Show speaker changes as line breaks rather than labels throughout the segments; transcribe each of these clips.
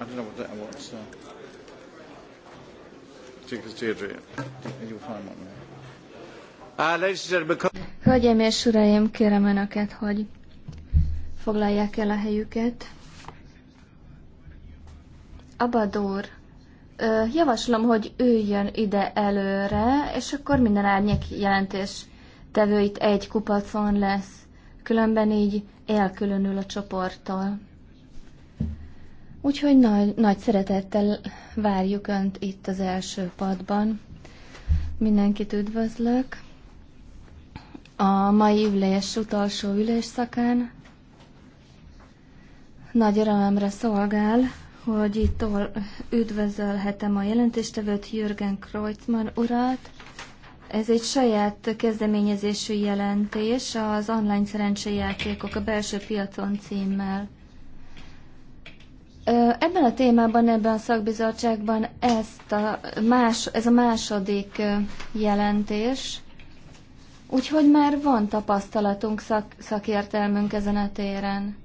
I don't know what that was.
Uh, uh
Hölgyeim és uraim, kérem önöket, hogy foglalják el a helyüket. Abador, javaslom, hogy üljön ide előre, és akkor minden árnyék jelentés tevőit egy kupacon lesz. Különben így elkülönül a csoporttól. Úgyhogy nagy, nagy szeretettel várjuk Önt itt az első padban. Mindenkit üdvözlök. A mai ülés utolsó ülésszakán nagy örömemre szolgál, hogy itt üdvözölhetem a jelentéstevőt Jürgen Kreutzmann urat. Ez egy saját kezdeményezésű jelentés az online szerencséjátékok a belső piacon címmel. Ebben a témában, ebben a szakbizottságban ezt a más, ez a második jelentés, úgyhogy már van tapasztalatunk, szak, szakértelmünk ezen a téren.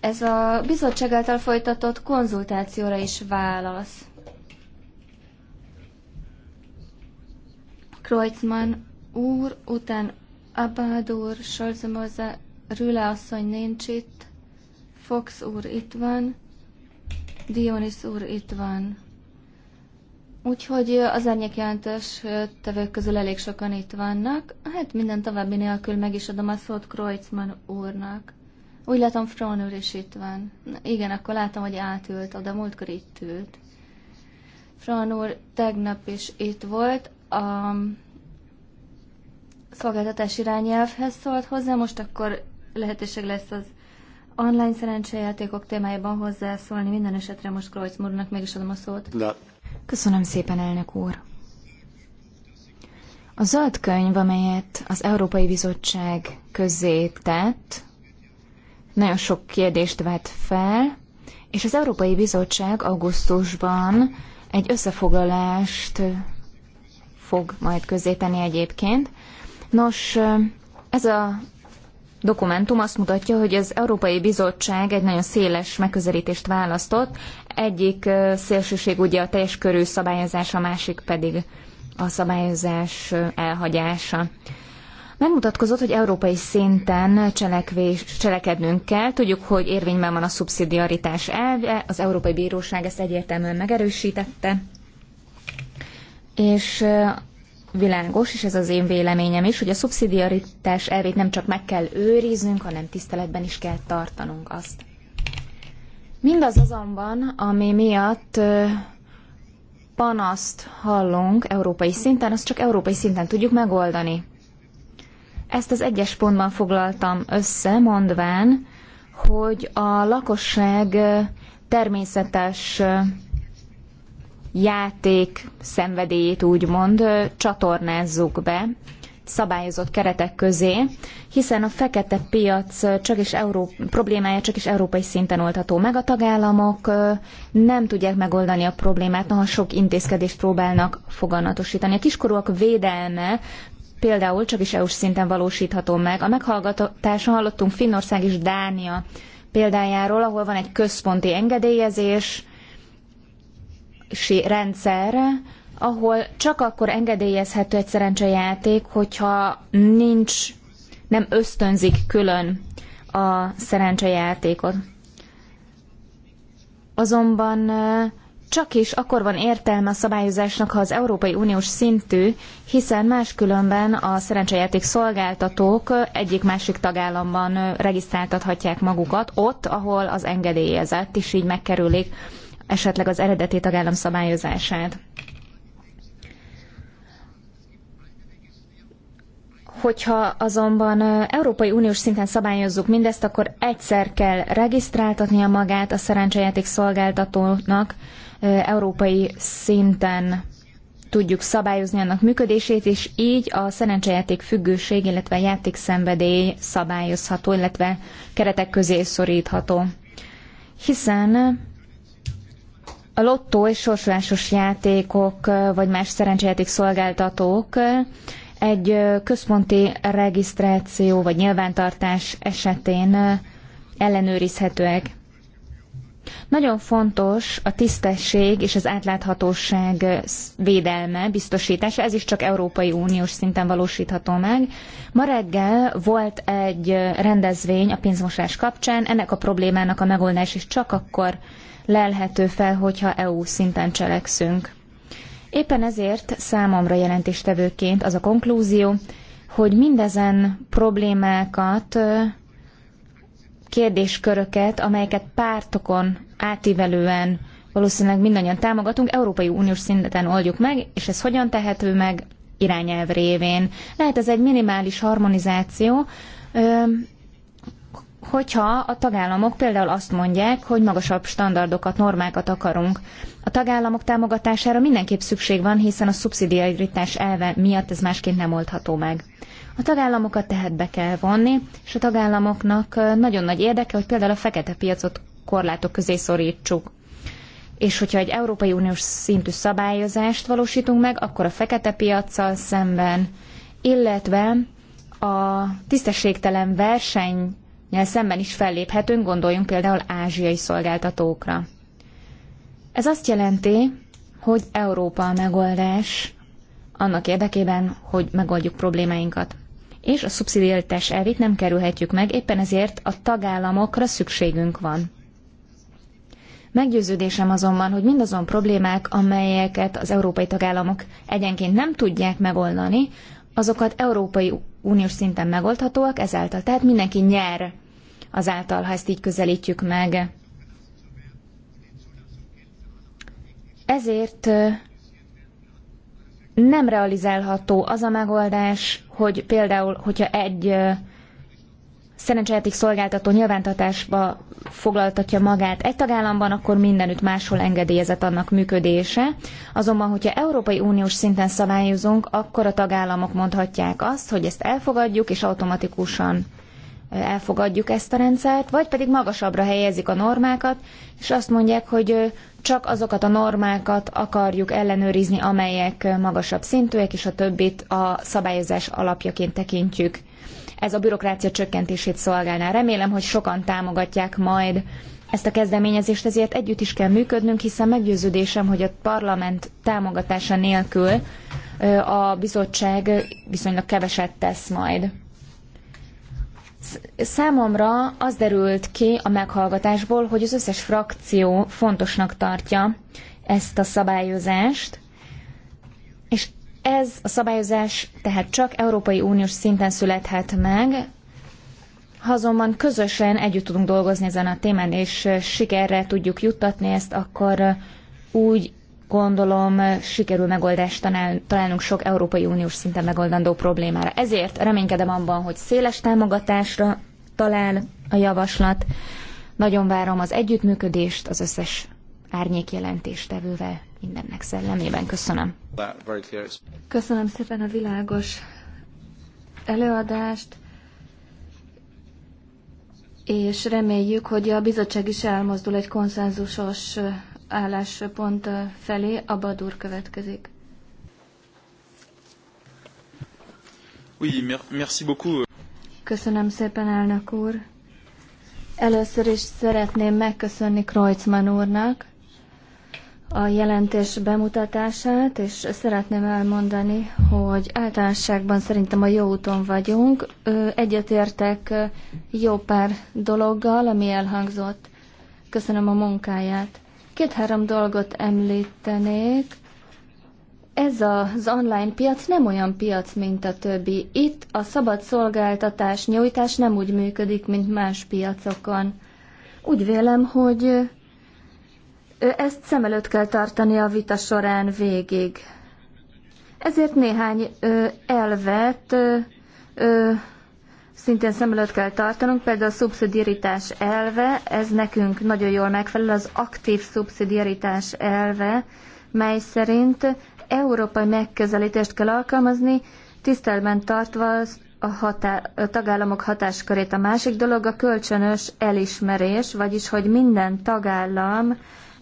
Ez a bizottság által folytatott konzultációra is válasz. Kreutzmann úr, után Abád úr, Solzemorze, Rüle asszony nincs itt. Fox úr itt van, Dionis úr itt van. Úgyhogy az jelentős tevők közül elég sokan itt vannak. Hát minden további nélkül meg is adom a szót Kreutzmann úrnak. Úgy látom, Frón úr is itt van. Na, igen, akkor látom, hogy átült oda, múltkor itt ült. Frón úr tegnap is itt volt, a szolgáltatás irányelvhez szólt hozzá, most akkor lehetőség lesz az online szerencsejátékok témájában hozzászólni. Minden esetre most Kreuzmurnak meg is adom a szót.
De. Köszönöm szépen, elnök úr. A zöld könyv, amelyet az Európai Bizottság közé tett, nagyon sok kérdést vett fel, és az Európai Bizottság augusztusban egy összefoglalást fog majd közéteni egyébként. Nos, ez a dokumentum azt mutatja, hogy az Európai Bizottság egy nagyon széles megközelítést választott. Egyik szélsőség ugye a teljes körű szabályozás, a másik pedig a szabályozás elhagyása. Megmutatkozott, hogy európai szinten cselekvés, cselekednünk kell. Tudjuk, hogy érvényben van a szubszidiaritás elve, az Európai Bíróság ezt egyértelműen megerősítette. És világos, és ez az én véleményem is, hogy a szubszidiaritás elvét nem csak meg kell őriznünk, hanem tiszteletben is kell tartanunk azt. Mindaz azonban, ami miatt panaszt hallunk európai szinten, azt csak európai szinten tudjuk megoldani. Ezt az egyes pontban foglaltam össze, mondván, hogy a lakosság természetes játék szenvedélyét úgymond csatornázzuk be szabályozott keretek közé, hiszen a fekete piac csak is Euró- problémája csak is európai szinten oldható meg. A tagállamok nem tudják megoldani a problémát, noha sok intézkedést próbálnak foganatosítani. A kiskorúak védelme például csak is EU-s szinten valósítható meg. A meghallgatáson hallottunk Finnország és Dánia példájáról, ahol van egy központi engedélyezés, rendszer, ahol csak akkor engedélyezhető egy szerencsejáték, hogyha nincs, nem ösztönzik külön a szerencsejátékot. Azonban csak is akkor van értelme a szabályozásnak, ha az Európai Uniós szintű, hiszen máskülönben a szerencsejáték szolgáltatók egyik-másik tagállamban regisztráltathatják magukat, ott, ahol az engedélyezett, és így megkerülik esetleg az eredeti tagállam szabályozását. Hogyha azonban Európai Uniós szinten szabályozzuk mindezt, akkor egyszer kell regisztráltatnia magát a szerencsejáték szolgáltatónak, európai szinten tudjuk szabályozni annak működését, és így a szerencsejáték függőség, illetve játékszenvedély szabályozható, illetve keretek közé szorítható. Hiszen a lottó és sorsolásos játékok, vagy más szerencsejáték szolgáltatók egy központi regisztráció vagy nyilvántartás esetén ellenőrizhetőek. Nagyon fontos a tisztesség és az átláthatóság védelme, biztosítása, ez is csak Európai Uniós szinten valósítható meg. Ma reggel volt egy rendezvény a pénzmosás kapcsán, ennek a problémának a megoldás is csak akkor lelhető fel, hogyha EU szinten cselekszünk. Éppen ezért számomra jelentéstevőként az a konklúzió, hogy mindezen problémákat, kérdésköröket, amelyeket pártokon átívelően valószínűleg mindannyian támogatunk, Európai Uniós szinten oldjuk meg, és ez hogyan tehető meg irányelv révén. Lehet ez egy minimális harmonizáció, hogyha a tagállamok például azt mondják, hogy magasabb standardokat, normákat akarunk. A tagállamok támogatására mindenképp szükség van, hiszen a szubszidiaritás elve miatt ez másként nem oldható meg. A tagállamokat tehát be kell vonni, és a tagállamoknak nagyon nagy érdeke, hogy például a fekete piacot korlátok közé szorítsuk. És hogyha egy Európai Uniós szintű szabályozást valósítunk meg, akkor a fekete piaccal szemben, illetve a tisztességtelen verseny szemben is felléphetünk, gondoljunk például ázsiai szolgáltatókra. Ez azt jelenti, hogy Európa a megoldás annak érdekében, hogy megoldjuk problémáinkat. És a szubszidiaritás elvét nem kerülhetjük meg, éppen ezért a tagállamokra szükségünk van. Meggyőződésem azonban, hogy mindazon problémák, amelyeket az európai tagállamok egyenként nem tudják megoldani, azokat európai uniós szinten megoldhatóak ezáltal. Tehát mindenki nyer azáltal, ha ezt így közelítjük meg. Ezért nem realizálható az a megoldás, hogy például, hogyha egy szerencsejáték szolgáltató nyilvántartásba foglaltatja magát egy tagállamban, akkor mindenütt máshol engedélyezett annak működése. Azonban, hogyha Európai Uniós szinten szabályozunk, akkor a tagállamok mondhatják azt, hogy ezt elfogadjuk, és automatikusan elfogadjuk ezt a rendszert, vagy pedig magasabbra helyezik a normákat, és azt mondják, hogy csak azokat a normákat akarjuk ellenőrizni, amelyek magasabb szintűek, és a többit a szabályozás alapjaként tekintjük ez a bürokrácia csökkentését szolgálná. Remélem, hogy sokan támogatják majd ezt a kezdeményezést, ezért együtt is kell működnünk, hiszen meggyőződésem, hogy a parlament támogatása nélkül a bizottság viszonylag keveset tesz majd. Számomra az derült ki a meghallgatásból, hogy az összes frakció fontosnak tartja ezt a szabályozást, és ez a szabályozás tehát csak Európai Uniós szinten születhet meg, ha azonban közösen együtt tudunk dolgozni ezen a témán, és sikerre tudjuk juttatni ezt, akkor úgy gondolom sikerül megoldást találnunk sok Európai Uniós szinten megoldandó problémára. Ezért reménykedem abban, hogy széles támogatásra talál a javaslat. Nagyon várom az együttműködést az összes árnyék jelentéstevővel mindennek szellemében. Köszönöm.
Köszönöm szépen a világos előadást, és reméljük, hogy a bizottság is elmozdul egy konszenzusos álláspont felé. A Badur következik.
Oui, merci beaucoup.
Köszönöm szépen, elnök úr. Először is szeretném megköszönni Kreuzmann úrnak, a jelentés bemutatását, és szeretném elmondani, hogy általánosságban szerintem a jó úton vagyunk. Egyetértek jó pár dologgal, ami elhangzott. Köszönöm a munkáját. Két-három dolgot említenék. Ez az online piac nem olyan piac, mint a többi. Itt a szabad szolgáltatás nyújtás nem úgy működik, mint más piacokon. Úgy vélem, hogy ezt szem előtt kell tartani a vita során végig. Ezért néhány elvet szintén szem előtt kell tartanunk, például a szubszidiaritás elve, ez nekünk nagyon jól megfelel, az aktív szubszidiaritás elve, mely szerint európai megközelítést kell alkalmazni, tisztelben tartva a, hatá- a tagállamok hatáskörét. A másik dolog a kölcsönös elismerés, vagyis hogy minden tagállam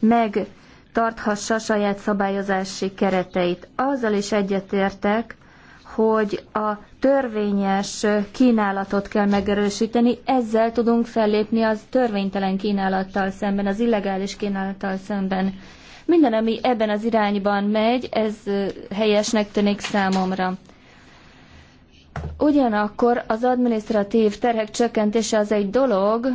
megtarthassa saját szabályozási kereteit. Azzal is egyetértek, hogy a törvényes kínálatot kell megerősíteni, ezzel tudunk fellépni az törvénytelen kínálattal szemben, az illegális kínálattal szemben. Minden, ami ebben az irányban megy, ez helyesnek tűnik számomra. Ugyanakkor az administratív terhek csökkentése az egy dolog,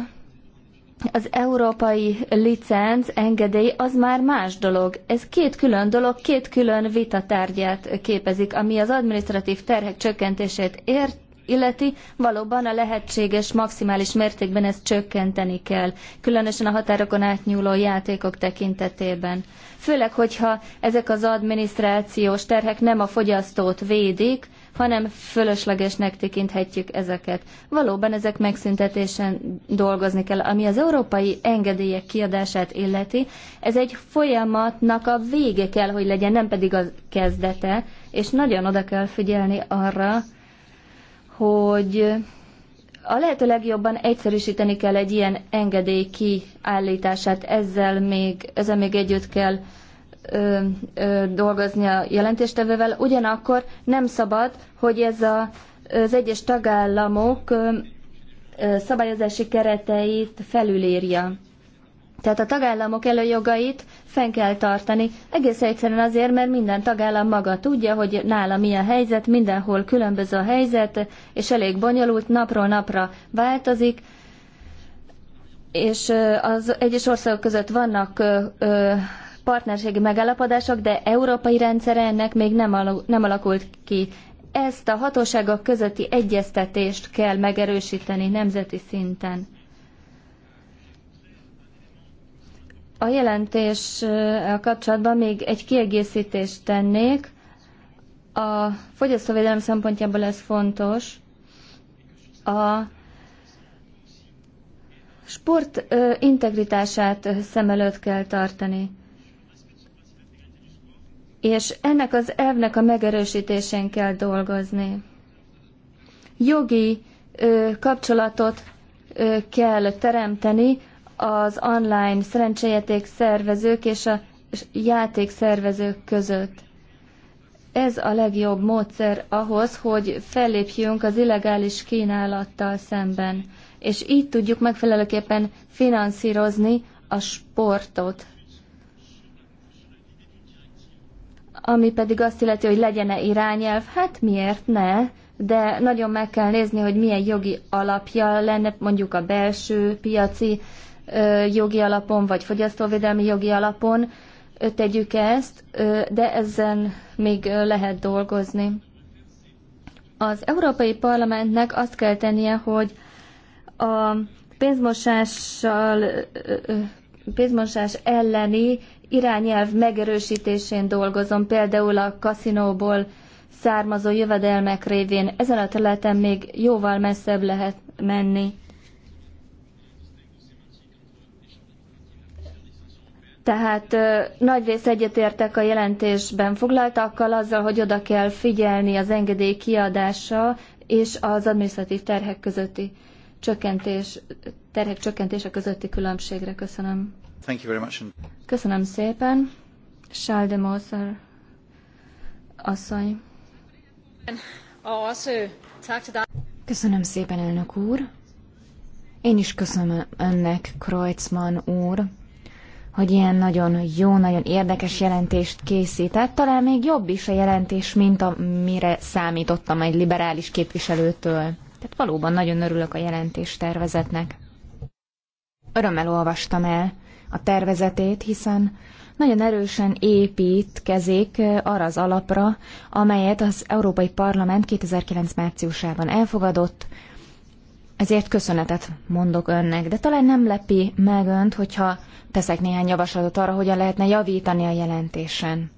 az európai licenc, engedély az már más dolog. Ez két külön dolog, két külön vitatárgyát képezik, ami az administratív terhek csökkentését ért, illeti, valóban a lehetséges maximális mértékben ezt csökkenteni kell, különösen a határokon átnyúló játékok tekintetében. Főleg, hogyha ezek az adminisztrációs terhek nem a fogyasztót védik, hanem fölöslegesnek tekinthetjük ezeket. Valóban ezek megszüntetésen dolgozni kell. Ami az európai engedélyek kiadását illeti, ez egy folyamatnak a vége kell, hogy legyen, nem pedig a kezdete, és nagyon oda kell figyelni arra, hogy a lehető legjobban egyszerűsíteni kell egy ilyen engedély kiállítását, ezzel még, ezzel még együtt kell ö, ö, dolgozni a jelentéstevővel, ugyanakkor nem szabad, hogy ez a, az egyes tagállamok ö, ö, szabályozási kereteit felülírja. Tehát a tagállamok előjogait fenn kell tartani, egész egyszerűen azért, mert minden tagállam maga tudja, hogy nála mi a helyzet, mindenhol különböző a helyzet, és elég bonyolult, napról napra változik, és az egyes országok között vannak partnerségi megállapodások, de európai rendszere ennek még nem, alu, nem alakult ki. Ezt a hatóságok közötti egyeztetést kell megerősíteni nemzeti szinten. A jelentés eh, kapcsolatban még egy kiegészítést tennék. A fogyasztóvédelem szempontjából ez fontos. A sport eh, integritását szem előtt kell tartani és ennek az elvnek a megerősítésén kell dolgozni. Jogi ö, kapcsolatot ö, kell teremteni az online szerencsejáték szervezők és a játékszervezők között. Ez a legjobb módszer ahhoz, hogy fellépjünk az illegális kínálattal szemben, és így tudjuk megfelelőképpen finanszírozni a sportot. Ami pedig azt illeti, hogy legyen-e irányelv, hát miért ne? De nagyon meg kell nézni, hogy milyen jogi alapja lenne mondjuk a belső piaci jogi alapon, vagy fogyasztóvédelmi jogi alapon tegyük ezt, de ezen még lehet dolgozni. Az Európai Parlamentnek azt kell tennie, hogy a pénzmosással, pénzmosás elleni irányelv megerősítésén dolgozom, például a kaszinóból származó jövedelmek révén. Ezen a területen még jóval messzebb lehet menni. Tehát nagy rész egyetértek a jelentésben foglaltakkal azzal, hogy oda kell figyelni az engedély kiadása és az administratív terhek közötti csökkentés, terhek csökkentése közötti különbségre. Köszönöm.
Thank you very much.
Köszönöm szépen. Charles de Moser asszony. Köszönöm szépen, elnök
úr. Én is köszönöm önnek, Kreutzmann úr, hogy ilyen nagyon jó, nagyon érdekes jelentést készített. Talán még jobb is a jelentés, mint amire számítottam egy liberális képviselőtől. Tehát valóban nagyon örülök a jelentés tervezetnek. Örömmel olvastam el a tervezetét, hiszen nagyon erősen építkezik eh, arra az alapra, amelyet az Európai Parlament 2009 márciusában elfogadott, ezért köszönetet mondok önnek, de talán nem lepi meg önt, hogyha teszek néhány javaslatot arra, hogyan lehetne javítani a jelentésen.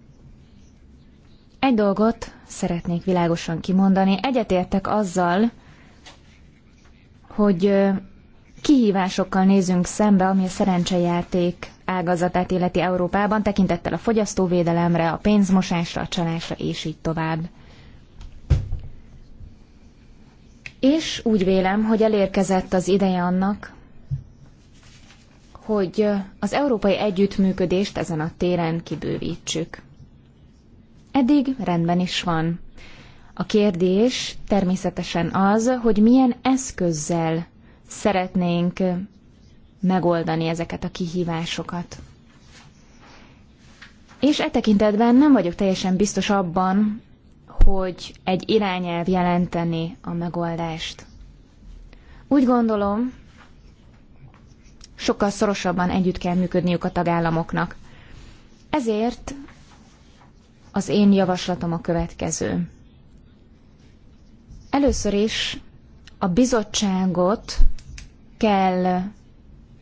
Egy dolgot szeretnék világosan kimondani. Egyetértek azzal, hogy eh, kihívásokkal nézünk szembe, ami a szerencsejáték ágazatát illeti Európában, tekintettel a fogyasztóvédelemre, a pénzmosásra, a csalásra, és így tovább. És úgy vélem, hogy elérkezett az ideje annak, hogy az európai együttműködést ezen a téren kibővítsük. Eddig rendben is van. A kérdés természetesen az, hogy milyen eszközzel szeretnénk megoldani ezeket a kihívásokat. És e tekintetben nem vagyok teljesen biztos abban, hogy egy irányelv jelenteni a megoldást. Úgy gondolom, sokkal szorosabban együtt kell működniük a tagállamoknak. Ezért az én javaslatom a következő. Először is a bizottságot kell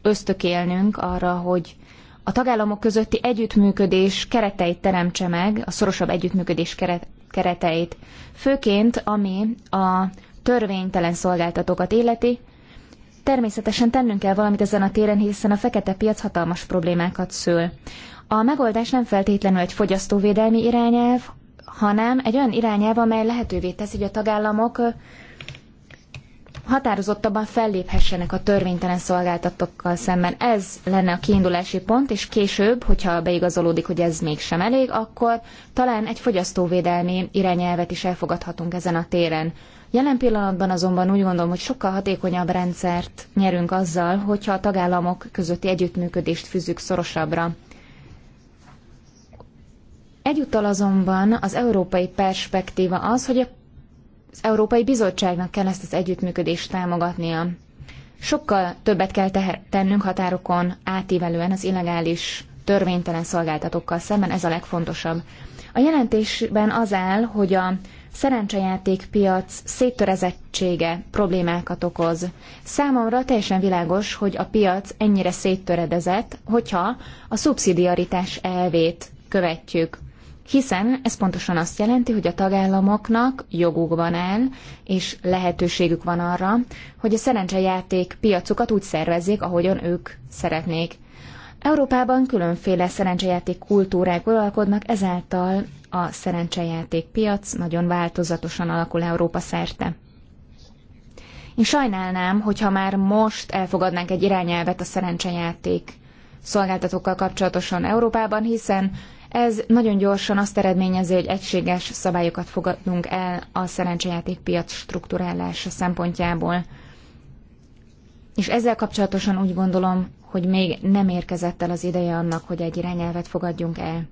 ösztökélnünk arra, hogy a tagállamok közötti együttműködés kereteit teremtse meg, a szorosabb együttműködés kereteit, főként ami a törvénytelen szolgáltatókat életi. Természetesen tennünk kell valamit ezen a téren, hiszen a fekete piac hatalmas problémákat szül. A megoldás nem feltétlenül egy fogyasztóvédelmi irányelv, hanem egy olyan irányelv, amely lehetővé teszi, hogy a tagállamok határozottabban felléphessenek a törvénytelen szolgáltatókkal szemben. Ez lenne a kiindulási pont, és később, hogyha beigazolódik, hogy ez mégsem elég, akkor talán egy fogyasztóvédelmi irányelvet is elfogadhatunk ezen a téren. Jelen pillanatban azonban úgy gondolom, hogy sokkal hatékonyabb rendszert nyerünk azzal, hogyha a tagállamok közötti együttműködést fűzzük szorosabbra. Egyúttal azonban az európai perspektíva az, hogy a az Európai Bizottságnak kell ezt az együttműködést támogatnia. Sokkal többet kell tennünk határokon átívelően az illegális, törvénytelen szolgáltatókkal szemben, ez a legfontosabb. A jelentésben az áll, hogy a szerencsejátékpiac széttörezettsége problémákat okoz. Számomra teljesen világos, hogy a piac ennyire széttöredezett, hogyha a szubszidiaritás elvét követjük hiszen ez pontosan azt jelenti, hogy a tagállamoknak van el és lehetőségük van arra, hogy a szerencsejáték piacokat úgy szervezzék, ahogyan ők szeretnék. Európában különféle szerencsejáték kultúrák uralkodnak, ezáltal a szerencsejáték piac nagyon változatosan alakul Európa szerte. Én sajnálnám, hogyha már most elfogadnánk egy irányelvet a szerencsejáték szolgáltatókkal kapcsolatosan Európában, hiszen ez nagyon gyorsan azt eredményezi, hogy egységes szabályokat fogadunk el a piac struktúrálása szempontjából. És ezzel kapcsolatosan úgy gondolom, hogy még nem érkezett el az ideje annak, hogy egy irányelvet fogadjunk el.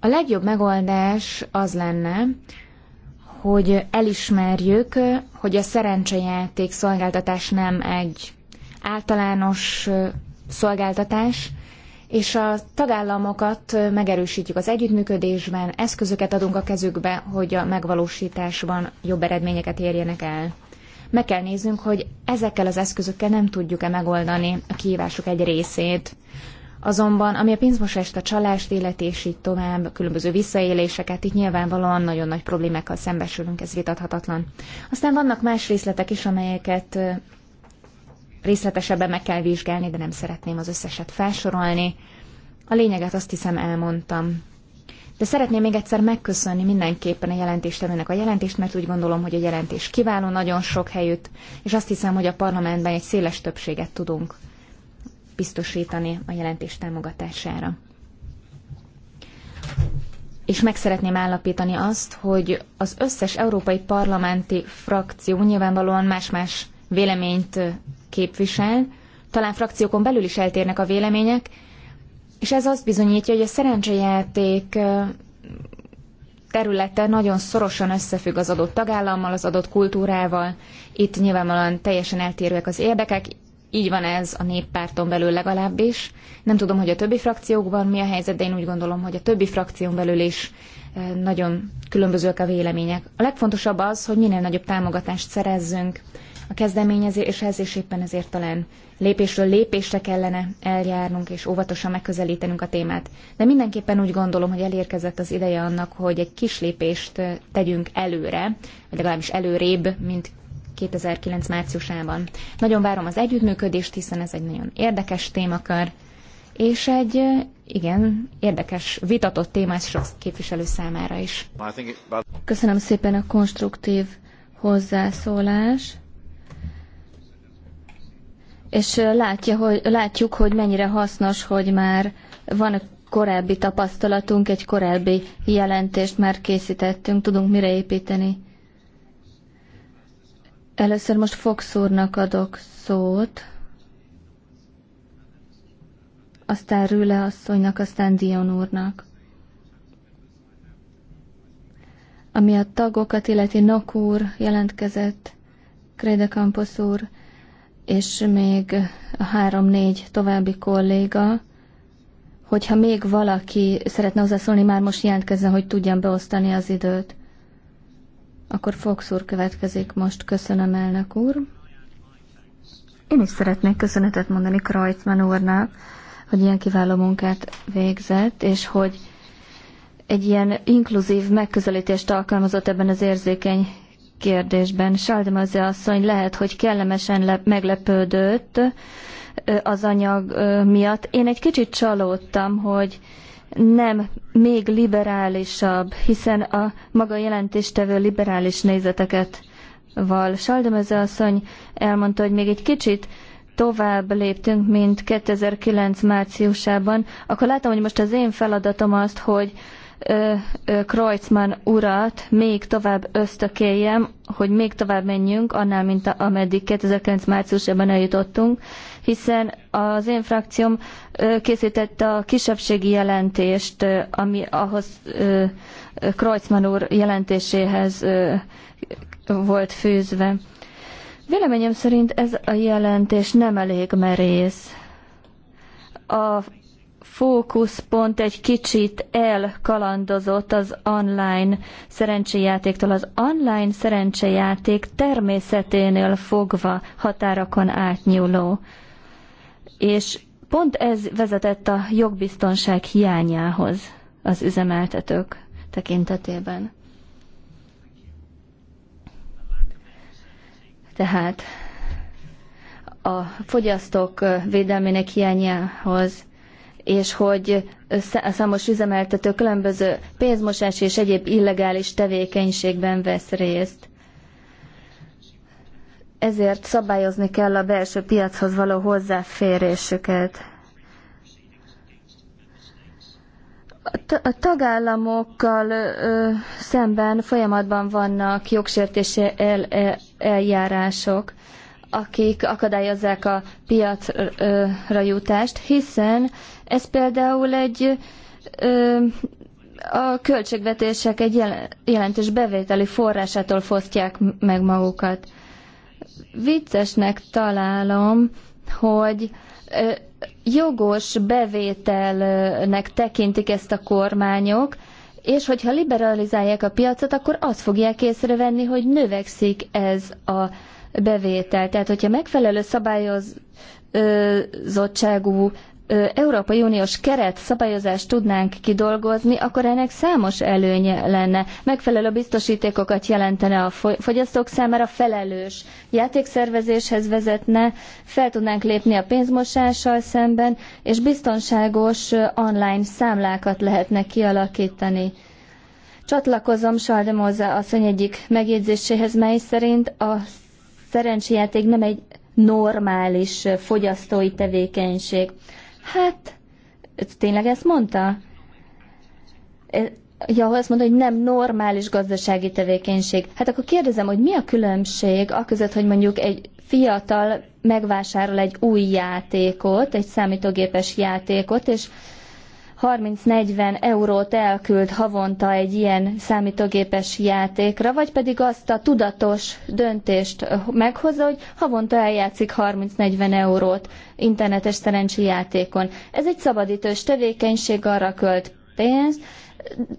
A legjobb megoldás az lenne, hogy elismerjük, hogy a szerencsejáték szolgáltatás nem egy általános szolgáltatás, és a tagállamokat megerősítjük az együttműködésben, eszközöket adunk a kezükbe, hogy a megvalósításban jobb eredményeket érjenek el. Meg kell néznünk, hogy ezekkel az eszközökkel nem tudjuk-e megoldani a kihívások egy részét. Azonban, ami a pénzmosást, a csalást illeti, és így tovább, különböző visszaéléseket, itt nyilvánvalóan nagyon nagy problémákkal szembesülünk, ez vitathatatlan. Aztán vannak más részletek is, amelyeket részletesebben meg kell vizsgálni, de nem szeretném az összeset felsorolni. A lényeget azt hiszem elmondtam. De szeretném még egyszer megköszönni mindenképpen a jelentéstevőnek a jelentést, mert úgy gondolom, hogy a jelentés kiváló nagyon sok helyütt, és azt hiszem, hogy a parlamentben egy széles többséget tudunk biztosítani a jelentés támogatására. És meg szeretném állapítani azt, hogy az összes európai parlamenti frakció nyilvánvalóan más-más véleményt képvisel, talán frakciókon belül is eltérnek a vélemények, és ez azt bizonyítja, hogy a szerencsejáték területe nagyon szorosan összefügg az adott tagállammal, az adott kultúrával. Itt nyilvánvalóan teljesen eltérőek az érdekek, így van ez a néppárton belül legalábbis. Nem tudom, hogy a többi frakciókban mi a helyzet, de én úgy gondolom, hogy a többi frakción belül is nagyon különbözőek a vélemények. A legfontosabb az, hogy minél nagyobb támogatást szerezzünk a kezdeményezéshez, és éppen ezért talán lépésről lépésre kellene eljárnunk, és óvatosan megközelítenünk a témát. De mindenképpen úgy gondolom, hogy elérkezett az ideje annak, hogy egy kis lépést tegyünk előre, vagy legalábbis előrébb, mint 2009 márciusában. Nagyon várom az együttműködést, hiszen ez egy nagyon érdekes témakör, és egy igen, érdekes, vitatott témás sok képviselő
számára is. Köszönöm szépen a konstruktív hozzászólás és látja, hogy, látjuk, hogy mennyire hasznos, hogy már van korábbi tapasztalatunk, egy korábbi jelentést már készítettünk, tudunk mire építeni. Először most Fox úrnak adok szót, aztán Rüle asszonynak, aztán Dion úrnak. Ami a tagokat illeti, Nok úr jelentkezett, Krede Campos úr, és még a három-négy további kolléga, hogyha még valaki szeretne hozzászólni, már most jelentkezzen, hogy tudjam beosztani az időt. Akkor Fox úr következik most. Köszönöm, elnök úr. Én is szeretnék köszönetet mondani Krajtman úrnak, hogy ilyen kiváló munkát végzett, és hogy egy ilyen inkluzív megközelítést alkalmazott ebben az érzékeny kérdésben. Saldemaze asszony lehet, hogy kellemesen le- meglepődött az anyag miatt. Én egy kicsit csalódtam, hogy nem még liberálisabb, hiszen a maga jelentéstevő liberális nézeteket val. Saldemeze asszony elmondta, hogy még egy kicsit tovább léptünk, mint 2009 márciusában, akkor látom, hogy most az én feladatom azt, hogy Kreutzmann urat még tovább ösztökéljem, hogy még tovább menjünk annál, mint ameddig 2009. márciusában eljutottunk, hiszen az én frakcióm készítette a kisebbségi jelentést, ami ahhoz Kreutzmann úr jelentéséhez volt fűzve. Véleményem szerint ez a jelentés nem elég merész. A fókuszpont egy kicsit elkalandozott az online szerencséjátéktól. Az online szerencséjáték természeténél fogva határokon átnyúló. És pont ez vezetett a jogbiztonság hiányához az üzemeltetők tekintetében. Tehát a fogyasztók védelmének hiányához és hogy számos üzemeltető különböző pénzmosás és egyéb illegális tevékenységben vesz részt. Ezért szabályozni kell a belső piachoz való hozzáférésüket. A tagállamokkal ö, szemben folyamatban vannak jogsértési el, el, eljárások akik akadályozzák a piacra jutást, hiszen ez például egy a költségvetések egy jelentős bevételi forrásától fosztják meg magukat. Viccesnek találom, hogy jogos bevételnek tekintik ezt a kormányok, és hogyha liberalizálják a piacot, akkor azt fogják észrevenni, hogy növekszik ez a bevétel. Tehát, hogyha megfelelő szabályozottságú Európai Uniós keret szabályozást tudnánk kidolgozni, akkor ennek számos előnye lenne. Megfelelő biztosítékokat jelentene a fogyasztók számára felelős játékszervezéshez vezetne, fel tudnánk lépni a pénzmosással szemben, és biztonságos online számlákat lehetne kialakítani. Csatlakozom Saldemóza asszony egyik megjegyzéséhez, mely szerint a szerencséjáték nem egy normális fogyasztói tevékenység. Hát, tényleg ezt mondta? Ja, azt mondta, hogy nem normális gazdasági tevékenység. Hát akkor kérdezem, hogy mi a különbség a között, hogy mondjuk egy fiatal megvásárol egy új játékot, egy számítógépes játékot, és 30-40 eurót elküld havonta egy ilyen számítógépes játékra, vagy pedig azt a tudatos döntést meghozza, hogy havonta eljátszik 30-40 eurót internetes szerencsi játékon. Ez egy szabadítős tevékenység, arra költ pénzt,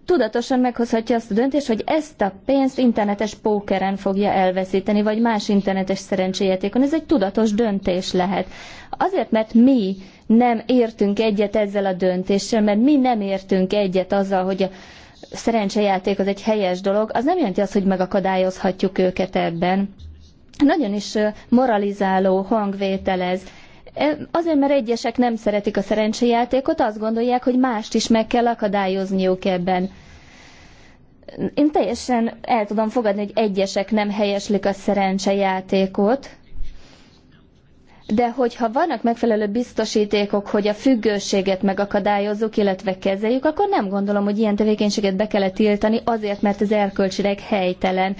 tudatosan meghozhatja azt a döntést, hogy ezt a pénzt internetes pókeren fogja elveszíteni, vagy más internetes szerencséjátékon. Ez egy tudatos döntés lehet. Azért, mert mi nem értünk egyet ezzel a döntéssel, mert mi nem értünk egyet azzal, hogy a szerencsejáték az egy helyes dolog, az nem jelenti azt, hogy megakadályozhatjuk őket ebben. Nagyon is moralizáló hangvétel ez. E, azért, mert egyesek nem szeretik a szerencsejátékot, azt gondolják, hogy mást is meg kell akadályozniuk ebben. Én teljesen el tudom fogadni, hogy egyesek nem helyeslik a szerencsejátékot, de hogyha vannak megfelelő biztosítékok, hogy a függőséget megakadályozzuk, illetve kezeljük, akkor nem gondolom, hogy ilyen tevékenységet be kellett tiltani, azért, mert ez erkölcsileg helytelen.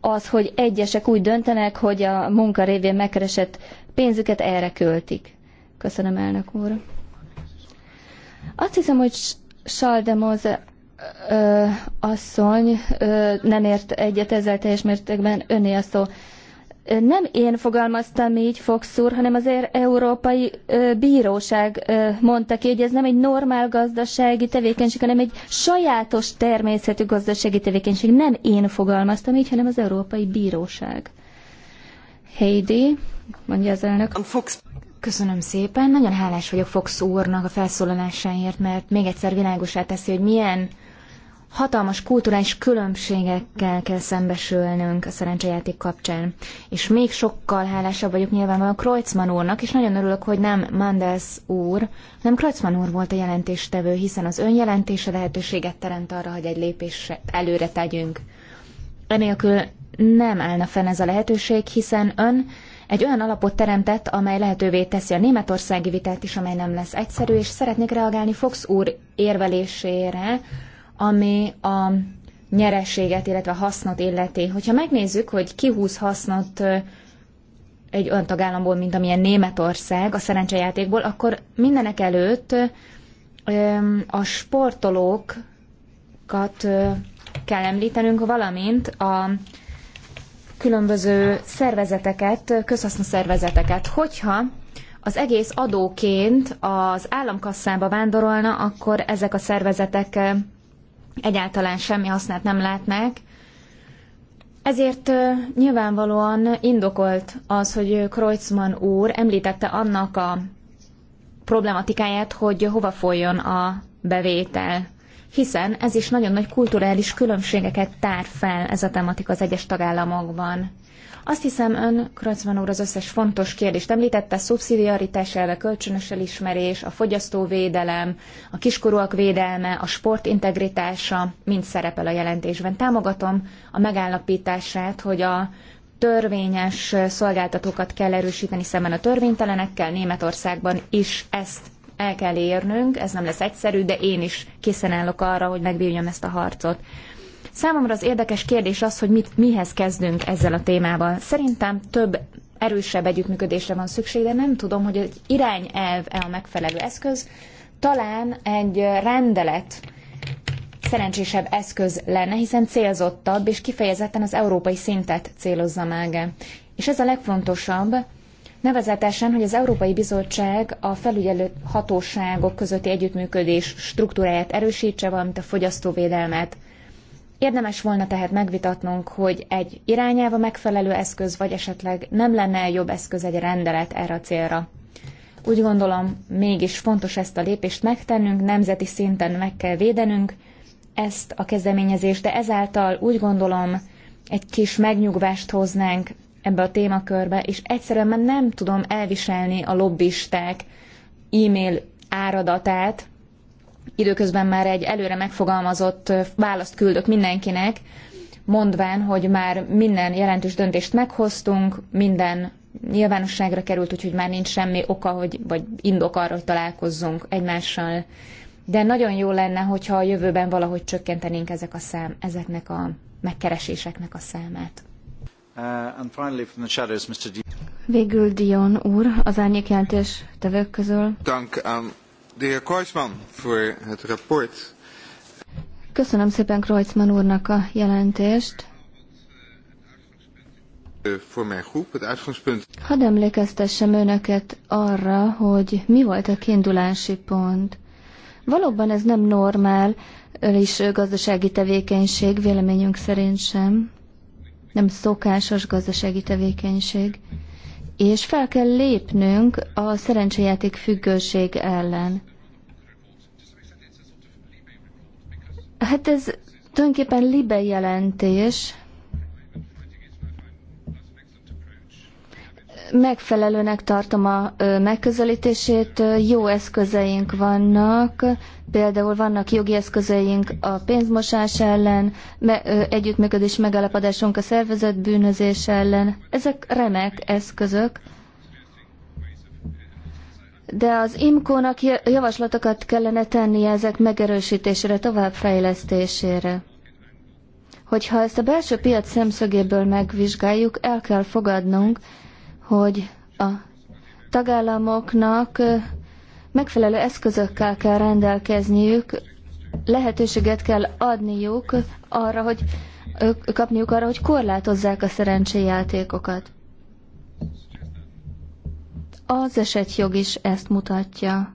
Az, hogy egyesek úgy döntenek, hogy a munka révén megkeresett pénzüket erre költik. Köszönöm, elnök úr. Azt hiszem, hogy Saldemoz ö, asszony ö, nem ért egyet ezzel teljes mértékben, öné a szó. Nem én fogalmaztam így, Fox úr, hanem az Európai ö, Bíróság ö, mondta ki, hogy ez nem egy normál gazdasági tevékenység, hanem egy sajátos természetű gazdasági tevékenység. Nem én fogalmaztam így, hanem az Európai Bíróság. Heidi mondja az elnök. Köszönöm szépen, nagyon hálás vagyok
Fox úrnak a felszólalásáért, mert még egyszer világosá teszi, hogy milyen hatalmas kulturális különbségekkel kell szembesülnünk a szerencsejáték kapcsán. És még sokkal hálásabb vagyok nyilvánvalóan Kreutzmann úrnak, és nagyon örülök, hogy nem Mandels úr, hanem Kreutzmann úr volt a jelentéstevő, hiszen az önjelentése lehetőséget teremt arra, hogy egy lépésre előre tegyünk. Enélkül nem állna fenn ez a lehetőség, hiszen ön egy olyan alapot teremtett, amely lehetővé teszi a németországi vitát is, amely nem lesz egyszerű, és szeretnék reagálni Fox úr érvelésére, ami a nyerességet, illetve hasznot illeti. Hogyha megnézzük, hogy ki húz hasznot egy olyan tagállamból, mint amilyen Németország a szerencsejátékból, akkor mindenek előtt a sportolókat kell említenünk, valamint a különböző szervezeteket, közhasznú szervezeteket. Hogyha az egész adóként az államkasszába vándorolna, akkor ezek a szervezetek eh, egyáltalán semmi hasznát nem látnák. Ezért eh, nyilvánvalóan indokolt az, hogy Kreutzmann úr említette annak a problematikáját, hogy hova folyjon a bevétel hiszen ez is nagyon nagy kulturális különbségeket tár fel ez a tematika az egyes tagállamokban. Azt hiszem, ön, Kracman úr, az összes fontos kérdést említette, szubszidiaritás elve, kölcsönös elismerés, a fogyasztóvédelem, a kiskorúak védelme, a sport integritása, mind szerepel a jelentésben. Támogatom a megállapítását, hogy a törvényes szolgáltatókat kell erősíteni szemben a törvénytelenekkel, Németországban is ezt el kell érnünk, ez nem lesz egyszerű, de én is készen állok arra, hogy megvívjam ezt a harcot. Számomra az érdekes kérdés az, hogy mit, mihez kezdünk ezzel a témával. Szerintem több erősebb együttműködésre van szükség, de nem tudom, hogy egy irányelv-e a megfelelő eszköz. Talán egy rendelet szerencsésebb eszköz lenne, hiszen célzottabb, és kifejezetten az európai szintet célozza meg. És ez a legfontosabb, Nevezetesen, hogy az Európai Bizottság a felügyelő hatóságok közötti együttműködés struktúráját erősítse, valamint a fogyasztóvédelmet. Érdemes volna tehát megvitatnunk, hogy egy irányába megfelelő eszköz, vagy esetleg nem lenne jobb eszköz egy rendelet erre a célra. Úgy gondolom, mégis fontos ezt a lépést megtennünk, nemzeti szinten meg kell védenünk ezt a kezdeményezést, de ezáltal úgy gondolom, egy kis megnyugvást hoznánk ebbe a témakörbe, és egyszerűen már nem tudom elviselni a lobbisták e-mail áradatát. Időközben már egy előre megfogalmazott választ küldök mindenkinek, mondván, hogy már minden jelentős döntést meghoztunk, minden nyilvánosságra került, úgyhogy már nincs semmi oka, hogy, vagy indok arra, hogy találkozzunk egymással. De nagyon jó lenne, hogyha a jövőben valahogy csökkentenénk ezek a szám, ezeknek a megkereséseknek a számát.
Uh, Végül Dion úr, az árnyékjelentés tevők közül.
Dank aan de heer Kreuzmann voor het rapport.
Köszönöm szépen Kreuzmann úrnak a jelentést.
Eh, voor mijn groep, het uitgangspunt.
Hadd emlékeztessem önöket arra, hogy mi volt a kiindulási pont. Valóban ez nem normál, és gazdasági tevékenység véleményünk szerint sem nem szokásos gazdasági tevékenység, és fel kell lépnünk a szerencsejáték függőség ellen. Hát ez tulajdonképpen libe jelentés, megfelelőnek tartom a megközelítését, jó eszközeink vannak, például vannak jogi eszközeink a pénzmosás ellen, együttműködés megállapodásunk a szervezett bűnözés ellen. Ezek remek eszközök, de az IMCO-nak javaslatokat kellene tennie ezek megerősítésére, továbbfejlesztésére hogyha ezt a belső piac szemszögéből megvizsgáljuk, el kell fogadnunk, hogy a tagállamoknak megfelelő eszközökkel kell rendelkezniük, lehetőséget kell adniuk arra, hogy kapniuk arra, hogy korlátozzák a szerencséjátékokat. Az esetjog is ezt mutatja.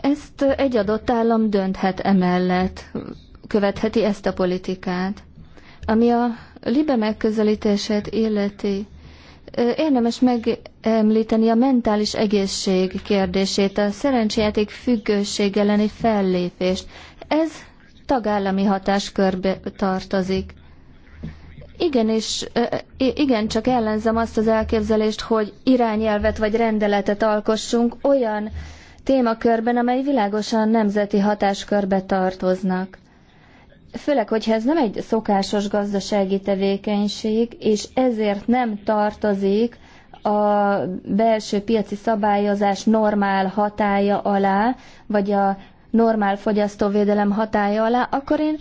Ezt egy adott állam dönthet emellett, követheti ezt a politikát. Ami a libe megközelítését illeti, érdemes megemlíteni a mentális egészség kérdését, a szerencsejáték függőség elleni fellépést. Ez tagállami hatáskörbe tartozik. Igen, és igen, csak ellenzem azt az elképzelést, hogy irányelvet vagy rendeletet alkossunk olyan témakörben, amely világosan nemzeti hatáskörbe tartoznak. Főleg, hogyha ez nem egy szokásos gazdasági tevékenység, és ezért nem tartozik a belső piaci szabályozás normál hatája alá, vagy a normál fogyasztóvédelem hatája alá, akkor én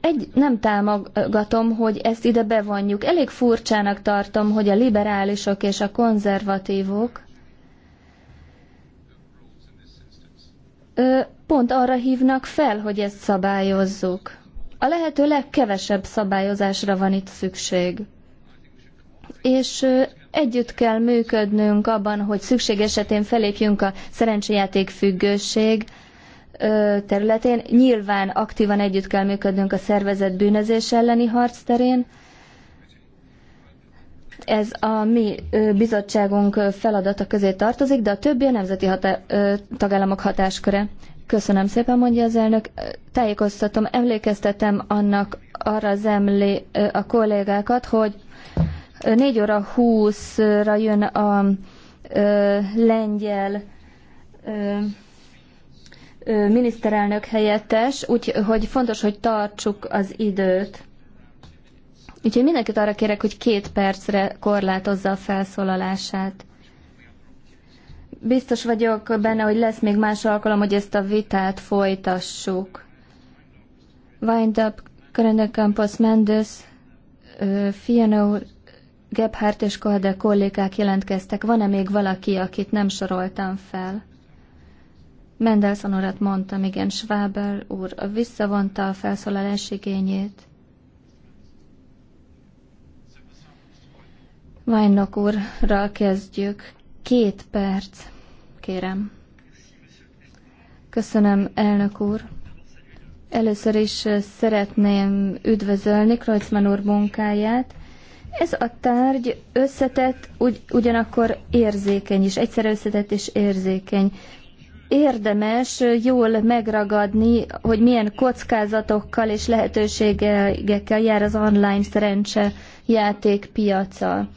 egy, nem támogatom, hogy ezt ide bevonjuk. Elég furcsának tartom, hogy a liberálisok és a konzervatívok pont arra hívnak fel, hogy ezt szabályozzuk. A lehető legkevesebb szabályozásra van itt szükség. És együtt kell működnünk abban, hogy szükség esetén felépjünk a szerencsejáték függőség területén. Nyilván aktívan együtt kell működnünk a szervezett bűnözés elleni harc terén, ez a mi bizottságunk feladata közé tartozik, de a többi a nemzeti hatá tagállamok hatásköre. Köszönöm szépen, mondja az elnök. Tájékoztatom, emlékeztetem annak arra az emlé a kollégákat, hogy 4 óra 20-ra jön a ö, lengyel ö, ö, miniszterelnök helyettes, úgyhogy fontos, hogy tartsuk az időt. Úgyhogy mindenkit arra kérek, hogy két percre korlátozza a felszólalását. Biztos vagyok benne, hogy lesz még más alkalom, hogy ezt a vitát folytassuk. Windup, Karende Campos Mendes, Fiano, Gebhardt és Kohde kollégák jelentkeztek. Van-e még valaki, akit nem soroltam fel? Mendelssohn urat mondtam, igen, Schwaber úr visszavonta a felszólalás igényét. Vajnok úrral kezdjük. Két perc, kérem. Köszönöm, elnök úr. Először is eh, szeretném üdvözölni Kreuzmann úr munkáját. Ez a tárgy összetett, ugy, ugyanakkor érzékeny is, egyszer összetett és érzékeny. Érdemes eh, jól megragadni, hogy milyen kockázatokkal és lehetőségekkel jár az online szerencse játék piaca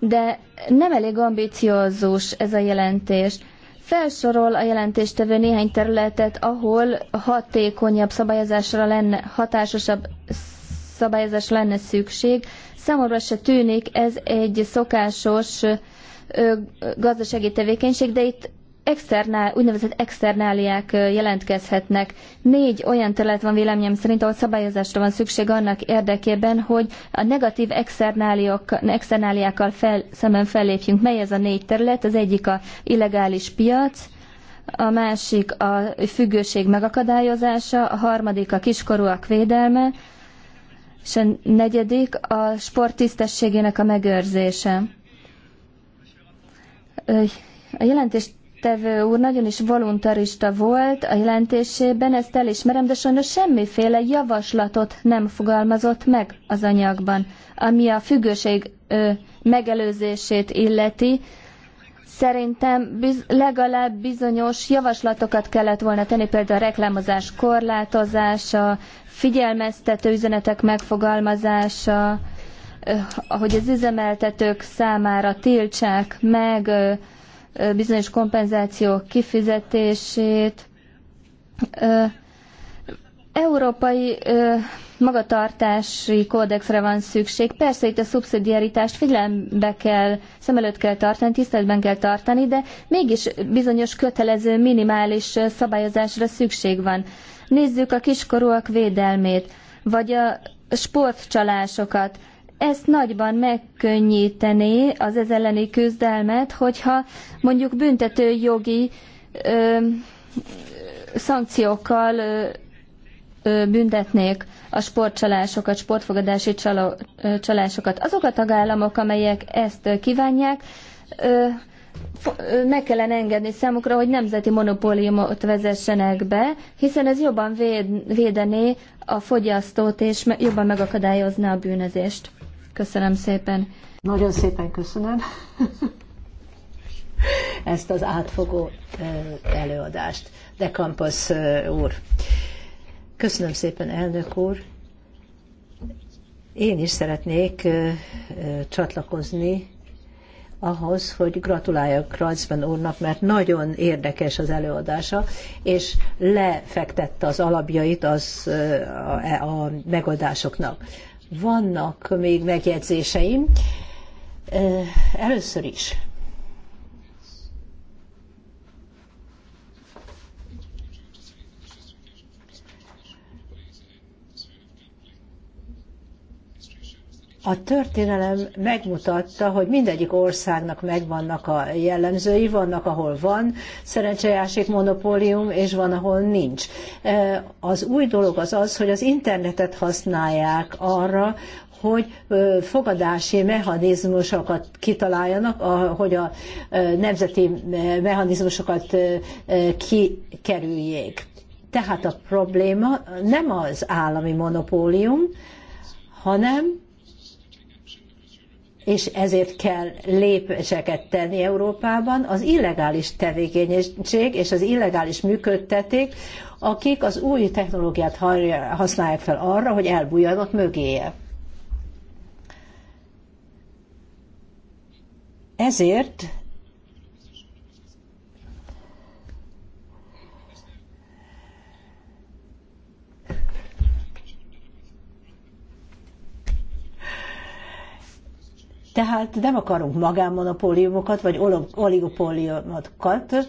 de nem elég ambiciózus ez a jelentés. Felsorol a jelentéstevő néhány területet, ahol hatékonyabb szabályozásra lenne, hatásosabb szabályozás lenne szükség. Számomra se tűnik ez egy szokásos gazdasági tevékenység, de itt externál, úgynevezett externáliák jelentkezhetnek. Négy olyan terület van véleményem szerint, ahol szabályozásra van szükség annak érdekében, hogy a negatív externáliákkal fel, szemben fellépjünk. Mely ez a négy terület? Az egyik a illegális piac, a másik a függőség megakadályozása, a harmadik a kiskorúak védelme, és a negyedik a sport tisztességének a megőrzése. A jelentés jelentéstevő úr nagyon is voluntarista volt a jelentésében, ezt elismerem, de sajnos semmiféle javaslatot nem fogalmazott meg az anyagban, ami a függőség ö, megelőzését illeti. Szerintem biz, legalább bizonyos javaslatokat kellett volna tenni, például a reklámozás korlátozása, figyelmeztető üzenetek megfogalmazása, hogy az üzemeltetők számára tiltsák meg bizonyos kompenzációk kifizetését. Európai magatartási kódexre van szükség. Persze itt a szubszidiaritást figyelembe kell, szem előtt kell tartani, tiszteletben kell tartani, de mégis bizonyos kötelező minimális szabályozásra szükség van. Nézzük a kiskorúak védelmét, vagy a sportcsalásokat ezt nagyban megkönnyítené az ez elleni küzdelmet, hogyha mondjuk büntető jogi ö, szankciókkal ö, ö, büntetnék a sportcsalásokat, sportfogadási csalo, ö, csalásokat. Azok a tagállamok, amelyek ezt kívánják, ö, meg kellene engedni számukra, hogy nemzeti monopóliumot vezessenek be, hiszen ez jobban véd, védené a fogyasztót és jobban megakadályozná a bűnözést. Köszönöm szépen. Nagyon szépen köszönöm
ezt az átfogó előadást. De Campos úr, köszönöm szépen, elnök úr. Én is szeretnék csatlakozni ahhoz, hogy gratuláljak Krajcben úrnak, mert nagyon érdekes az előadása, és lefektette az alapjait az, a, a megoldásoknak. Vannak még megjegyzéseim. Először is A történelem megmutatta, hogy mindegyik országnak megvannak a jellemzői, vannak, ahol van szerencsejáték monopólium, és van, ahol nincs. E, az új dolog az az, hogy az internetet használják arra, hogy fogadási mechanizmusokat kitaláljanak, hogy a nemzeti mechanizmusokat kikerüljék. Tehát a probléma nem az állami monopólium, hanem és ezért kell lépéseket tenni Európában, az illegális tevékenység és az illegális működteték, akik az új technológiát használják fel arra, hogy elbújjanak mögéje. Ezért Tehát nem akarunk magánmonopóliumokat, vagy oligopóliumokat,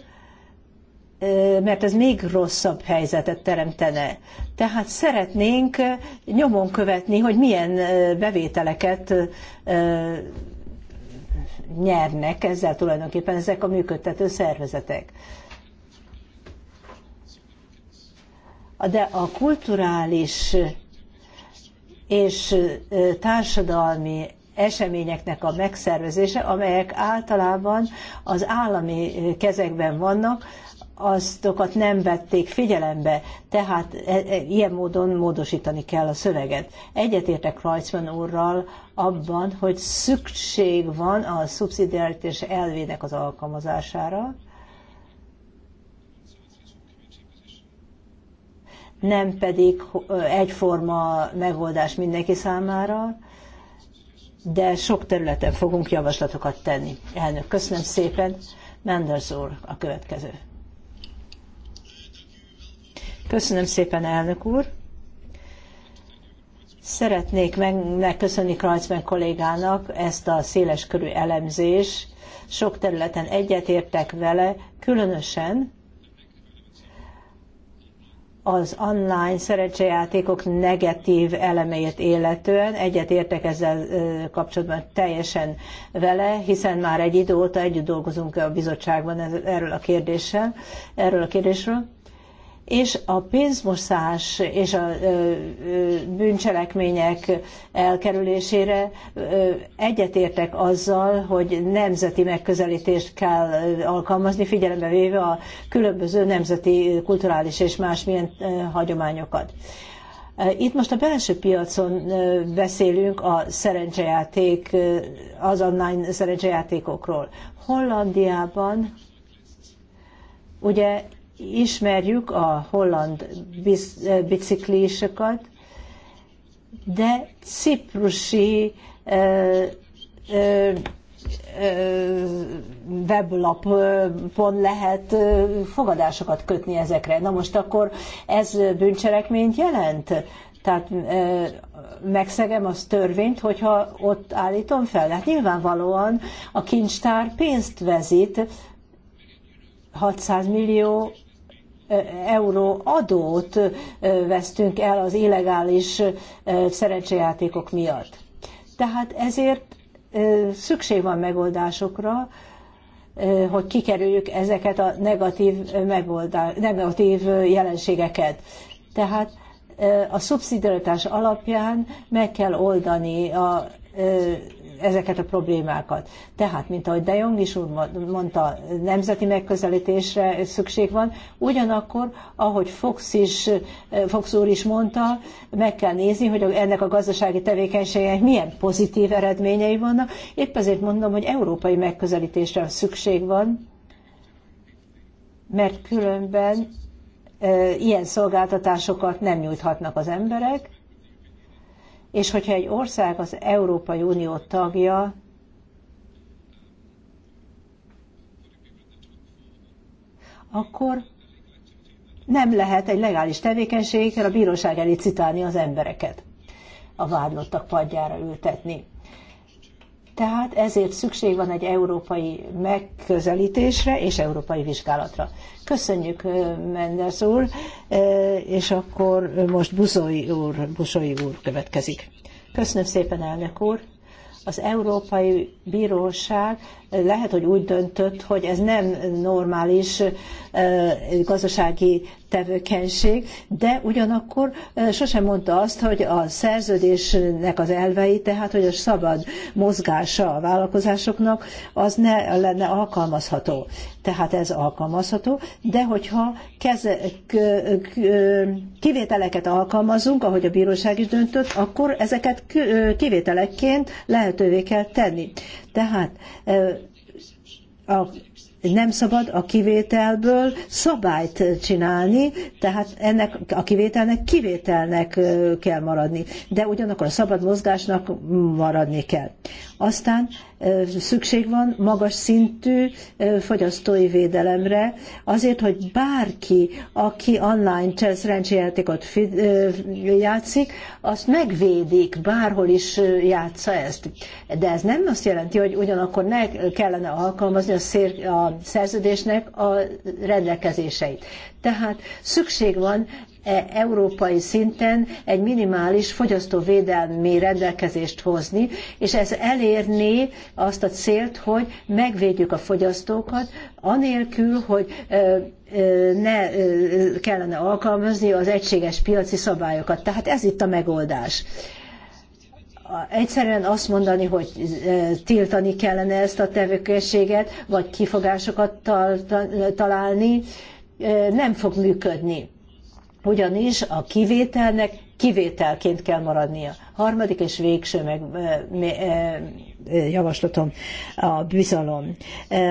mert ez még rosszabb helyzetet teremtene. Tehát szeretnénk nyomon követni, hogy milyen bevételeket nyernek ezzel tulajdonképpen ezek a működtető szervezetek. De a kulturális és társadalmi eseményeknek a megszervezése, amelyek általában az állami eh, kezekben vannak, aztokat nem vették figyelembe, tehát eh, eh, ilyen módon módosítani kell a szöveget. Egyetértek Kreutzmann úrral abban, hogy szükség van a szubszidiaritás elvének az alkalmazására, nem pedig egyforma megoldás mindenki számára, de sok területen fogunk javaslatokat tenni. Elnök, köszönöm szépen. Menders úr a következő. Köszönöm szépen, elnök úr. Szeretnék meg, megköszönni Krajcmen kollégának ezt a széles körű elemzés. Sok területen egyetértek vele, különösen az online szerencsejátékok negatív elemeit életően egyet értek ezzel kapcsolatban teljesen vele, hiszen már egy idő óta együtt dolgozunk a bizottságban erről a kérdéssel, erről a kérdésről és a pénzmosás és a bűncselekmények elkerülésére egyetértek azzal, hogy nemzeti megközelítést kell alkalmazni, figyelembe véve a különböző nemzeti, kulturális és másmilyen hagyományokat. Itt most a belső piacon beszélünk a szerencsejáték, az online szerencsejátékokról. Hollandiában ugye ismerjük a holland eh, biciklisokat, de ciprusi ö, eh, ö, eh, weblapon lehet fogadásokat kötni ezekre. Na most akkor ez bűncselekményt jelent? Tehát megszegem az törvényt, hogyha ott állítom fel. Hát nyilvánvalóan a kincstár pénzt vezít, 600 millió euró adót vesztünk el az illegális szerencsejátékok miatt. Tehát ezért szükség van megoldásokra, hogy kikerüljük ezeket a negatív, megoldás, negatív jelenségeket. Tehát a szubszidiaritás alapján meg kell oldani a ezeket a problémákat. Tehát, mint ahogy De Jong is mondta, nemzeti megközelítésre szükség van, ugyanakkor, ahogy Fox, is, Fox úr is mondta, meg kell nézni, hogy ennek a gazdasági tevékenységnek milyen pozitív eredményei vannak. Épp ezért mondom, hogy európai megközelítésre szükség van, mert különben e, ilyen szolgáltatásokat nem nyújthatnak az emberek, és hogyha egy ország az Európai Unió tagja, akkor nem lehet egy legális tevékenységre a bíróság elé citálni az embereket, a vádlottak padjára ültetni. Tehát ezért szükség van egy európai megközelítésre és európai vizsgálatra. Köszönjük, Mendes úr, és akkor most Buzói úr, Buzói úr következik. Köszönöm szépen, elnök úr! Az Európai Bíróság lehet, hogy úgy döntött, hogy ez nem normális gazdasági tevékenység, de ugyanakkor sosem mondta azt, hogy a szerződésnek az elvei, tehát hogy a szabad mozgása a vállalkozásoknak, az ne lenne alkalmazható. Tehát ez alkalmazható, de hogyha keze, kivételeket alkalmazunk, ahogy a bíróság is döntött, akkor ezeket kivételekként lehetővé kell tenni. Tehát a, nem szabad a kivételből szabályt csinálni, tehát ennek a kivételnek kivételnek kell maradni, de ugyanakkor a szabad mozgásnak maradni kell. Aztán szükség van magas szintű fogyasztói védelemre, azért, hogy bárki, aki online szerencséjátékot játszik, azt megvédik, bárhol is játsza ezt. De ez nem azt jelenti, hogy ugyanakkor ne kellene alkalmazni a, szér, a szerződésnek a rendelkezéseit. Tehát szükség van E európai szinten egy minimális fogyasztóvédelmi rendelkezést hozni, és ez elérné azt a célt, hogy megvédjük a fogyasztókat, anélkül, hogy ne kellene alkalmazni az egységes piaci szabályokat. Tehát ez itt a megoldás egyszerűen azt mondani, hogy tiltani kellene ezt a tevékenységet, vagy kifogásokat találni, nem fog működni ugyanis a kivételnek kivételként kell maradnia. Harmadik és végső meg, javaslatom a bizalom.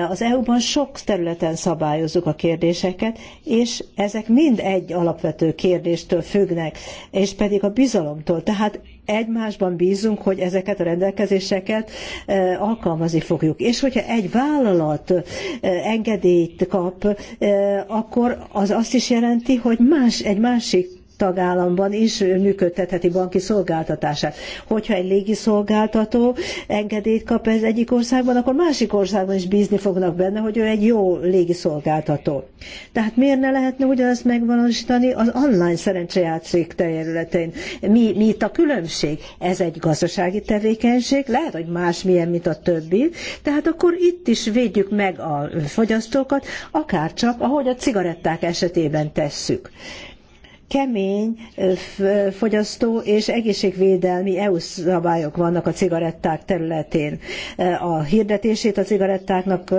Az EU-ban sok területen szabályozzuk a kérdéseket, és ezek mind egy alapvető kérdéstől függnek, és pedig a bizalomtól. Tehát egymásban bízunk, hogy ezeket a rendelkezéseket eh, alkalmazni fogjuk. És hogyha egy vállalat eh, engedélyt kap, eh, akkor az azt is jelenti, hogy más, egy másik tagállamban is működtetheti banki szolgáltatását. Hogyha egy légiszolgáltató engedélyt kap ez egyik országban, akkor másik országban is bízni fognak benne, hogy ő egy jó légiszolgáltató. Tehát miért ne lehetne ugyanezt megvalósítani az online szerencsejátszék területén? Mi, mi itt a különbség? Ez egy gazdasági tevékenység, lehet, hogy másmilyen, mint a többi, tehát akkor itt is védjük meg a fogyasztókat, akár csak, ahogy a cigaretták esetében tesszük kemény fogyasztó és egészségvédelmi EU szabályok vannak a cigaretták területén. A hirdetését a cigarettáknak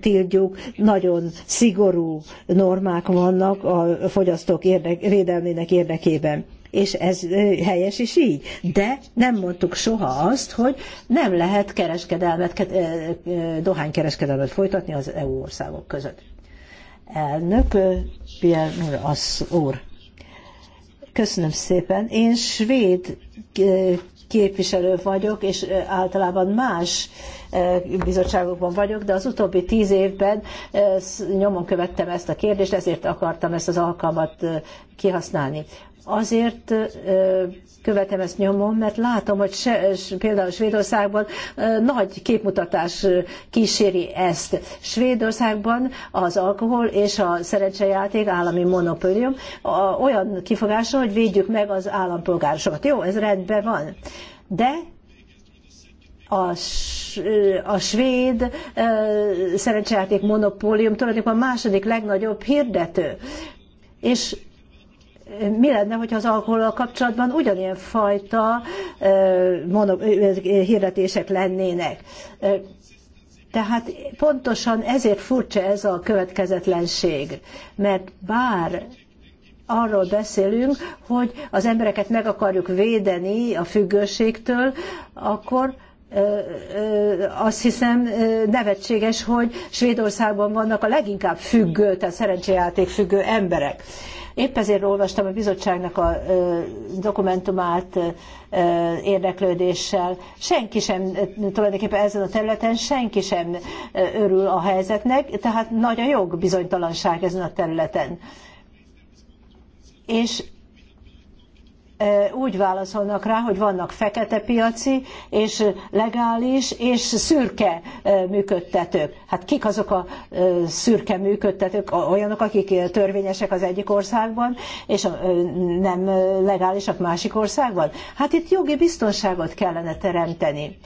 tiltjuk, nagyon szigorú normák vannak a fogyasztók érdek, védelmének érdekében és ez helyes is így. De nem mondtuk soha azt, hogy nem lehet kereskedelmet, dohánykereskedelmet folytatni az EU országok között. Elnök Pierre az úr. Köszönöm szépen. Én svéd eh, képviselő vagyok, és eh, általában más eh, bizottságokban vagyok, de az utóbbi tíz évben nyomon követtem ezt a kérdést, ezért akartam ezt az alkalmat kihasználni azért követem ezt nyomon, mert látom, hogy se, például Svédországban nagy képmutatás kíséri ezt. Svédországban az alkohol és a szerencsejáték állami monopólium olyan kifogása, hogy védjük meg az állampolgársokat. Jó, ez rendben van. De a, a svéd szerencsejáték monopólium tulajdonképpen a második legnagyobb hirdető. És mi lenne, hogyha az alkohol kapcsolatban ugyanilyen fajta hirdetések lennének. Tehát pontosan ezért furcsa ez a következetlenség, mert bár arról beszélünk, hogy az embereket meg akarjuk védeni a függőségtől, akkor azt hiszem nevetséges, hogy Svédországban vannak a leginkább függő, tehát szerencsejáték függő emberek. Épp ezért olvastam a bizottságnak a dokumentumát érdeklődéssel. Senki sem, tulajdonképpen ezen a területen senki sem örül a helyzetnek, tehát nagy a jogbizonytalanság ezen a területen. És úgy válaszolnak rá, hogy vannak fekete piaci, és legális, és szürke működtetők. Hát kik azok a szürke működtetők, olyanok, akik törvényesek az egyik országban, és nem legálisak másik országban? Hát itt jogi biztonságot kellene teremteni.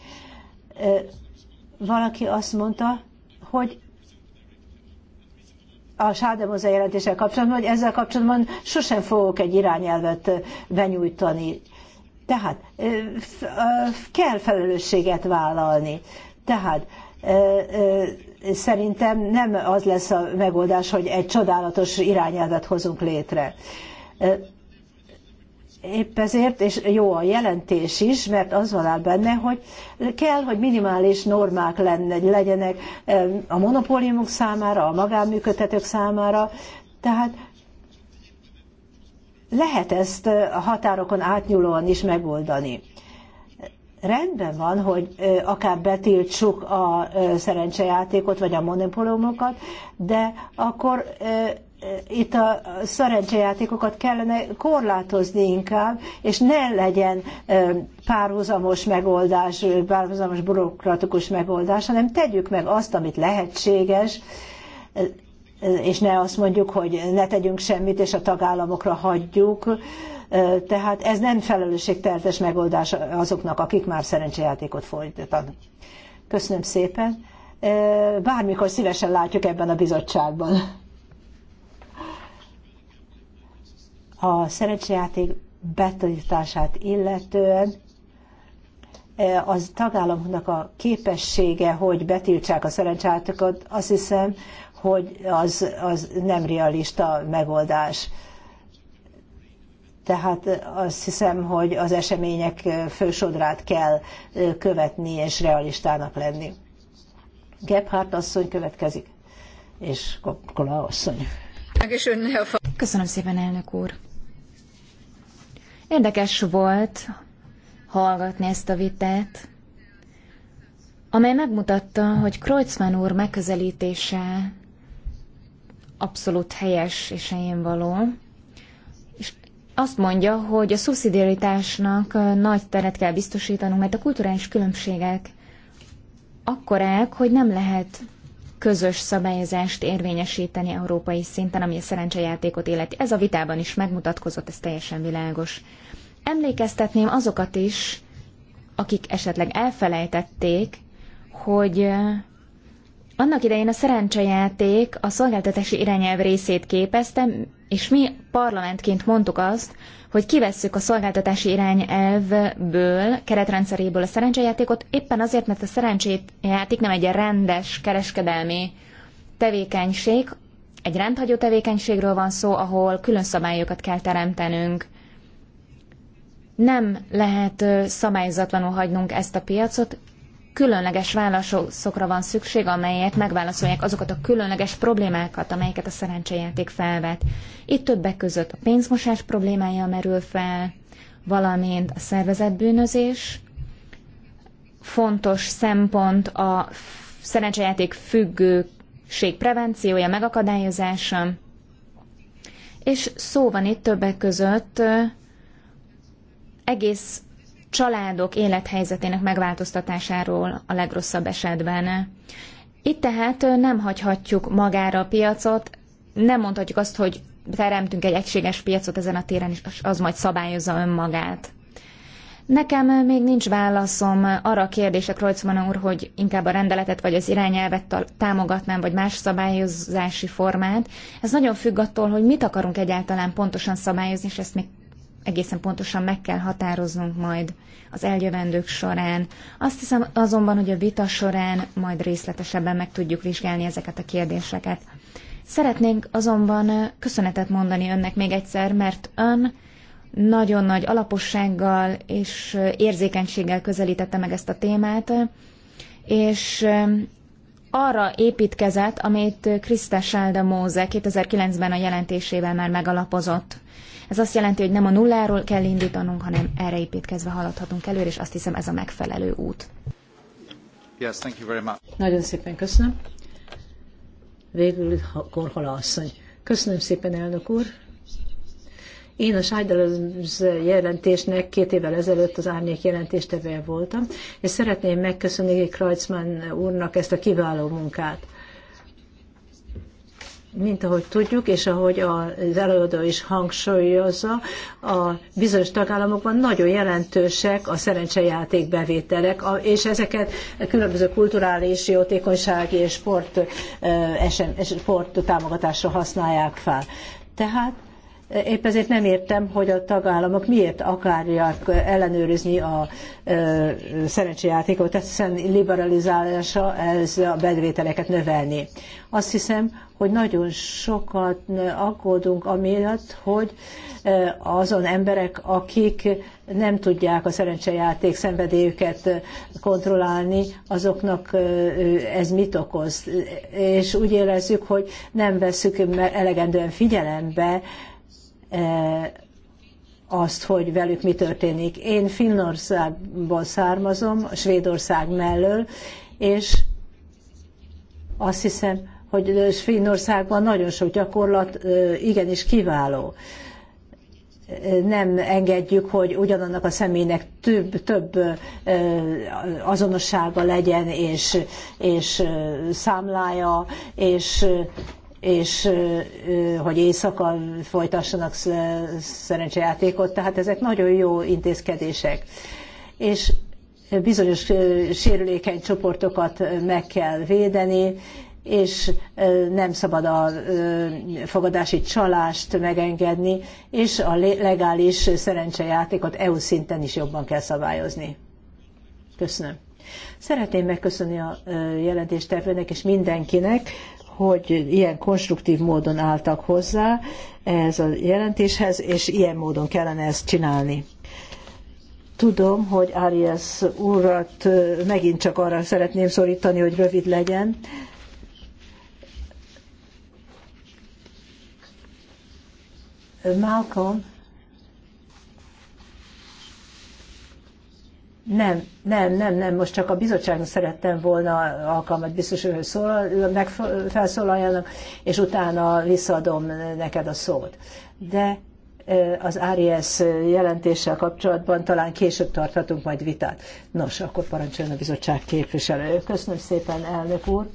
Valaki azt mondta, hogy a Sádemoza jelentéssel kapcsolatban, hogy ezzel kapcsolatban sosem fogok egy irányelvet benyújtani. Tehát kell felelősséget vállalni. Tehát szerintem nem az lesz a megoldás, hogy egy csodálatos irányelvet hozunk létre Épp ezért, és jó a jelentés is, mert az van áll benne, hogy kell, hogy minimális normák lenne, legyenek a monopóliumok számára, a magánműködhetők számára, tehát lehet ezt a határokon átnyúlóan is megoldani. Rendben van, hogy akár betiltsuk a szerencsejátékot, vagy a monopóliumokat, de akkor itt a szerencsejátékokat kellene korlátozni inkább, és ne legyen párhuzamos megoldás, párhuzamos bürokratikus megoldás, hanem tegyük meg azt, amit lehetséges, és ne azt mondjuk, hogy ne tegyünk semmit, és a tagállamokra hagyjuk. Tehát ez nem felelősségteltes megoldás azoknak, akik már szerencsejátékot folytatnak. Köszönöm szépen. Bármikor szívesen látjuk ebben a bizottságban. A szerencsejáték betiltását illetően e, az tagállamoknak a képessége, hogy betiltsák a szerencsejátékot, azt hiszem, hogy az, az nem realista megoldás. Tehát azt hiszem, hogy az események fősodrát kell e, követni és realistának lenni. Gebhardt asszony következik, és Kopkola asszony. Köszönöm szépen, elnök úr. Érdekes volt
hallgatni ezt a vitát, amely megmutatta, hogy Kreutzmann úr megközelítése abszolút helyes és helyén való, és azt mondja, hogy a szubszidiaritásnak nagy teret kell biztosítanunk, mert a kulturális különbségek akkorák, hogy nem lehet közös szabályozást érvényesíteni európai szinten, ami a szerencsejátékot illeti. Ez a vitában is megmutatkozott, ez teljesen világos. Emlékeztetném azokat is, akik esetleg elfelejtették, hogy annak idején a szerencsejáték a szolgáltatási irányelv részét képezte, és mi parlamentként mondtuk azt, hogy kivesszük a szolgáltatási irányelvből, keretrendszeréből a szerencsejátékot, éppen azért, mert a szerencsejáték nem egy rendes kereskedelmi tevékenység, egy rendhagyó tevékenységről van szó, ahol külön szabályokat kell teremtenünk. Nem lehet szabályzatlanul hagynunk ezt a piacot, különleges válaszokra van szükség, amelyek megválaszolják azokat a különleges problémákat, amelyeket a szerencsejáték felvet. Itt többek között a pénzmosás problémája merül fel, valamint a szervezetbűnözés. Fontos szempont a szerencsejáték függőség prevenciója, megakadályozása, és szó van itt többek között egész családok élethelyzetének megváltoztatásáról a legrosszabb esetben. Itt tehát nem hagyhatjuk magára a piacot, nem mondhatjuk azt, hogy teremtünk egy egységes piacot ezen a téren, és az majd szabályozza önmagát. Nekem még nincs válaszom arra a kérdésre, Kreutzmann úr, hogy inkább a rendeletet vagy az irányelvet támogatnám, vagy más szabályozási formát. Ez nagyon függ attól, hogy mit akarunk egyáltalán pontosan szabályozni, és ezt még egészen pontosan meg kell határoznunk majd az eljövendők során. Azt hiszem azonban, hogy a vita során majd részletesebben meg tudjuk vizsgálni ezeket a kérdéseket. Szeretnénk azonban köszönetet mondani önnek még egyszer, mert ön nagyon nagy alapossággal és érzékenységgel közelítette meg ezt a témát, és arra építkezett, amit Krista Sálda Móze 2009-ben a jelentésében már megalapozott. Ez azt jelenti, hogy nem a nulláról kell indítanunk, hanem erre építkezve haladhatunk
előre, és azt hiszem ez a megfelelő út.
Yes, thank you very much.
Nagyon szépen köszönöm. Végül Korhola asszony. Köszönöm szépen, elnök úr. Én a az jelentésnek két évvel ezelőtt az árnyék jelentéstevője voltam, és szeretném megköszönni Kreuzmann úrnak ezt a kiváló munkát mint ahogy tudjuk, és ahogy az előadó is hangsúlyozza, a bizonyos tagállamokban nagyon jelentősek a szerencsejáték bevételek, és ezeket a különböző kulturális, jótékonysági és sport, eh, sport támogatásra használják fel. Tehát Épp ezért nem értem, hogy a tagállamok miért akarják ellenőrizni a szerencséjátékot, hiszen liberalizálása ez a bevételeket növelni. Azt hiszem, hogy nagyon sokat aggódunk amiatt, hogy azon emberek, akik nem tudják a szerencsejáték szenvedélyüket kontrollálni, azoknak ez mit okoz. És úgy érezzük, hogy nem veszük elegendően figyelembe, Eh, azt, hogy velük mi történik. Én Finnországból származom, Svédország mellől, és azt hiszem, hogy Finnországban nagyon sok gyakorlat eh, igenis kiváló. Eh, nem engedjük, hogy ugyanannak a személynek több, több azonossága legyen, és, és számlája, és és hogy éjszaka folytassanak szerencsejátékot, tehát ezek nagyon jó intézkedések. És bizonyos sérülékeny csoportokat meg kell védeni, és nem szabad a fogadási csalást megengedni, és a legális szerencsejátékot EU szinten is jobban kell szabályozni. Köszönöm. Szeretném megköszönni a jelentéstevőnek és mindenkinek hogy ilyen konstruktív módon álltak hozzá ehhez a jelentéshez, és ilyen módon kellene ezt csinálni. Tudom, hogy Arias úrat megint csak arra szeretném szorítani, hogy rövid legyen. Malcolm, Nem, nem, nem, nem, most csak a bizottságnak szerettem volna alkalmat biztos, hogy szól, felszólaljanak, és utána visszaadom neked a szót. De az Arias e jelentéssel kapcsolatban talán később tarthatunk majd vitát. Nos, akkor parancsoljon a bizottság képviselő. Köszönöm szépen, elnök úr.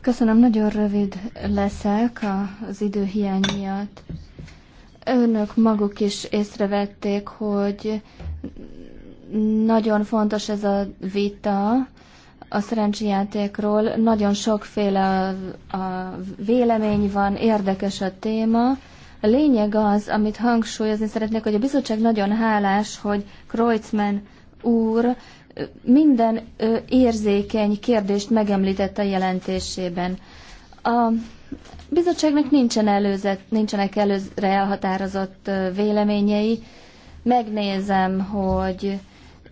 Köszönöm, nagyon rövid leszek az időhiány miatt. Önök maguk is észrevették, hogy nagyon fontos ez a vita a szerencsijátékról. Nagyon sokféle a vélemény van, érdekes a téma. A lényeg az, amit hangsúlyozni szeretnék, hogy a bizottság nagyon hálás, hogy Kreutzmann úr minden érzékeny kérdést megemlített a jelentésében. A bizottságnak nincsen előzet, nincsenek előzre elhatározott véleményei. Megnézem, hogy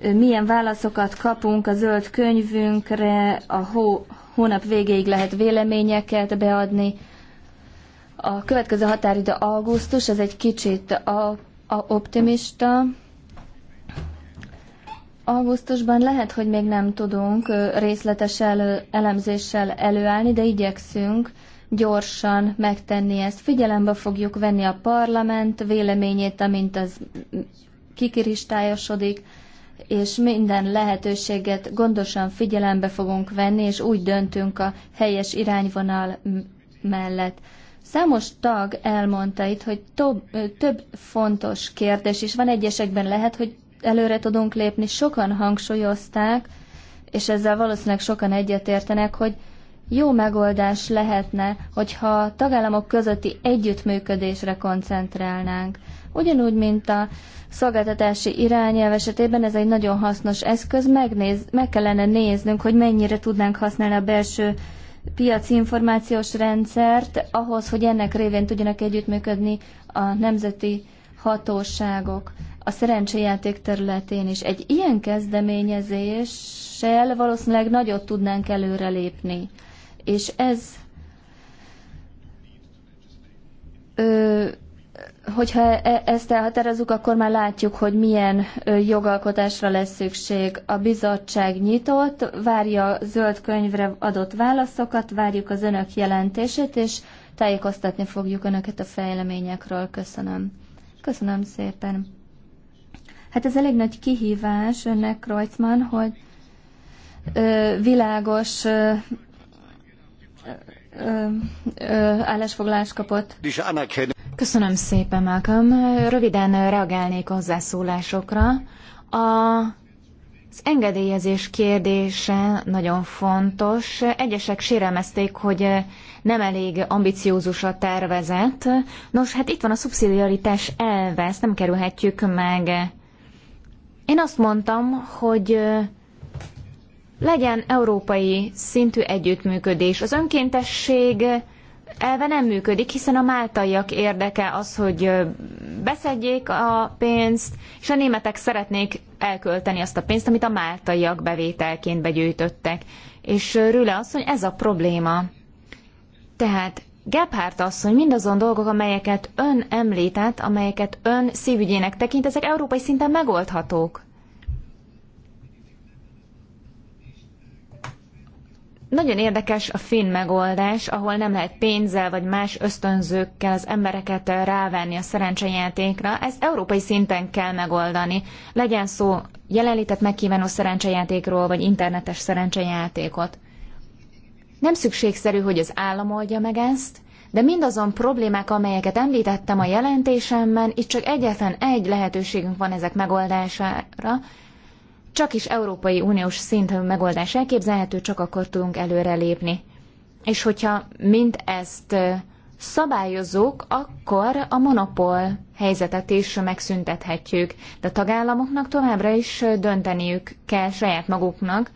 milyen válaszokat kapunk a zöld könyvünkre, a hó, hónap végéig lehet véleményeket beadni. A következő határidő augusztus, ez egy kicsit a, a optimista. Augusztusban lehet, hogy még nem tudunk részletes elő, elemzéssel előállni, de igyekszünk gyorsan megtenni ezt. Figyelembe fogjuk venni a parlament véleményét, amint az kikiristályosodik és minden lehetőséget gondosan figyelembe fogunk venni, és úgy döntünk a helyes irányvonal mellett. Számos tag elmondta itt, hogy több, több fontos kérdés is van, egyesekben lehet, hogy előre tudunk lépni. Sokan hangsúlyozták, és ezzel valószínűleg sokan egyetértenek, hogy jó megoldás lehetne, hogyha tagállamok közötti együttműködésre koncentrálnánk. Ugyanúgy, mint a szolgáltatási irányelv esetében ez egy nagyon hasznos eszköz, megnéz, meg kellene néznünk, hogy mennyire tudnánk használni a belső piaci információs rendszert ahhoz, hogy ennek révén tudjanak együttműködni a nemzeti hatóságok a szerencsejáték területén is. Egy ilyen kezdeményezéssel valószínűleg nagyot tudnánk előrelépni. És ez ö, hogyha e, ezt elhatározzuk, akkor már látjuk, hogy milyen jogalkotásra lesz szükség. A bizottság nyitott, várja a zöld könyvre adott válaszokat, várjuk az önök jelentését, és tájékoztatni fogjuk önöket a fejleményekről. Köszönöm. Köszönöm szépen. Hát ez elég nagy kihívás önnek, Reutzmann, hogy ö, világos ö, állásfoglalást kapott. Köszönöm
szépen, Malcolm. Röviden reagálnék a hozzászólásokra. A, az engedélyezés kérdése nagyon fontos. Egyesek sérelmezték, hogy nem elég ambiciózus a tervezet. Nos, hát itt van a szubszidiaritás elve, ezt nem kerülhetjük meg. Én azt mondtam, hogy legyen európai szintű együttműködés. Az önkéntesség elve nem működik, hiszen a máltaiak érdeke az, hogy beszedjék a pénzt, és a németek szeretnék elkölteni azt a pénzt, amit a máltaiak bevételként begyűjtöttek. És Rüle asszony, ez a probléma. Tehát Gebhardt asszony, mindazon dolgok, amelyeket ön említett, amelyeket ön szívügyének tekint, ezek európai szinten megoldhatók. Nagyon érdekes a finn megoldás, ahol nem lehet pénzzel vagy más ösztönzőkkel az embereket rávenni a szerencsejátékra. Ezt európai szinten kell megoldani. Legyen szó jelenlétet megkívánó szerencsejátékról, vagy internetes szerencsejátékot. Nem szükségszerű, hogy az állam oldja meg ezt, de mindazon problémák, amelyeket említettem a jelentésemben, itt csak egyetlen egy lehetőségünk van ezek megoldására, csak is Európai Uniós szinten megoldás elképzelhető, csak akkor tudunk előrelépni. És hogyha mind ezt szabályozzuk, akkor a monopól helyzetet is megszüntethetjük. De a tagállamoknak továbbra is dönteniük kell saját maguknak.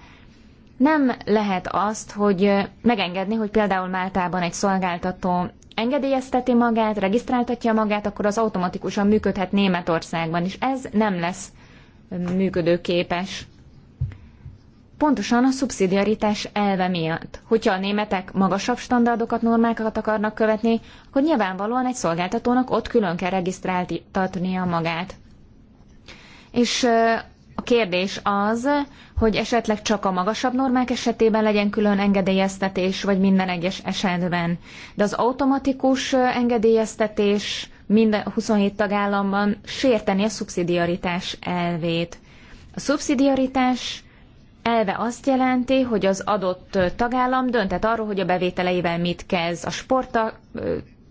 Nem lehet azt, hogy megengedni, hogy például Máltában egy szolgáltató engedélyezteti magát, regisztráltatja magát, akkor az automatikusan működhet Németországban is. Ez nem lesz működőképes. Pontosan a szubszidiaritás elve miatt. Hogyha a németek magasabb standardokat, normákat akarnak követni, akkor nyilvánvalóan egy szolgáltatónak ott külön kell regisztráltatnia magát. És a kérdés az, hogy esetleg csak a magasabb normák esetében legyen külön engedélyeztetés, vagy minden egyes esetben. De az automatikus engedélyeztetés minden 27 tagállamban sérteni a szubszidiaritás elvét. A szubszidiaritás elve azt jelenti, hogy az adott tagállam döntet arról, hogy a bevételeivel mit kezd. A sport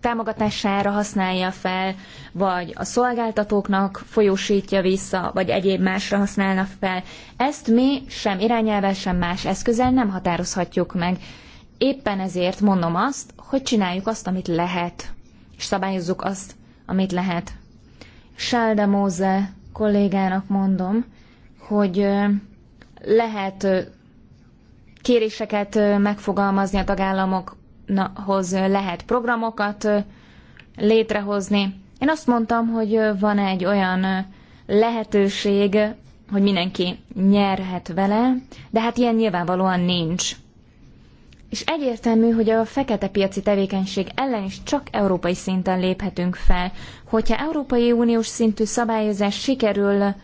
támogatására használja fel, vagy a szolgáltatóknak folyósítja vissza, vagy egyéb másra használna fel. Ezt mi sem irányelvel, sem más eszközzel nem határozhatjuk meg. Éppen ezért mondom azt, hogy csináljuk azt, amit lehet, és szabályozzuk azt, amit lehet. Sálda Móze kollégának mondom, hogy lehet kéréseket megfogalmazni a tagállamokhoz, lehet programokat létrehozni. Én azt mondtam, hogy van egy olyan lehetőség, hogy mindenki nyerhet vele, de hát ilyen nyilvánvalóan nincs. És egyértelmű, hogy a fekete piaci tevékenység ellen is csak európai szinten léphetünk fel. Hogyha Európai Uniós szintű szabályozás sikerül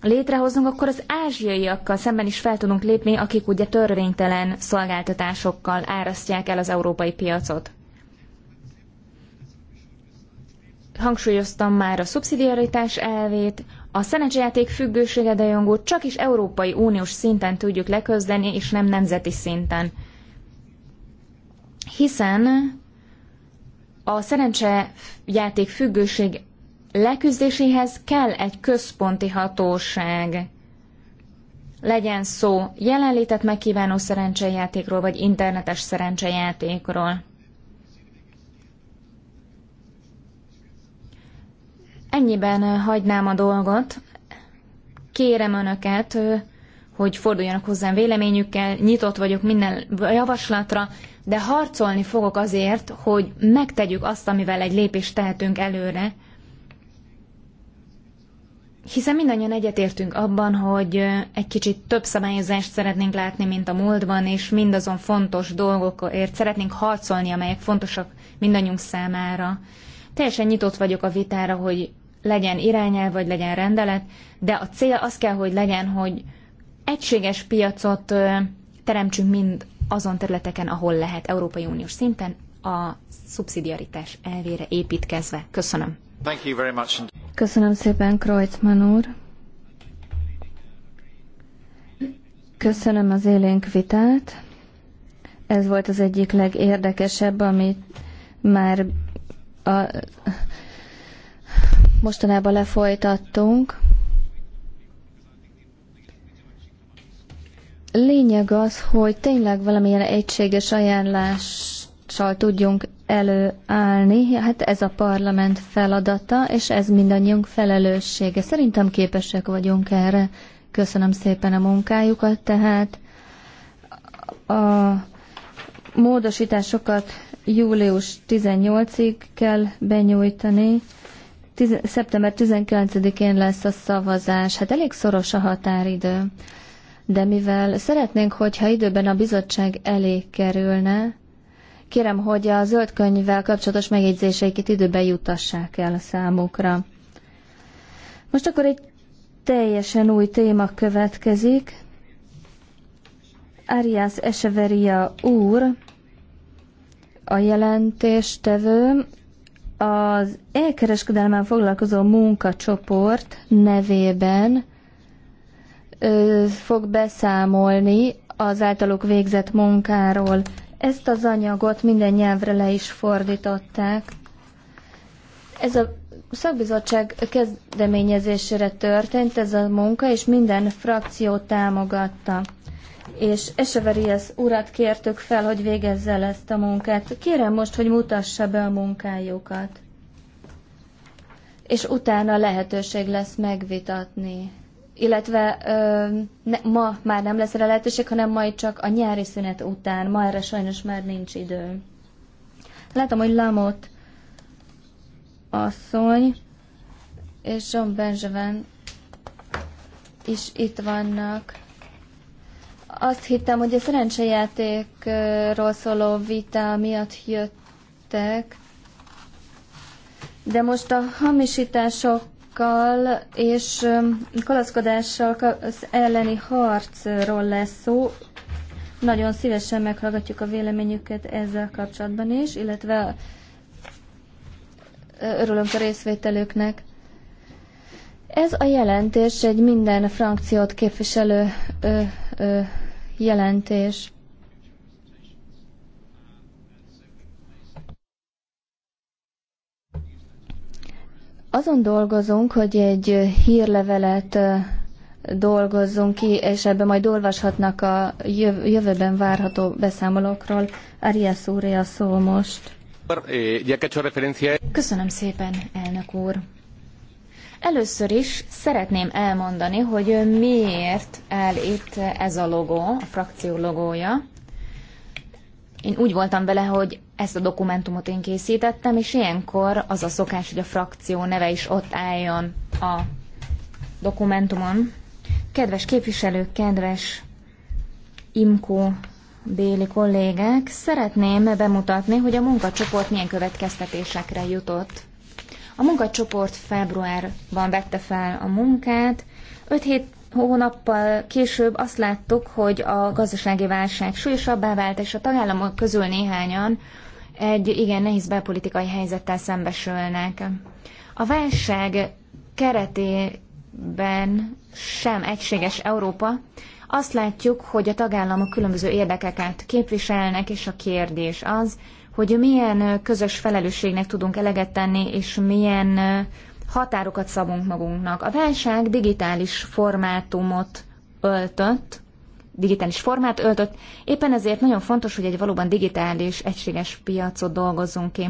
létrehoznunk, akkor az ázsiaiakkal szemben is fel tudunk lépni, akik ugye törvénytelen szolgáltatásokkal árasztják el az európai piacot. Hangsúlyoztam már a szubszidiaritás elvét, a szenedzsjáték függősége de jongó csak is Európai Uniós szinten tudjuk leközdeni, és nem nemzeti szinten hiszen a szerencsejáték függőség leküzdéséhez kell egy központi hatóság. Legyen szó jelenlétet megkívánó szerencsejátékról, vagy internetes szerencsejátékról. Ennyiben eh, hagynám a dolgot. Kérem Önöket, eh, hogy forduljanak hozzám véleményükkel, nyitott vagyok minden javaslatra, de harcolni fogok azért, hogy megtegyük azt, amivel egy lépést tehetünk előre, hiszen mindannyian egyetértünk abban, hogy egy kicsit több szabályozást szeretnénk látni, mint a múltban, és mindazon fontos dolgokért szeretnénk harcolni, amelyek fontosak mindannyiunk számára. Teljesen nyitott vagyok a vitára, hogy legyen irányel vagy legyen rendelet, de a cél az kell, hogy legyen, hogy egységes piacot teremtsünk mind azon területeken, ahol lehet Európai Uniós szinten, a szubszidiaritás elvére építkezve. Köszönöm.
Köszönöm szépen, Kreutzmann úr. Köszönöm az élénk vitát. Ez volt az egyik legérdekesebb, amit már a, mostanában lefolytattunk. lényeg az, hogy tényleg valamilyen egységes ajánlással tudjunk előállni. Hát ez a parlament feladata, és ez mindannyiunk felelőssége. Szerintem képesek vagyunk erre. Köszönöm szépen a munkájukat, tehát a módosításokat július 18-ig kell benyújtani. Tiz- szeptember 19-én lesz a szavazás. Hát elég szoros a határidő de mivel szeretnénk, hogyha időben a bizottság elé kerülne, kérem, hogy a zöld könyvvel kapcsolatos megjegyzéseiket időben jutassák el a számukra. Most akkor egy teljesen új téma következik. Arias Echeveria úr, a jelentéstevő, az elkereskedelmen foglalkozó munkacsoport nevében fog beszámolni az általuk végzett munkáról. Ezt az anyagot minden nyelvre le is fordították. Ez a szakbizottság kezdeményezésére történt ez a munka, és minden frakció támogatta. És Eseverias urat kértük fel, hogy végezze el ezt a munkát. Kérem most, hogy mutassa be a munkájukat. És utána lehetőség lesz megvitatni illetve ö, ne, ma már nem lesz erre lehetőség, hanem majd csak a nyári szünet után. Ma erre sajnos már nincs idő. Látom, hogy Lamot asszony és John Benjamin is itt vannak. Azt hittem, hogy a szerencsejátékról szóló vita miatt jöttek, de most a hamisítások kutatásokkal és kalaszkodással az elleni harcról lesz szó. Nagyon szívesen meghallgatjuk a véleményüket ezzel kapcsolatban is, illetve örülünk a részvételőknek. Ez a jelentés egy minden frankciót képviselő ö, ö, jelentés. Azon dolgozunk, hogy egy hírlevelet dolgozzunk ki, és ebben majd olvashatnak a jövőben várható beszámolókról. Arias úr, a szó most.
Eh,
Köszönöm szépen, elnök úr.
Először is szeretném elmondani, hogy miért áll itt ez a logó, a frakció logója. Én úgy voltam vele, hogy ezt a dokumentumot én készítettem, és ilyenkor az a szokás, hogy a frakció neve is ott álljon a dokumentumon. Kedves képviselők, kedves IMKO béli kollégák, szeretném bemutatni, hogy a munkacsoport milyen következtetésekre jutott. A munkacsoport februárban vette fel a munkát, Öt-hét hónappal később azt láttuk, hogy a gazdasági válság súlyosabbá vált, és a tagállamok közül néhányan egy igen nehéz belpolitikai helyzettel szembesülnek. A válság keretében sem egységes Európa. Azt látjuk, hogy a tagállamok különböző érdekeket képviselnek, és a kérdés az, hogy milyen közös felelősségnek tudunk eleget tenni, és milyen határokat szabunk magunknak. A válság digitális formátumot öltött, digitális formát öltött, éppen ezért nagyon fontos, hogy egy valóban digitális, egységes piacot dolgozzunk ki.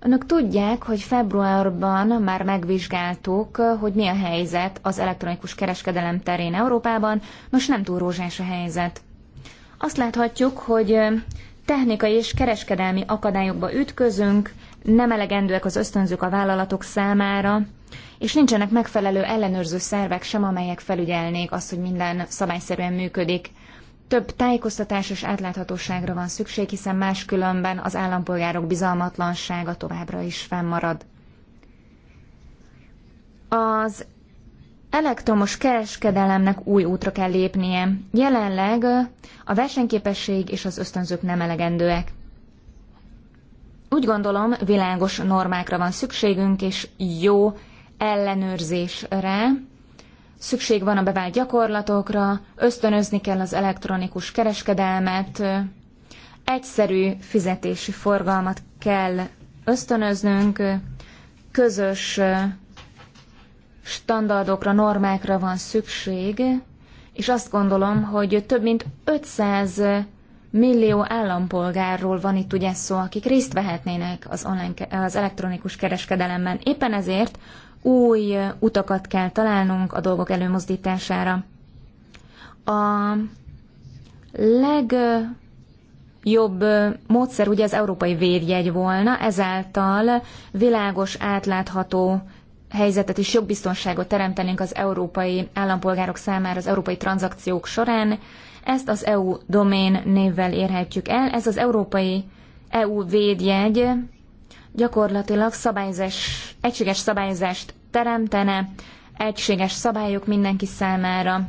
Önök tudják, hogy februárban már megvizsgáltuk, hogy mi a helyzet az elektronikus kereskedelem terén Európában, most nem túl rózsás a helyzet. Azt láthatjuk, hogy technikai és kereskedelmi akadályokba ütközünk, nem elegendőek az ösztönzők a vállalatok számára, és nincsenek megfelelő ellenőrző szervek sem, amelyek felügyelnék azt, hogy minden szabályszerűen működik. Több tájékoztatás és átláthatóságra van szükség, hiszen máskülönben az állampolgárok bizalmatlansága továbbra is fennmarad. Az elektromos kereskedelemnek új útra kell lépnie. Jelenleg a versenyképesség és az ösztönzők nem elegendőek. Úgy gondolom, világos normákra van szükségünk, és jó ellenőrzésre. Szükség van a bevált gyakorlatokra, ösztönözni kell az elektronikus kereskedelmet, egyszerű fizetési forgalmat kell ösztönöznünk, közös standardokra, normákra van szükség, és azt gondolom, hogy több mint 500 millió állampolgárról van itt ugye szó, akik részt vehetnének az, online, az elektronikus kereskedelemben. Éppen ezért új utakat kell találnunk a dolgok előmozdítására. A legjobb módszer ugye az európai védjegy volna, ezáltal világos, átlátható helyzetet és jogbiztonságot teremtenénk az európai állampolgárok számára az európai tranzakciók során, ezt az EU domén névvel érhetjük el. Ez az európai EU védjegy gyakorlatilag szabályzás, egységes szabályzást teremtene, egységes szabályok mindenki számára,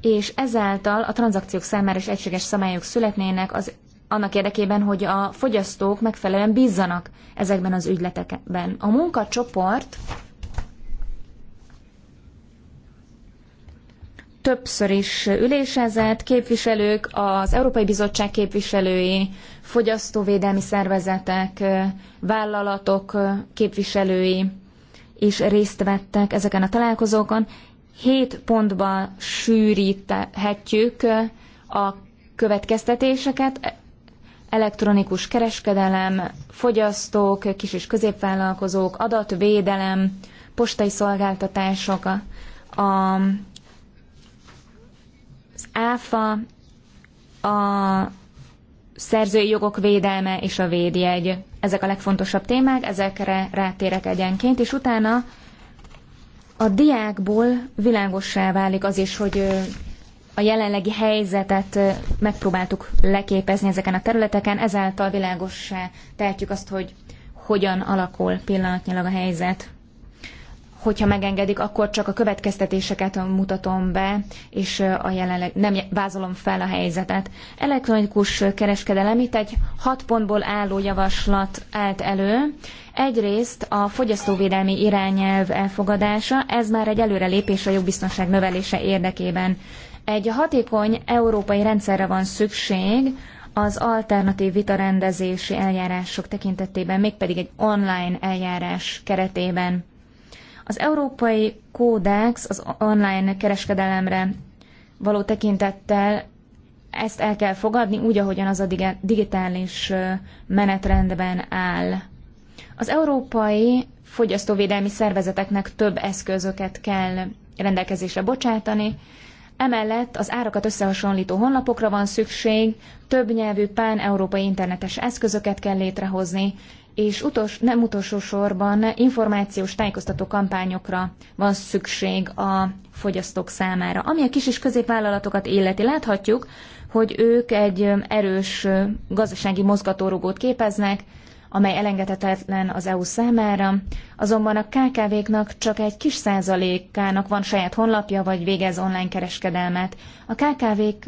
és ezáltal a tranzakciók számára is egységes szabályok születnének az annak érdekében, hogy a fogyasztók megfelelően bízzanak ezekben az ügyletekben. A munkacsoport többször is ülésezett, képviselők, az Európai Bizottság képviselői, fogyasztóvédelmi szervezetek, vállalatok képviselői is részt vettek ezeken a találkozókon. Hét pontban sűríthetjük a következtetéseket, elektronikus kereskedelem, fogyasztók, kis- és középvállalkozók, adatvédelem, postai szolgáltatások, a, a az ÁFA a szerzői jogok védelme és a védjegy. Ezek a legfontosabb témák, ezekre rátérek egyenként, és utána a diákból világossá válik az is, hogy a jelenlegi helyzetet megpróbáltuk leképezni ezeken a területeken, ezáltal világossá tehetjük azt, hogy hogyan alakul pillanatnyilag a helyzet hogyha megengedik, akkor csak a következtetéseket mutatom be, és a jelenleg nem vázolom fel a helyzetet. Elektronikus kereskedelem itt egy hat pontból álló javaslat állt elő. Egyrészt a fogyasztóvédelmi irányelv elfogadása, ez már egy előrelépés a jogbiztonság növelése érdekében. Egy hatékony európai rendszerre van szükség, az alternatív vitarendezési eljárások tekintetében, mégpedig egy online eljárás keretében. Az európai kódex az online kereskedelemre való tekintettel ezt el kell fogadni úgy, ahogyan az a digitális menetrendben áll. Az európai fogyasztóvédelmi szervezeteknek több eszközöket kell rendelkezésre bocsátani, Emellett az árakat összehasonlító honlapokra van szükség, több nyelvű pán-európai internetes eszközöket kell létrehozni, és utos, nem utolsó sorban információs tájékoztató kampányokra van szükség a fogyasztók számára. Ami a kis és középvállalatokat illeti, láthatjuk, hogy ők egy erős gazdasági mozgatórugót képeznek, amely elengedhetetlen az EU számára, azonban a KKV-knak csak egy kis százalékának van saját honlapja, vagy végez online kereskedelmet. A KKV-k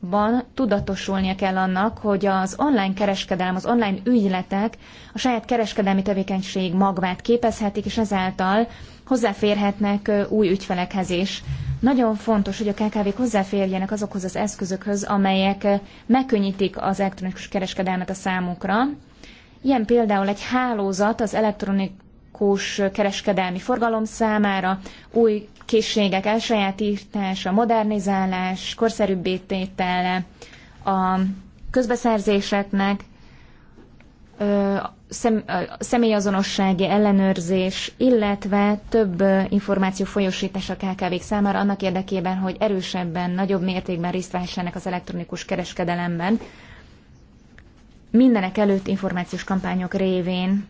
ban tudatosulnia kell annak, hogy az online kereskedelem, az online ügyletek a saját kereskedelmi tevékenység magvát képezhetik, és ezáltal hozzáférhetnek új ügyfelekhez is. Nagyon fontos, hogy a KKV-k hozzáférjenek azokhoz az eszközökhöz, amelyek megkönnyítik az elektronikus kereskedelmet a számukra. Ilyen például egy hálózat az elektronikus kereskedelmi forgalom számára, új készségek elsajátítása, modernizálás, korszerűbbé tétele, a közbeszerzéseknek, személyazonossági ellenőrzés, illetve több információ folyosítás a kkv számára annak érdekében, hogy erősebben, nagyobb mértékben részt vehessenek az elektronikus kereskedelemben, mindenek előtt információs kampányok révén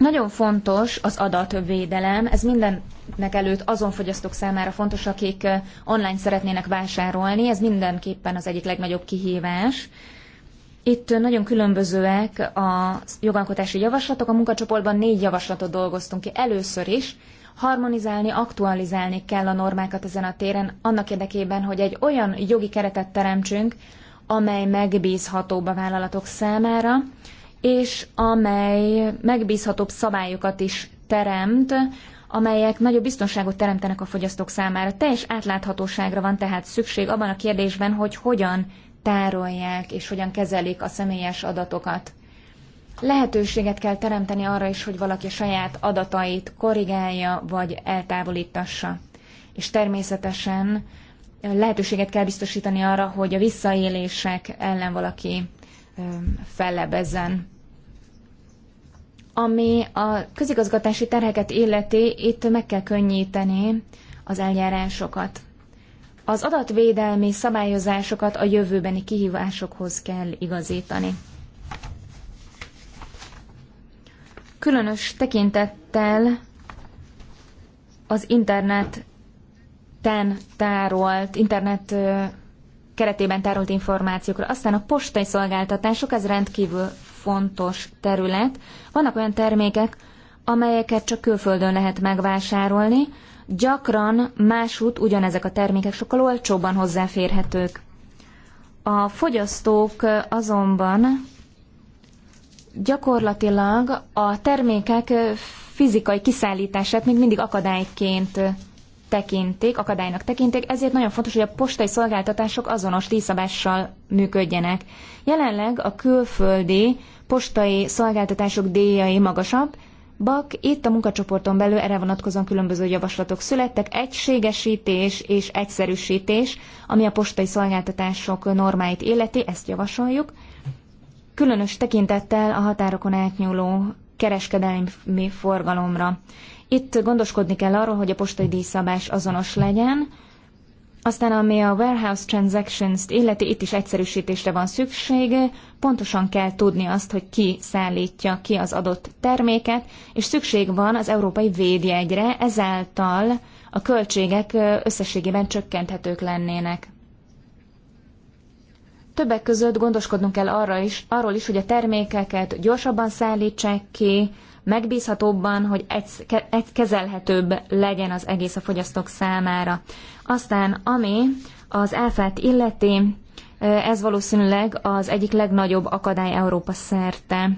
nagyon fontos az adatvédelem, ez mindennek előtt azon fogyasztók számára fontos, akik online szeretnének vásárolni, ez mindenképpen az egyik legnagyobb kihívás. Itt nagyon különbözőek a jogalkotási javaslatok, a munkacsoportban négy javaslatot dolgoztunk ki először is, harmonizálni, aktualizálni kell a normákat ezen a téren, annak érdekében, hogy egy olyan jogi keretet teremtsünk, amely megbízhatóbb a vállalatok számára, és amely megbízhatóbb szabályokat is teremt, amelyek nagyobb biztonságot teremtenek a fogyasztók számára. Teljes átláthatóságra van tehát szükség abban a kérdésben, hogy hogyan tárolják és hogyan kezelik a személyes adatokat. Lehetőséget kell teremteni arra is, hogy valaki saját adatait korrigálja vagy eltávolítassa. És természetesen lehetőséget kell biztosítani arra, hogy a visszaélések ellen valaki fellebezzen. Ami a közigazgatási terheket illeti, itt meg kell könnyíteni az eljárásokat. Az adatvédelmi szabályozásokat a jövőbeni kihívásokhoz kell igazítani. Különös tekintettel az interneten tárolt, internet keretében tárolt információkra. Aztán a postai szolgáltatások, ez rendkívül fontos terület. Vannak olyan termékek, amelyeket csak külföldön lehet megvásárolni, gyakran másút ugyanezek a termékek sokkal olcsóbban hozzáférhetők. A fogyasztók azonban gyakorlatilag a termékek fizikai kiszállítását még mindig akadályként tekintik, akadálynak tekintik, ezért nagyon fontos, hogy a postai szolgáltatások azonos díjszabással működjenek. Jelenleg a külföldi postai szolgáltatások díjai magasabb, Bak, itt a munkacsoporton belül erre vonatkozóan különböző javaslatok születtek, egységesítés és egyszerűsítés, ami a postai szolgáltatások normáit életi, ezt javasoljuk. Különös tekintettel a határokon átnyúló kereskedelmi forgalomra. Itt gondoskodni kell arról, hogy a postai díjszabás azonos legyen, aztán ami a warehouse transactions-t illeti, itt is egyszerűsítésre van szükség, pontosan kell tudni azt, hogy ki szállítja ki az adott terméket, és szükség van az európai védjegyre, ezáltal a költségek összességében csökkenthetők lennének. Többek között gondoskodnunk kell arra is, arról is, hogy a termékeket gyorsabban szállítsák ki, megbízhatóbban, hogy egy, kezelhetőbb legyen az egész a fogyasztók számára. Aztán ami az áfát illeti, ez valószínűleg az egyik legnagyobb akadály Európa szerte.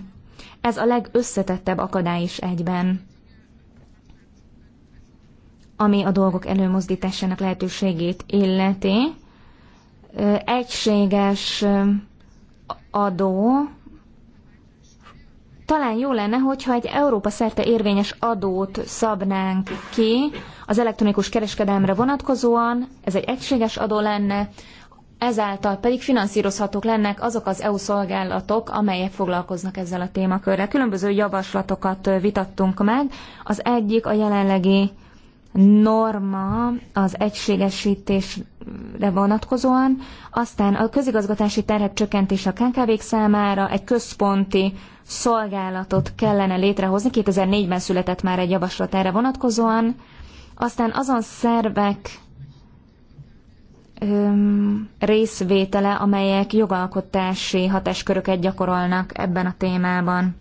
Ez a legösszetettebb akadály is egyben ami a dolgok előmozdításának lehetőségét illeti. Egységes adó talán jó lenne, hogyha egy Európa szerte érvényes adót szabnánk ki az elektronikus kereskedelmre vonatkozóan, ez egy egységes adó lenne, ezáltal pedig finanszírozhatók lennek azok az EU szolgálatok, amelyek foglalkoznak ezzel a témakörrel. Különböző javaslatokat vitattunk meg, az egyik a jelenlegi norma az egységesítésre vonatkozóan, aztán a közigazgatási terhet csökkentése a KKV-k számára egy központi szolgálatot kellene létrehozni, 2004-ben született már egy javaslat erre vonatkozóan, aztán azon szervek öm, részvétele, amelyek jogalkotási hatásköröket gyakorolnak ebben a témában.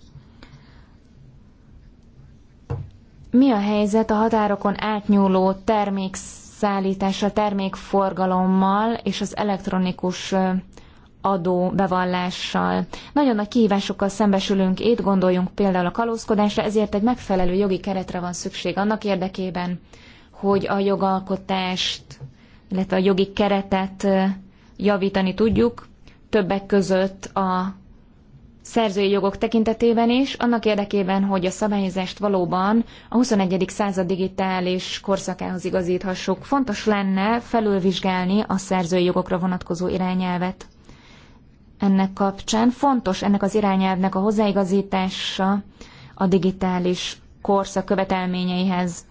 Mi a helyzet a határokon átnyúló termékszállítással, termékforgalommal és az elektronikus adó bevallással. Nagyon nagy kihívásokkal szembesülünk, itt gondoljunk például a kalózkodásra, ezért egy megfelelő jogi keretre van szükség annak érdekében, hogy a jogalkotást, illetve a jogi keretet javítani tudjuk, többek között a szerzői jogok tekintetében is, annak érdekében, hogy a szabályozást valóban a 21. század digitális korszakához igazíthassuk. Fontos lenne felülvizsgálni a szerzői jogokra vonatkozó irányelvet. Ennek kapcsán fontos ennek az irányelvnek a hozzáigazítása a digitális korszak követelményeihez.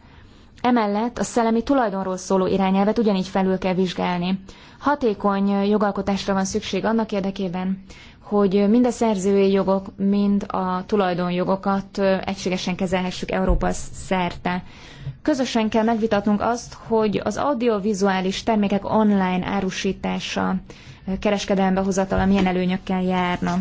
Emellett a szellemi tulajdonról szóló irányelvet ugyanígy felül kell vizsgálni. Hatékony jogalkotásra van szükség annak érdekében, hogy mind a szerzői jogok, mind a tulajdonjogokat egységesen kezelhessük Európa szerte. Közösen kell megvitatnunk azt, hogy az audiovizuális termékek online árusítása, kereskedelembe hozatala milyen előnyökkel járna.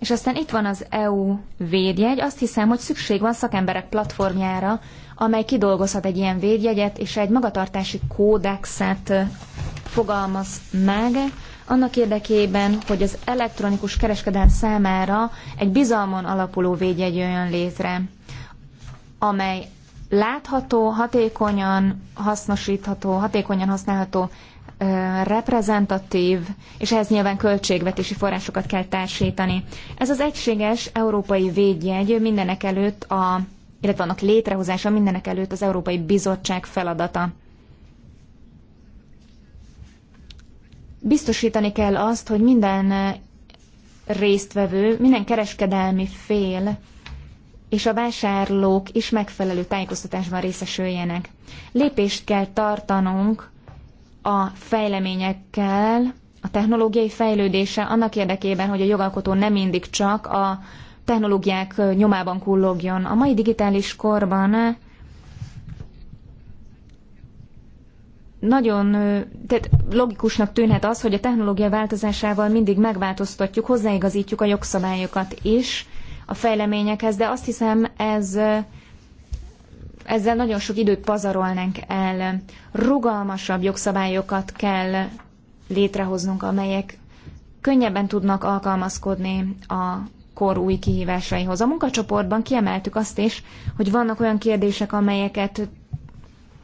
És aztán itt van az EU védjegy. Azt hiszem, hogy szükség van szakemberek platformjára, amely kidolgozhat egy ilyen védjegyet és egy magatartási kódexet fogalmaz meg, annak érdekében, hogy az elektronikus kereskedelem számára egy bizalmon alapuló védjegy jöjjön létre, amely látható, hatékonyan hasznosítható, hatékonyan használható, reprezentatív, és ehhez nyilván költségvetési forrásokat kell társítani. Ez az egységes európai védjegy mindenek előtt a illetve annak létrehozása mindenek előtt az Európai Bizottság feladata. Biztosítani kell azt, hogy minden eh, résztvevő, minden kereskedelmi fél és a vásárlók is megfelelő tájékoztatásban részesüljenek. Lépést kell tartanunk a fejleményekkel, a technológiai fejlődése annak érdekében, hogy a jogalkotó nem mindig csak a technológiák nyomában kullogjon. A mai digitális korban eh, nagyon tehát logikusnak tűnhet az, hogy a technológia változásával mindig megváltoztatjuk, hozzáigazítjuk a jogszabályokat is a fejleményekhez, de azt hiszem ez ezzel nagyon sok időt pazarolnánk el. Rugalmasabb jogszabályokat kell létrehoznunk, amelyek könnyebben tudnak alkalmazkodni a kor új kihívásaihoz. A munkacsoportban kiemeltük azt is, hogy vannak olyan kérdések, amelyeket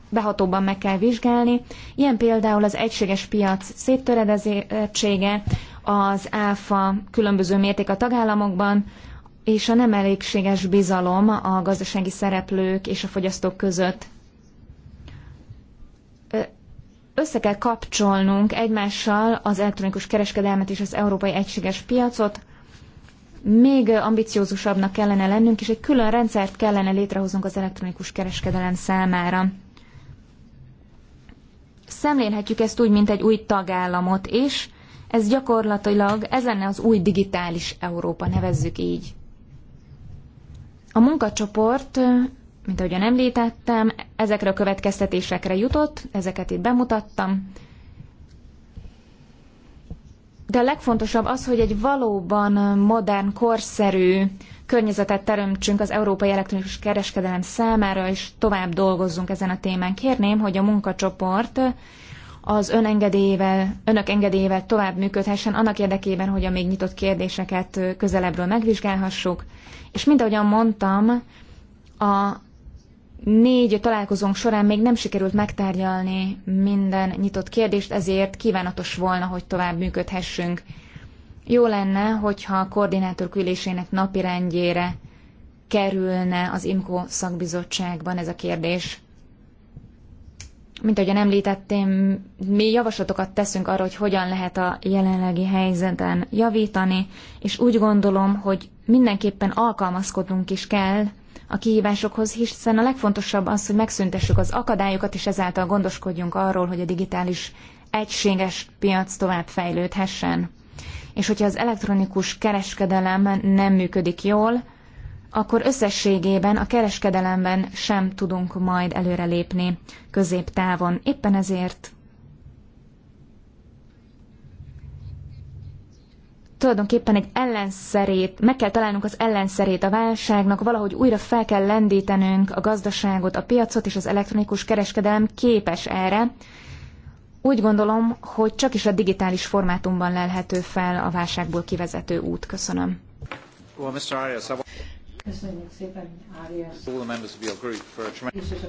behatóbban meg kell vizsgálni. Ilyen például az egységes piac széttöredezettsége, az áfa különböző mérték a tagállamokban, és a nem elégséges bizalom a gazdasági szereplők és a fogyasztók között. Össze kell kapcsolnunk egymással az elektronikus kereskedelmet és az európai egységes piacot, még ambiciózusabbnak kellene lennünk, és egy külön rendszert kellene létrehoznunk az elektronikus kereskedelem számára szemlélhetjük ezt úgy, mint egy új tagállamot és Ez gyakorlatilag, ez lenne az új digitális Európa, nevezzük így. A munkacsoport, mint ahogyan említettem, ezekre a következtetésekre jutott, ezeket itt bemutattam. De a legfontosabb az, hogy egy valóban modern, korszerű környezetet teremtsünk az európai elektronikus kereskedelem számára, és tovább dolgozzunk ezen a témán. Kérném, hogy a munkacsoport az ön engedélyével, önök engedélyével tovább működhessen, annak érdekében, hogy a még nyitott kérdéseket közelebbről megvizsgálhassuk. És mint ahogyan mondtam, a négy találkozónk során még nem sikerült megtárgyalni minden nyitott kérdést, ezért kívánatos volna, hogy tovább működhessünk. Jó lenne, hogyha a koordinátor ülésének napirendjére kerülne az IMKO szakbizottságban ez a kérdés. Mint ahogyan említettem, mi javaslatokat teszünk arra, hogy hogyan lehet a jelenlegi helyzeten javítani, és úgy gondolom, hogy mindenképpen alkalmazkodnunk is kell a kihívásokhoz, hiszen a legfontosabb az, hogy megszüntessük az akadályokat, és ezáltal gondoskodjunk arról, hogy a digitális egységes piac tovább fejlődhessen. És hogyha az elektronikus kereskedelem nem működik jól, akkor összességében a kereskedelemben sem tudunk majd előrelépni középtávon. Éppen ezért tulajdonképpen egy ellenszerét, meg kell találnunk az ellenszerét a válságnak, valahogy újra fel kell lendítenünk a gazdaságot, a piacot, és az elektronikus kereskedelem képes erre, úgy gondolom, hogy csak is a digitális formátumban lelhető fel a válságból kivezető út. Köszönöm.
Köszönjük szépen,
Arias. All the members of your group for a tremendous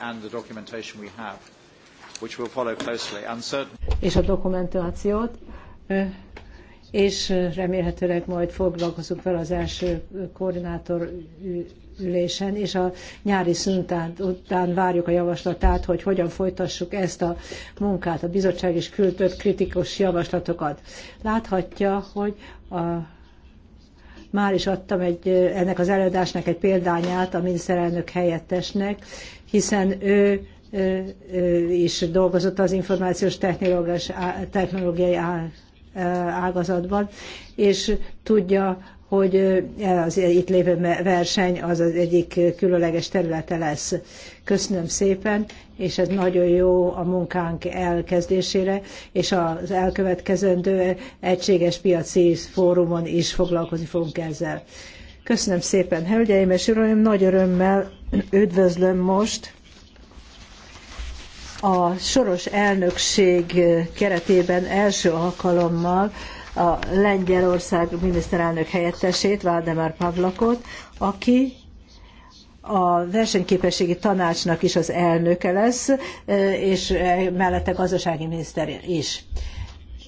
and the documentation we have, which we'll follow closely. And
És a dokumentációt, és remélhetőleg majd foglalkozunk vele az első koordinátor ülésen, és a nyári szüntán után várjuk a javaslatát, hogy hogyan folytassuk ezt a munkát. A bizottság is küldött kritikus javaslatokat. Láthatja, hogy a már is adtam egy, ennek az előadásnak egy példányát a miniszterelnök helyettesnek, hiszen ő is dolgozott az információs technológiai ágazatban, és tudja, hogy az itt lévő verseny az az egyik különleges területe lesz. Köszönöm szépen, és ez nagyon jó a munkánk elkezdésére, és az elkövetkezendő egységes piaci fórumon is foglalkozni fogunk ezzel. Köszönöm szépen, hölgyeim és uraim, nagy örömmel üdvözlöm most a soros elnökség keretében első alkalommal a Lengyelország miniszterelnök helyettesét, Valdemar Pavlakot, aki a versenyképességi tanácsnak is az elnöke lesz, e, és e, mellette gazdasági miniszter is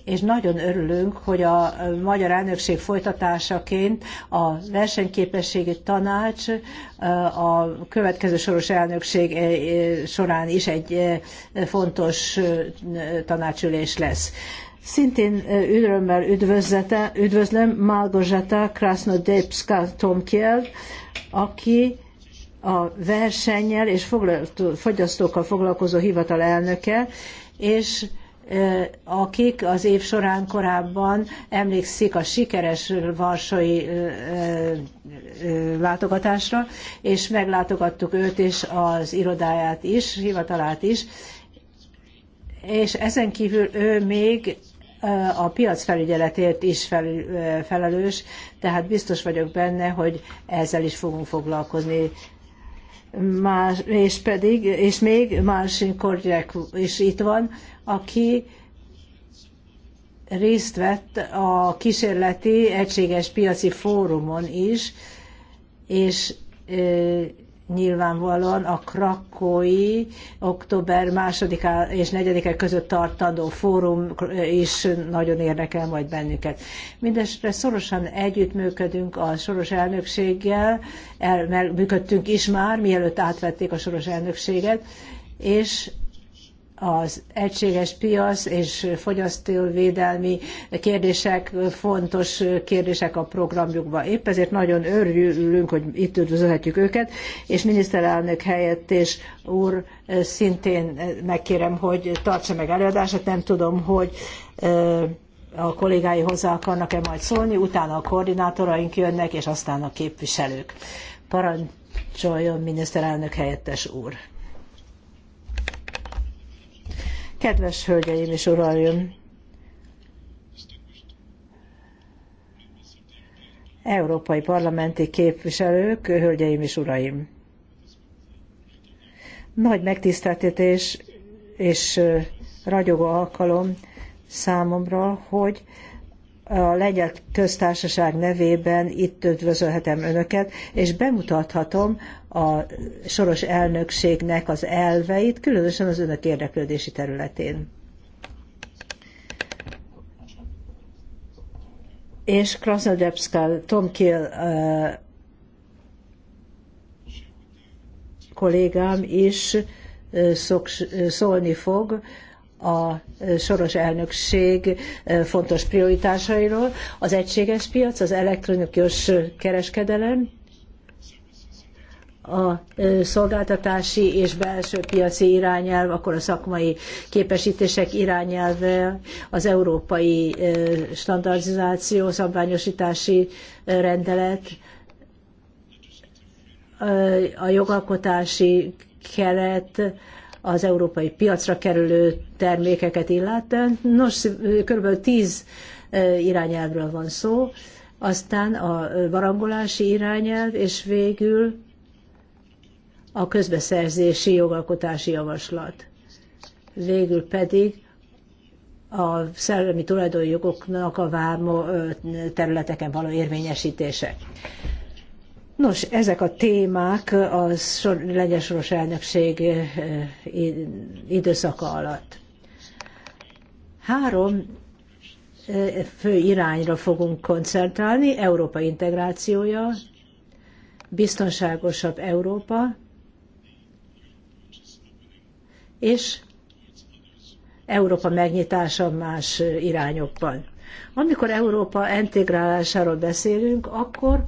és nagyon örülünk, hogy a magyar elnökség folytatásaként a versenyképességi tanács e, a következő soros elnökség során is egy fontos tanácsülés lesz. Szintén örömmel üdvözlöm Malgozsata Krasnodebska Tomkiel, aki a versennyel és fogyasztókkal foglalkozó hivatal elnöke, és akik az év során korábban emlékszik a sikeres varsói látogatásra, és meglátogattuk őt és az irodáját is, hivatalát is, és ezen kívül ő még a piacfelügyeletért is felelős, tehát biztos vagyok benne, hogy ezzel is fogunk foglalkozni. Más, és pedig, és még Marcin Korgyek is itt van, aki részt vett a kísérleti egységes piaci fórumon is, és nyilvánvalóan a krakói október második és negyedike között tartandó fórum is nagyon érdekel majd bennünket. Mindestre szorosan együttműködünk a soros elnökséggel, el, működtünk is már, mielőtt átvették a soros elnökséget, és az egységes piac és fogyasztóvédelmi kérdések fontos kérdések a programjukban. Épp ezért nagyon örülünk, hogy itt üdvözölhetjük őket, és miniszterelnök helyettes úr eh, szintén eh, megkérem, hogy tartsa meg előadását, nem tudom, hogy eh, a kollégái hozzá akarnak-e majd szólni, utána a koordinátoraink jönnek, és aztán a képviselők. Parancsoljon miniszterelnök helyettes úr! Kedves hölgyeim és uraim! Európai parlamenti képviselők, hölgyeim és uraim! Nagy megtiszteltetés és ragyogó alkalom számomra, hogy a lengyel köztársaság nevében itt üdvözölhetem önöket, és bemutathatom a soros elnökségnek az elveit, különösen az önök érdeklődési területén. És Tom Tomkil uh, kollégám is uh, szok, uh, szólni fog, a soros elnökség e, fontos prioritásairól, az egységes piac, az elektronikus kereskedelem, a e, szolgáltatási és belső piaci irányelv, akkor a szakmai képesítések irányelve, az európai e, standardizáció, szabványosítási rendelet, a jogalkotási keret, az európai piacra kerülő termékeket illetően. Nos, kb. 10 e, irányelvről van szó, aztán a barangolási irányelv, és végül a közbeszerzési jogalkotási javaslat. Végül pedig a szellemi tulajdonjogoknak a vámo területeken való érvényesítése. Nos, ezek a témák a sor, lengyel soros elnökség eh, időszaka alatt. Három eh, fő irányra fogunk koncentrálni, Európa integrációja, biztonságosabb Európa, és Európa megnyitása más irányokban. Amikor Európa integrálásáról beszélünk, akkor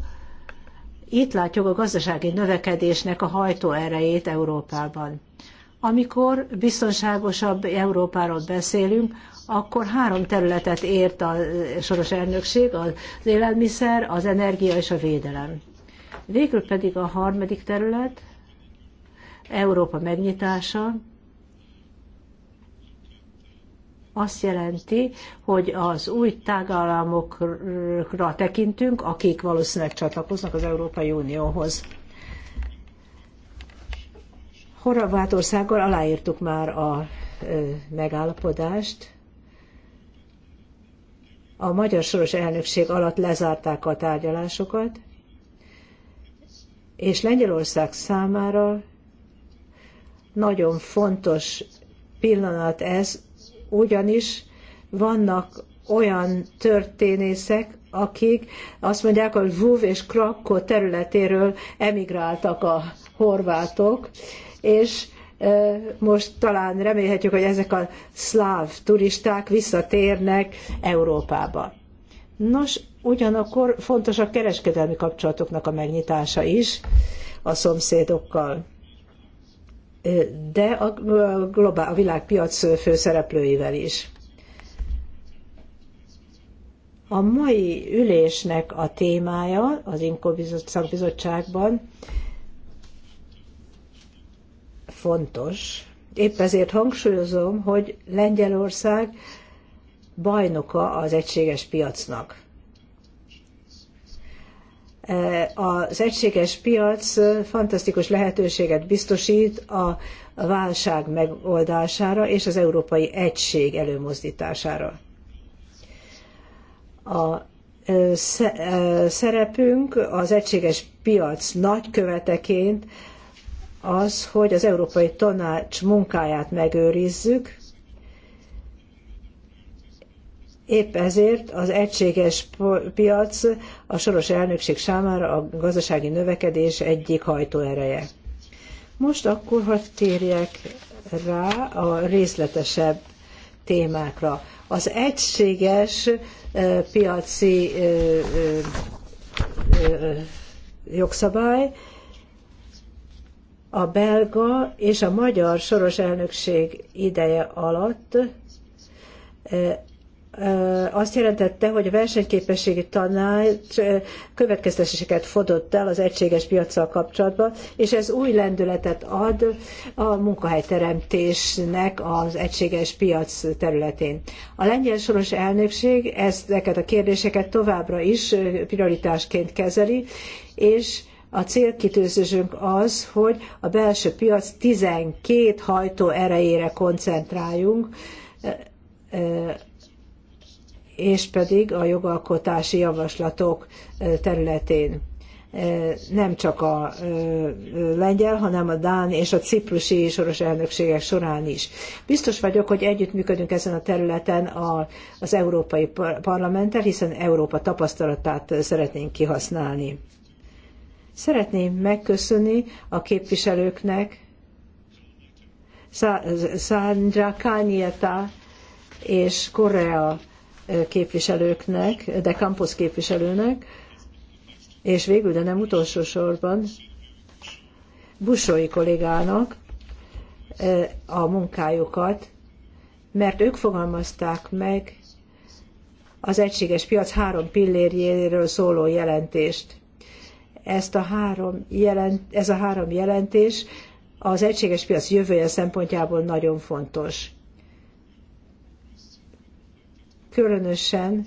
itt látjuk a gazdasági növekedésnek a hajtóerejét Európában. Amikor biztonságosabb Európáról beszélünk, akkor három területet ért a soros elnökség, az élelmiszer, az energia és a védelem. Végül pedig a harmadik terület, Európa megnyitása, azt jelenti, hogy az új tagállamokra tekintünk, akik valószínűleg csatlakoznak az Európai Unióhoz. Horvátországgal aláírtuk már a megállapodást. A magyar soros elnökség alatt lezárták a tárgyalásokat, és Lengyelország számára nagyon fontos pillanat ez ugyanis vannak olyan történészek, akik azt mondják, hogy Vuv és Krakó területéről emigráltak a horvátok, és most talán remélhetjük, hogy ezek a szláv turisták visszatérnek Európába. Nos, ugyanakkor fontos a kereskedelmi kapcsolatoknak a megnyitása is a szomszédokkal de a, globál, a világpiac főszereplőivel is. A mai ülésnek a témája az INKO szakbizottságban fontos. Épp ezért hangsúlyozom, hogy Lengyelország bajnoka az egységes piacnak. Eh, az egységes piac eh, fantasztikus lehetőséget biztosít a válság megoldására és az európai egység előmozdítására. A eh, szerepünk az egységes piac nagyköveteként az, hogy az Európai Tanács munkáját megőrizzük, Épp ezért az egységes piac a soros elnökség számára a gazdasági növekedés egyik hajtóereje. Most akkor, ha térjek rá a részletesebb témákra. Az egységes piaci jogszabály a belga és a magyar soros elnökség ideje alatt azt jelentette, hogy a versenyképességi tanács következtetéseket fodott el az egységes piacsal kapcsolatban, és ez új lendületet ad a munkahelyteremtésnek az egységes piac területén. A lengyel soros elnökség ezeket a kérdéseket továbbra is prioritásként kezeli, és a célkitűzésünk az, hogy a belső piac 12 hajtó erejére koncentráljunk, és pedig a jogalkotási javaslatok területén nem csak a lengyel, hanem a dán és a ciprusi soros elnökségek során is. Biztos vagyok, hogy együttműködünk ezen a területen a, az Európai Parlamenttel, hiszen Európa tapasztalatát szeretnénk kihasználni. Szeretném megköszönni a képviselőknek, Sandra Kányeta és Korea képviselőknek, de campus képviselőnek, és végül, de nem utolsó sorban, Busói kollégának a munkájukat, mert ők fogalmazták meg az egységes piac három pillérjéről szóló jelentést. Ezt a három jelent, ez a három jelentés az egységes piac jövője szempontjából nagyon fontos különösen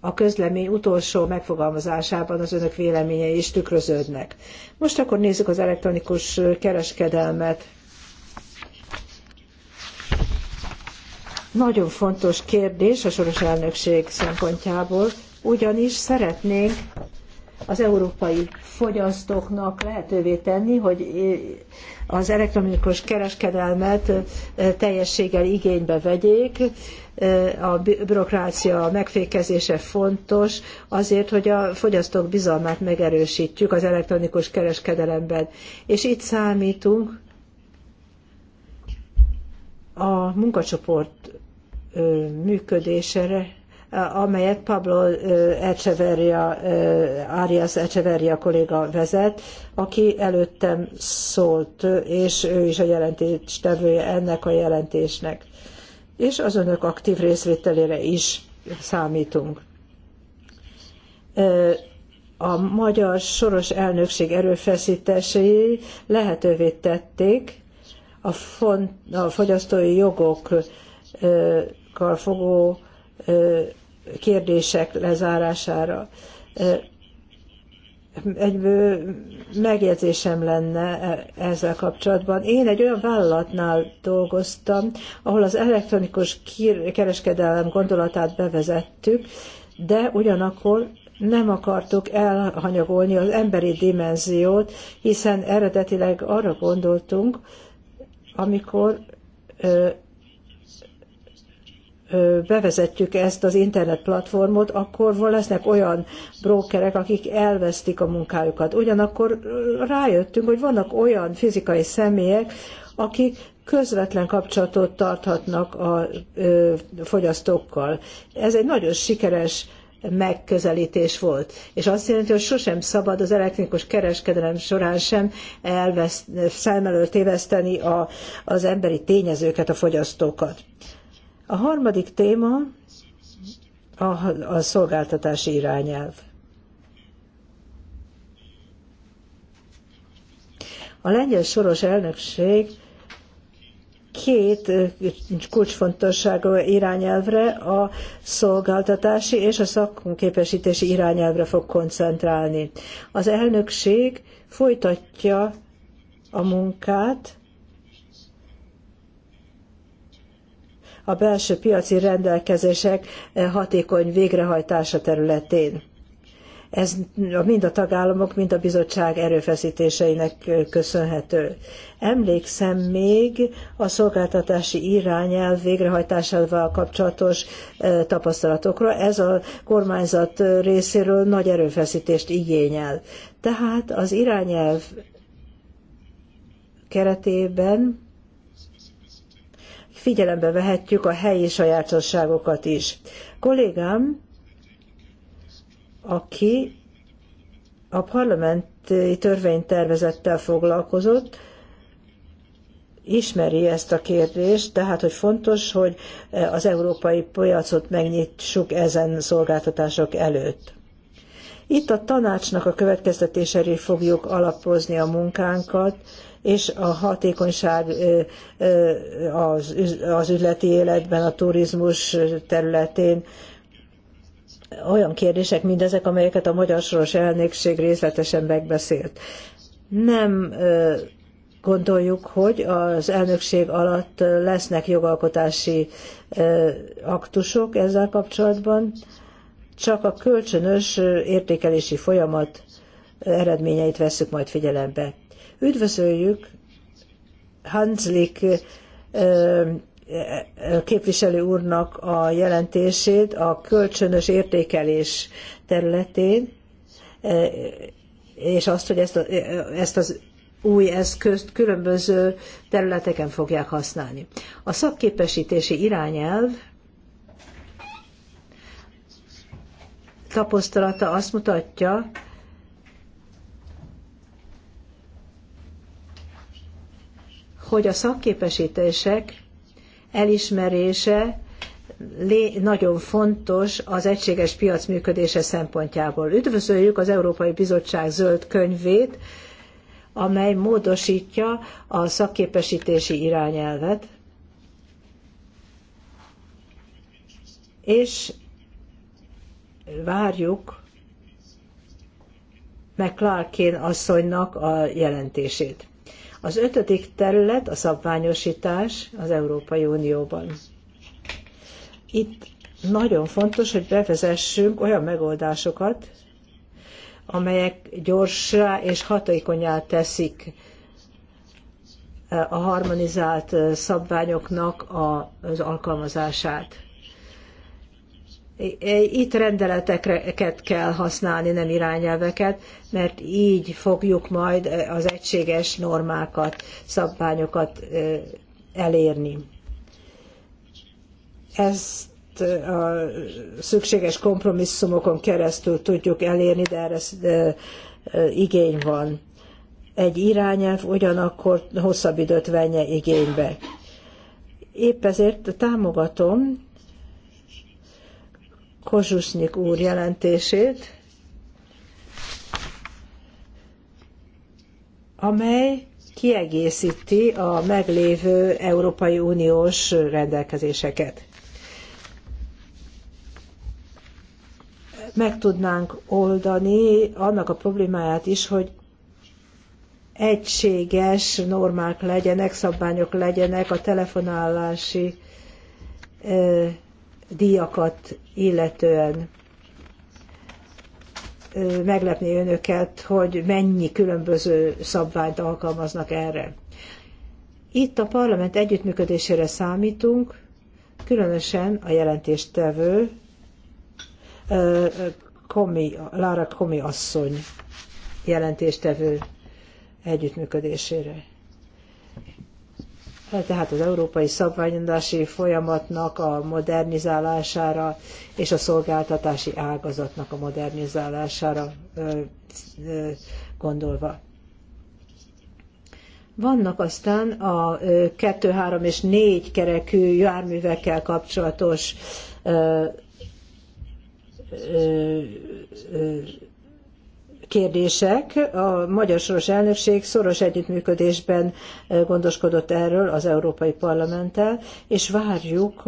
a közlemény utolsó megfogalmazásában az önök véleményei is tükröződnek. Most akkor nézzük az elektronikus kereskedelmet. Nagyon fontos kérdés a soros elnökség szempontjából, ugyanis szeretnénk az európai fogyasztóknak lehetővé tenni, hogy eh, az elektronikus kereskedelmet eh, teljességgel igénybe vegyék. Eh, a bürokrácia megfékezése fontos azért, hogy a fogyasztók bizalmát megerősítjük az elektronikus kereskedelemben. És itt számítunk a munkacsoport működésére, amelyet Pablo Echeverria, Arias Echeverria kolléga vezet, aki előttem szólt, és ő is a jelentéstevője ennek a jelentésnek. És az önök aktív részvételére is számítunk. A magyar soros elnökség erőfeszítései lehetővé tették a, font, a fogyasztói jogokkal fogó kérdések lezárására. Egy megjegyzésem lenne e, ezzel kapcsolatban. Én egy olyan vállalatnál dolgoztam, ahol az elektronikus kereskedelem gondolatát bevezettük, de ugyanakkor nem akartuk elhanyagolni az emberi dimenziót, hiszen eredetileg arra gondoltunk, amikor bevezetjük ezt az internet platformot, akkor lesznek olyan brókerek, akik elvesztik a munkájukat. Ugyanakkor rájöttünk, hogy vannak olyan fizikai személyek, akik közvetlen kapcsolatot tarthatnak a fogyasztókkal. Ez egy nagyon sikeres megközelítés volt. És azt jelenti, hogy sosem szabad az elektronikus kereskedelem során sem elveszt, szem elől téveszteni a, az emberi tényezőket, a fogyasztókat. A harmadik téma a, a szolgáltatási irányelv. A lengyel soros elnökség két kulcsfontosságú irányelvre, a szolgáltatási és a szakképesítési irányelvre fog koncentrálni. Az elnökség folytatja a munkát, a belső piaci rendelkezések eh, hatékony végrehajtása területén. Ez mind a tagállamok, mind a bizottság erőfeszítéseinek eh, köszönhető. Emlékszem még a szolgáltatási irányelv végrehajtásával kapcsolatos eh, tapasztalatokra. Ez a kormányzat részéről nagy erőfeszítést igényel. Tehát az irányelv keretében figyelembe vehetjük a helyi sajátosságokat is. Kollégám, aki a parlamenti törvénytervezettel foglalkozott, ismeri ezt a kérdést, tehát hogy fontos, hogy az európai piacot megnyitsuk ezen szolgáltatások előtt. Itt a tanácsnak a következtetéséről fogjuk alapozni a munkánkat, és a hatékonyság az üzleti életben, a turizmus területén, olyan kérdések mindezek, amelyeket a Magyar Soros elnökség részletesen megbeszélt. Nem gondoljuk, hogy az elnökség alatt lesznek jogalkotási aktusok ezzel kapcsolatban, csak a kölcsönös értékelési folyamat eredményeit vesszük majd figyelembe. Üdvözöljük Hanslik képviselő úrnak a jelentését a kölcsönös értékelés területén, és azt, hogy ezt, a, ezt az új eszközt különböző területeken fogják használni. A szakképesítési irányelv tapasztalata azt mutatja, hogy a szakképesítések elismerése nagyon fontos az egységes piac működése szempontjából. Üdvözöljük az Európai Bizottság zöld könyvét, amely módosítja a szakképesítési irányelvet, és várjuk McClarkin asszonynak a jelentését. Az ötödik terület a szabványosítás az Európai Unióban. Itt nagyon fontos, hogy bevezessünk olyan megoldásokat, amelyek gyorsra és hatékonyá teszik eh, a harmonizált eh, szabványoknak az alkalmazását. Itt rendeleteket kell használni, nem irányelveket, mert így fogjuk majd az egységes normákat, szabványokat elérni. Ezt a szükséges kompromisszumokon keresztül tudjuk elérni, de erre igény van. Egy irányelv ugyanakkor hosszabb időt venje igénybe. Épp ezért támogatom Kozsusnyik úr jelentését, amely kiegészíti a meglévő Európai Uniós rendelkezéseket. Meg tudnánk oldani annak a problémáját is, hogy egységes normák legyenek, szabványok legyenek a telefonálási díjakat illetően meglepni önöket, hogy mennyi különböző szabványt alkalmaznak erre. Itt a parlament együttműködésére számítunk, különösen a jelentéstevő Komi, Lára Komi asszony jelentéstevő együttműködésére tehát az európai szabványozási folyamatnak a modernizálására és a szolgáltatási ágazatnak a modernizálására gondolva. Vannak aztán a 2, 3 és 4 kerekű járművekkel kapcsolatos kérdések. A Magyar Soros Elnökség szoros együttműködésben eh, gondoskodott erről az Európai Parlamenttel, és várjuk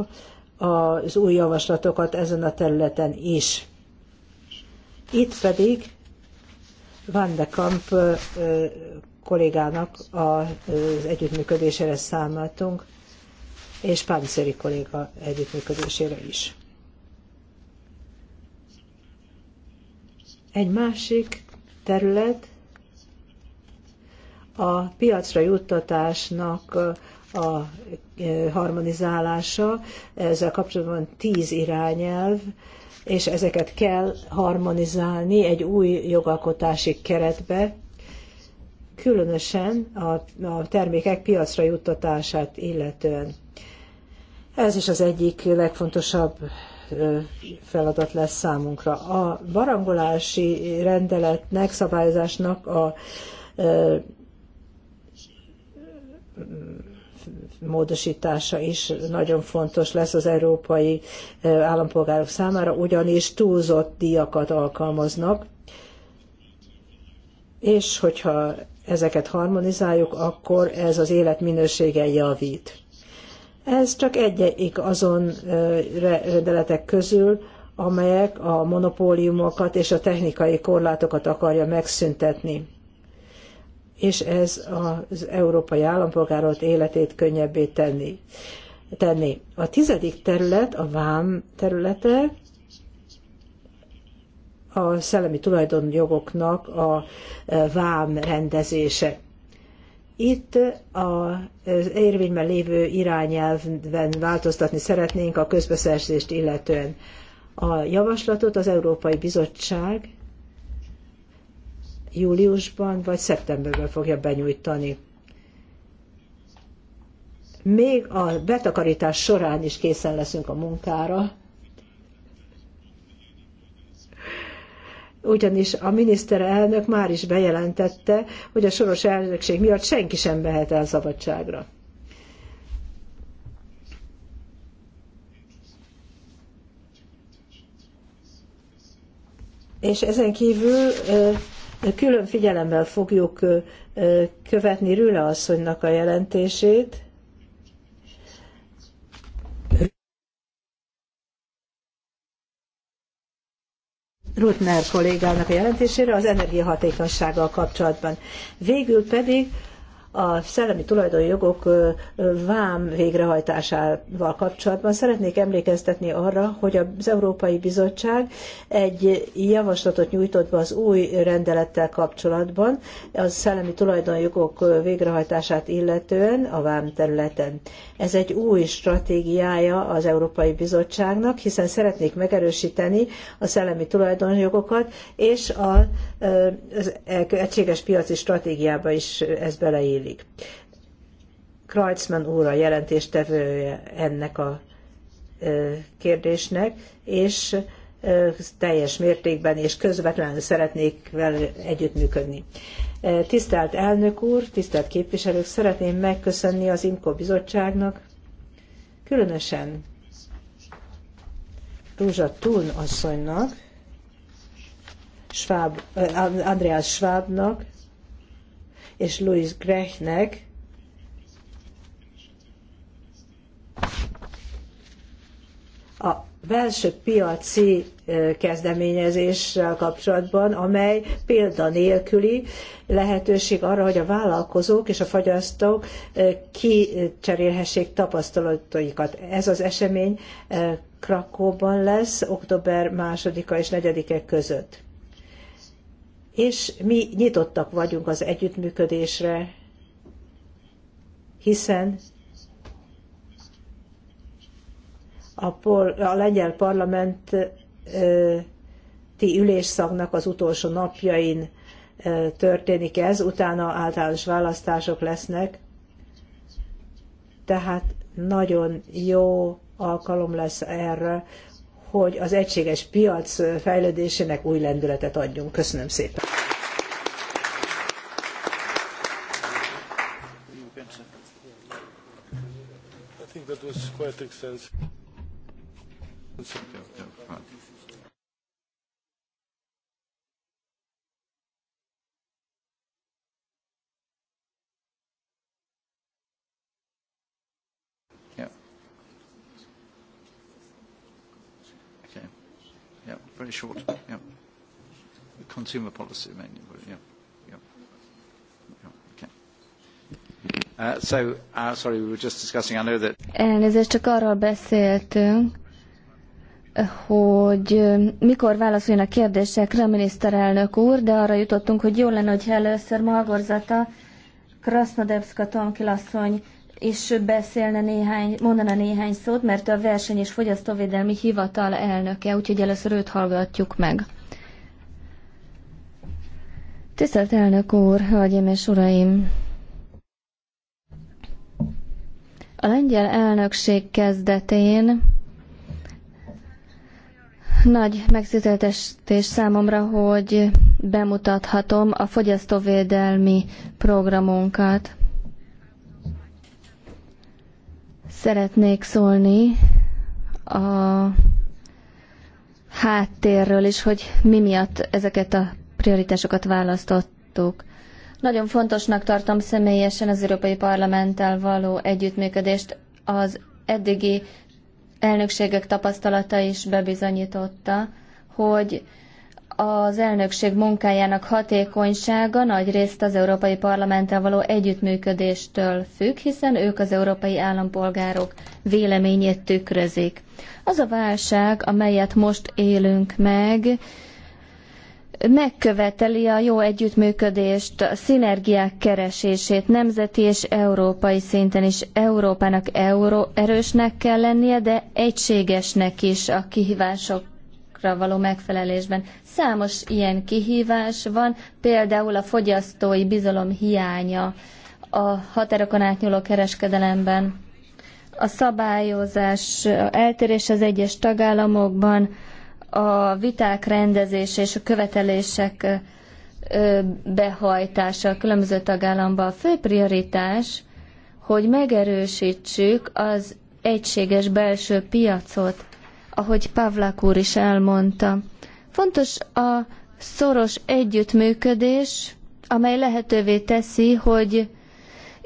az új javaslatokat ezen a területen is. Itt pedig Van de Kamp eh, kollégának az együttműködésére számoltunk, és Panzeri kolléga együttműködésére is. Egy másik terület a piacra juttatásnak a e, harmonizálása, ezzel kapcsolatban tíz irányelv, és ezeket kell harmonizálni egy új jogalkotási keretbe, különösen a, a termékek piacra juttatását illetően. Ez is az egyik legfontosabb feladat lesz számunkra. A barangolási rendeletnek, szabályozásnak a módosítása is nagyon fontos lesz az európai állampolgárok számára, ugyanis túlzott díjakat alkalmaznak, és hogyha ezeket harmonizáljuk, akkor ez az életminőségen javít. Ez csak egyik azon rendeletek közül, amelyek a monopóliumokat és a technikai korlátokat akarja megszüntetni. És ez az európai állampolgárok életét könnyebbé tenni. tenni. A tizedik terület, a vám területe, a szellemi tulajdonjogoknak a vám rendezése. Itt az érvényben lévő irányelven változtatni szeretnénk a közbeszerzést illetően. A javaslatot az Európai Bizottság júliusban vagy szeptemberben fogja benyújtani. Még a betakarítás során is készen leszünk a munkára, ugyanis a miniszterelnök már is bejelentette, hogy a soros elnökség miatt senki sem mehet el szabadságra. És ezen kívül külön figyelemmel fogjuk követni Rüle asszonynak a jelentését, Rutner kollégának a jelentésére az energiahatékonysággal kapcsolatban. Végül pedig a szellemi tulajdonjogok vám végrehajtásával kapcsolatban szeretnék emlékeztetni arra, hogy az Európai Bizottság egy javaslatot nyújtott be az új rendelettel kapcsolatban, a szellemi tulajdonjogok végrehajtását illetően a vám területen. Ez egy új stratégiája az Európai Bizottságnak, hiszen szeretnék megerősíteni a szellemi tulajdonjogokat, és a, az egységes piaci stratégiába is ez beleillik zajlik. Kreutzmann úr a jelentéstevője ennek a kérdésnek, és teljes mértékben és közvetlenül szeretnék vele együttműködni. Tisztelt elnök úr, tisztelt képviselők, szeretném megköszönni az IMKO bizottságnak, különösen Rúzsa Thun asszonynak, Schwab, Andreas Schwabnak, és Louis Grechnek, a belső piaci kezdeményezéssel kapcsolatban, amely példanélküli lehetőség arra, hogy a vállalkozók és a fogyasztók kicserélhessék tapasztalataikat. Ez az esemény Krakóban lesz, október 2 és 4-e között és mi nyitottak vagyunk az együttműködésre, hiszen a, por, a lengyel parlament ö, ti ülésszaknak az utolsó napjain ö, történik ez, utána általános választások lesznek, tehát nagyon jó alkalom lesz erre, hogy az egységes piac fejlődésének új lendületet adjunk. Köszönöm szépen!
that was quite extensive.
very short. Yeah. The Consumer policy mainly. Yeah. Yeah.
yeah. Okay. Uh, so, uh, sorry, we were just discussing, I know that... Elnézést, csak arról beszéltünk, hogy mikor válaszoljon a kérdésekre a miniszterelnök úr, de arra jutottunk, hogy jó lenne, hogy először Malgorzata Krasznodebszka Tomkilasszony és beszélne néhány, mondana néhány szót, mert a verseny és fogyasztóvédelmi hivatal elnöke, úgyhogy először őt hallgatjuk meg. Tisztelt elnök úr, hölgyeim és uraim! A lengyel elnökség kezdetén nagy megszüzeltetés számomra, hogy bemutathatom a fogyasztóvédelmi programunkat. Szeretnék szólni a háttérről is, hogy mi miatt ezeket a prioritásokat választottuk. Nagyon fontosnak tartom személyesen az Európai Parlamenttel való együttműködést. Az eddigi elnökségek tapasztalata is bebizonyította, hogy az elnökség munkájának hatékonysága nagy részt az Európai Parlamenttel való együttműködéstől függ, hiszen ők az európai állampolgárok véleményét tükrözik. Az a válság, amelyet most élünk meg, megköveteli a jó együttműködést, a szinergiák keresését nemzeti és európai szinten is. Európának euró erősnek kell lennie, de egységesnek is a kihívások kihívásokra való megfelelésben. Számos ilyen kihívás van, például a fogyasztói bizalom hiánya a határokon átnyúló kereskedelemben, a szabályozás eltérés az egyes tagállamokban, a viták rendezése és a követelések behajtása a különböző tagállamban. A fő prioritás, hogy megerősítsük az egységes belső piacot ahogy Pavlak úr is elmondta. Fontos a szoros együttműködés, amely lehetővé teszi, hogy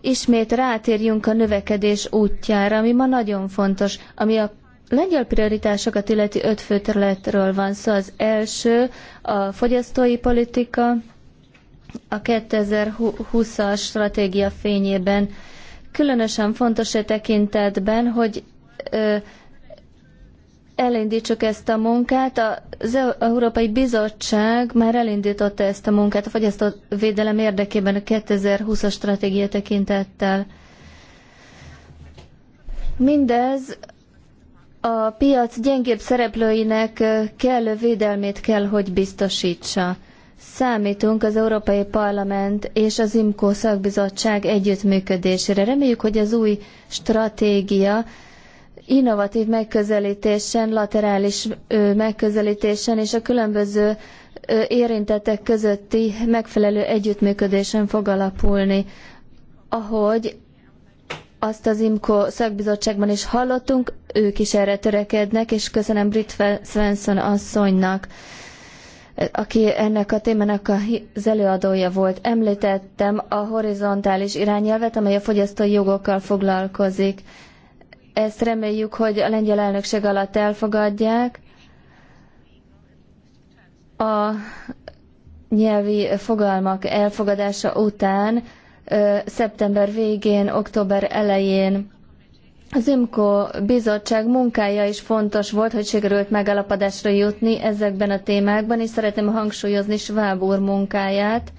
ismét rátérjünk a növekedés útjára, ami ma nagyon fontos, ami a lengyel prioritásokat illeti öt fő területről van szó. Szóval az első a fogyasztói politika, a 2020-as stratégia fényében. Különösen fontos e tekintetben, hogy ö, elindítsuk ezt a munkát. Az Európai Bizottság már elindította ezt a munkát a fogyasztóvédelem érdekében a 2020-as stratégia tekintettel. Mindez a piac gyengébb szereplőinek kellő védelmét kell, hogy biztosítsa. Számítunk az Európai Parlament és az IMCO szakbizottság együttműködésére. Reméljük, hogy az új stratégia innovatív megközelítésen, laterális megközelítésen és a különböző érintettek közötti megfelelő együttműködésen fog alapulni. Ahogy azt az IMCO szakbizottságban is hallottunk, ők is erre törekednek, és köszönöm Brit Svensson asszonynak, aki ennek a témának az előadója volt. Említettem a horizontális irányelvet, amely a fogyasztói jogokkal foglalkozik. Ezt reméljük, hogy a lengyel elnökség alatt elfogadják. A nyelvi fogalmak elfogadása után szeptember végén, október elején az IMCO bizottság munkája is fontos volt, hogy sikerült megállapodásra jutni ezekben a témákban, és szeretném hangsúlyozni Schwab úr munkáját,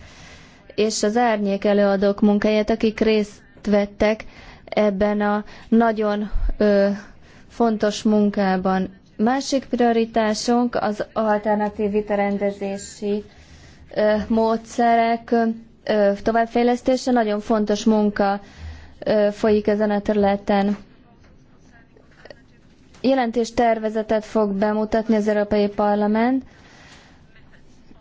és az árnyék előadók munkáját, akik részt vettek ebben a nagyon ö, fontos munkában. Másik prioritásunk az alternatív vitarendezési ö, módszerek ö, továbbfejlesztése. Nagyon fontos munka ö, folyik ezen a területen. Jelentés tervezetet fog bemutatni az Európai Parlament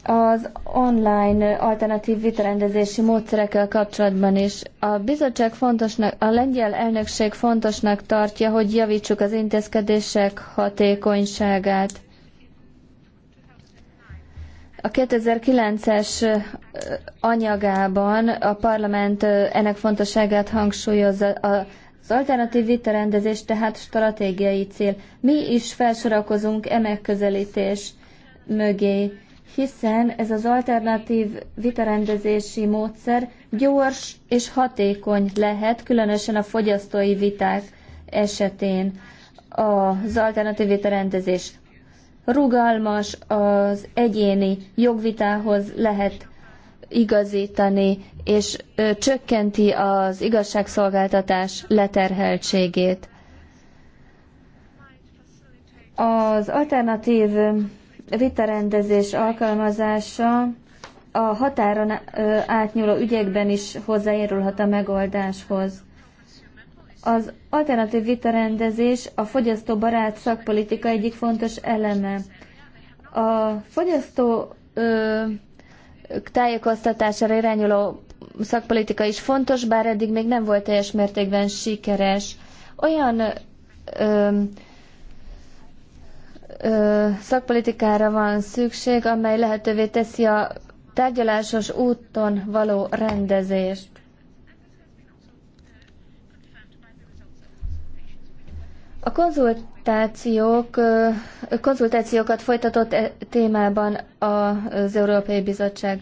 az online alternatív vitarendezési módszerekkel kapcsolatban is. A bizottság fontosnak, a lengyel elnökség fontosnak tartja, hogy javítsuk az intézkedések hatékonyságát. A 2009-es anyagában a parlament ennek fontosságát hangsúlyozza. Az alternatív vitarendezés tehát stratégiai cél. Mi is felsorakozunk e megközelítés mögé hiszen ez az alternatív vitarendezési módszer gyors és hatékony lehet, különösen a fogyasztói viták esetén az alternatív vitarendezés rugalmas, az egyéni jogvitához lehet igazítani, és csökkenti az igazságszolgáltatás leterheltségét. Az alternatív vitarendezés alkalmazása a határon átnyúló ügyekben is hozzájárulhat a megoldáshoz. Az alternatív vitarendezés a fogyasztóbarát szakpolitika egyik fontos eleme. A fogyasztó ö, tájékoztatására irányuló szakpolitika is fontos, bár eddig még nem volt teljes mértékben sikeres. Olyan ö, szakpolitikára van szükség, amely lehetővé teszi a tárgyalásos úton való rendezést. A konzultációk, konzultációkat folytatott e témában az Európai Bizottság.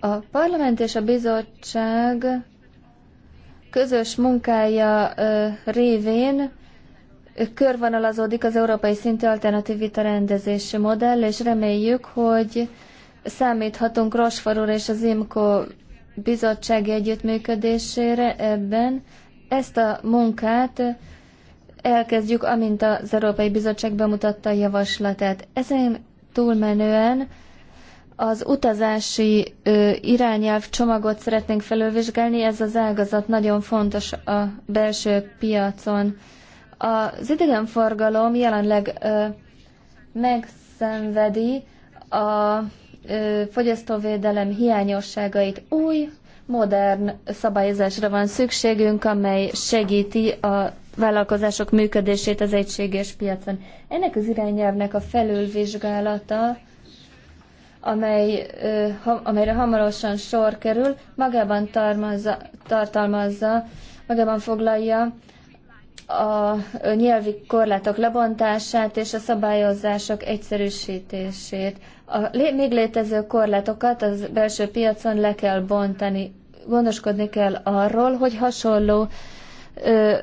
A parlament és a bizottság közös munkája révén körvonalazódik az európai szintű alternatív vita rendezési modell, és reméljük, hogy számíthatunk Rosfor és az IMCO bizottsági együttműködésére ebben. Ezt a munkát elkezdjük, amint az Európai Bizottság bemutatta a javaslatát. Ezen túlmenően az utazási ö, irányelv csomagot szeretnénk felülvizsgálni, ez az ágazat nagyon fontos a belső piacon. Az idegenforgalom jelenleg ö, megszenvedi a ö, fogyasztóvédelem hiányosságait. Új, modern szabályozásra van szükségünk, amely segíti a vállalkozások működését az egységes piacon. Ennek az irányelvnek a felülvizsgálata, amely, ö, ha, amelyre hamarosan sor kerül, magában tartalmazza magában foglalja a nyelvi korlátok lebontását és a szabályozások egyszerűsítését. A még létező korlátokat az belső piacon le kell bontani. Gondoskodni kell arról, hogy hasonló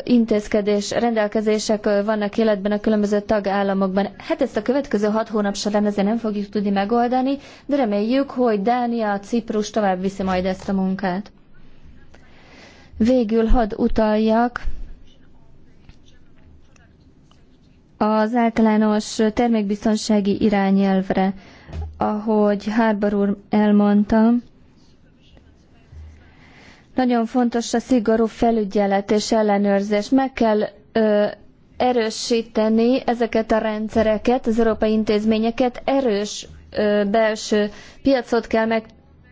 intézkedés, rendelkezések vannak életben a különböző tagállamokban. Hát ezt a következő hat hónap során azért nem fogjuk tudni megoldani, de reméljük, hogy Dánia, Ciprus tovább viszi majd ezt a munkát. Végül hadd utaljak az általános termékbiztonsági irányelvre. Ahogy Hárbar úr elmondta, nagyon fontos a szigorú felügyelet és ellenőrzés. Meg kell ö, erősíteni ezeket a rendszereket, az európai intézményeket, erős ö, belső piacot kell meg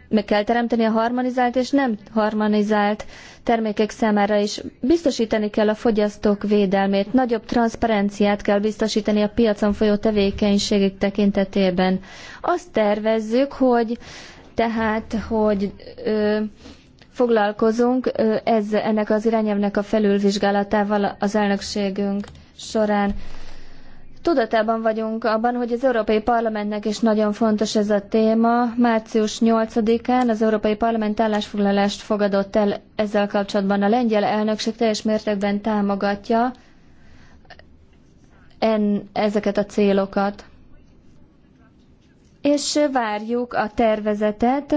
meg kell teremteni a harmonizált és nem harmonizált termékek számára is. Biztosítani kell a fogyasztók védelmét, nagyobb transzparenciát kell biztosítani a piacon folyó tevékenységek tekintetében. Azt tervezzük, hogy tehát, hogy ö, foglalkozunk ö, ez, ennek az irányelvnek a felülvizsgálatával az elnökségünk során. Tudatában vagyunk abban, hogy az Európai Parlamentnek is nagyon fontos ez a téma. Március 8-án az Európai Parlament állásfoglalást fogadott el ezzel kapcsolatban. A lengyel elnökség teljes mértékben támogatja en, ezeket a célokat. És várjuk a tervezetet,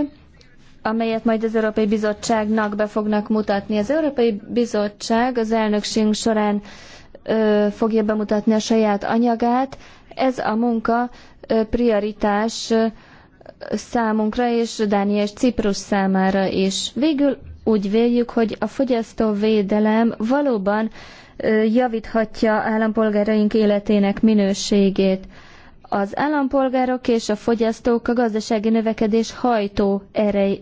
amelyet majd az Európai Bizottságnak be fognak mutatni. Az Európai Bizottság az elnökség során fogja bemutatni a saját anyagát. Ez a munka prioritás számunkra és Dánia és Ciprus számára is. Végül úgy véljük, hogy a fogyasztóvédelem valóban javíthatja állampolgáraink életének minőségét. Az állampolgárok és a fogyasztók a gazdasági növekedés hajtó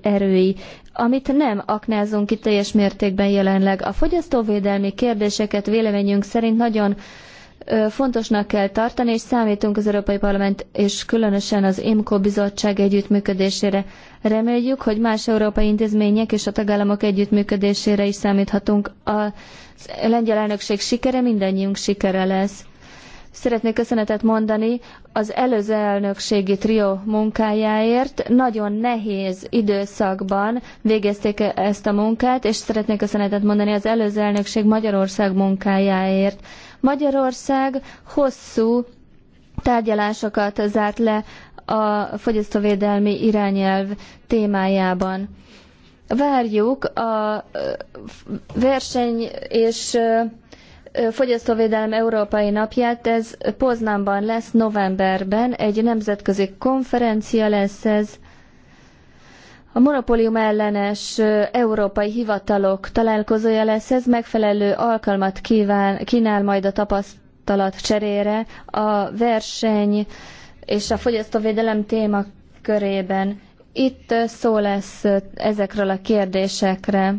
erői amit nem aknázunk ki teljes mértékben jelenleg. A fogyasztóvédelmi kérdéseket véleményünk szerint nagyon fontosnak kell tartani, és számítunk az Európai Parlament és különösen az IMCO bizottság együttműködésére. Reméljük, hogy más európai intézmények és a tagállamok együttműködésére is számíthatunk. A lengyel elnökség sikere mindannyiunk sikere lesz. Szeretnék köszönetet mondani az előző elnökségi trió munkájáért. Nagyon nehéz időszakban végezték ezt a munkát, és szeretnék köszönetet mondani az előző elnökség Magyarország munkájáért. Magyarország hosszú tárgyalásokat zárt le a fogyasztóvédelmi irányelv témájában. Várjuk a verseny és Fogyasztóvédelem Európai Napját, ez Poznánban lesz novemberben, egy nemzetközi konferencia lesz ez. A monopólium ellenes európai hivatalok találkozója lesz ez, megfelelő alkalmat kíván, kínál majd a tapasztalat cserére a verseny és a fogyasztóvédelem témakörében. Itt szó lesz ezekről a kérdésekre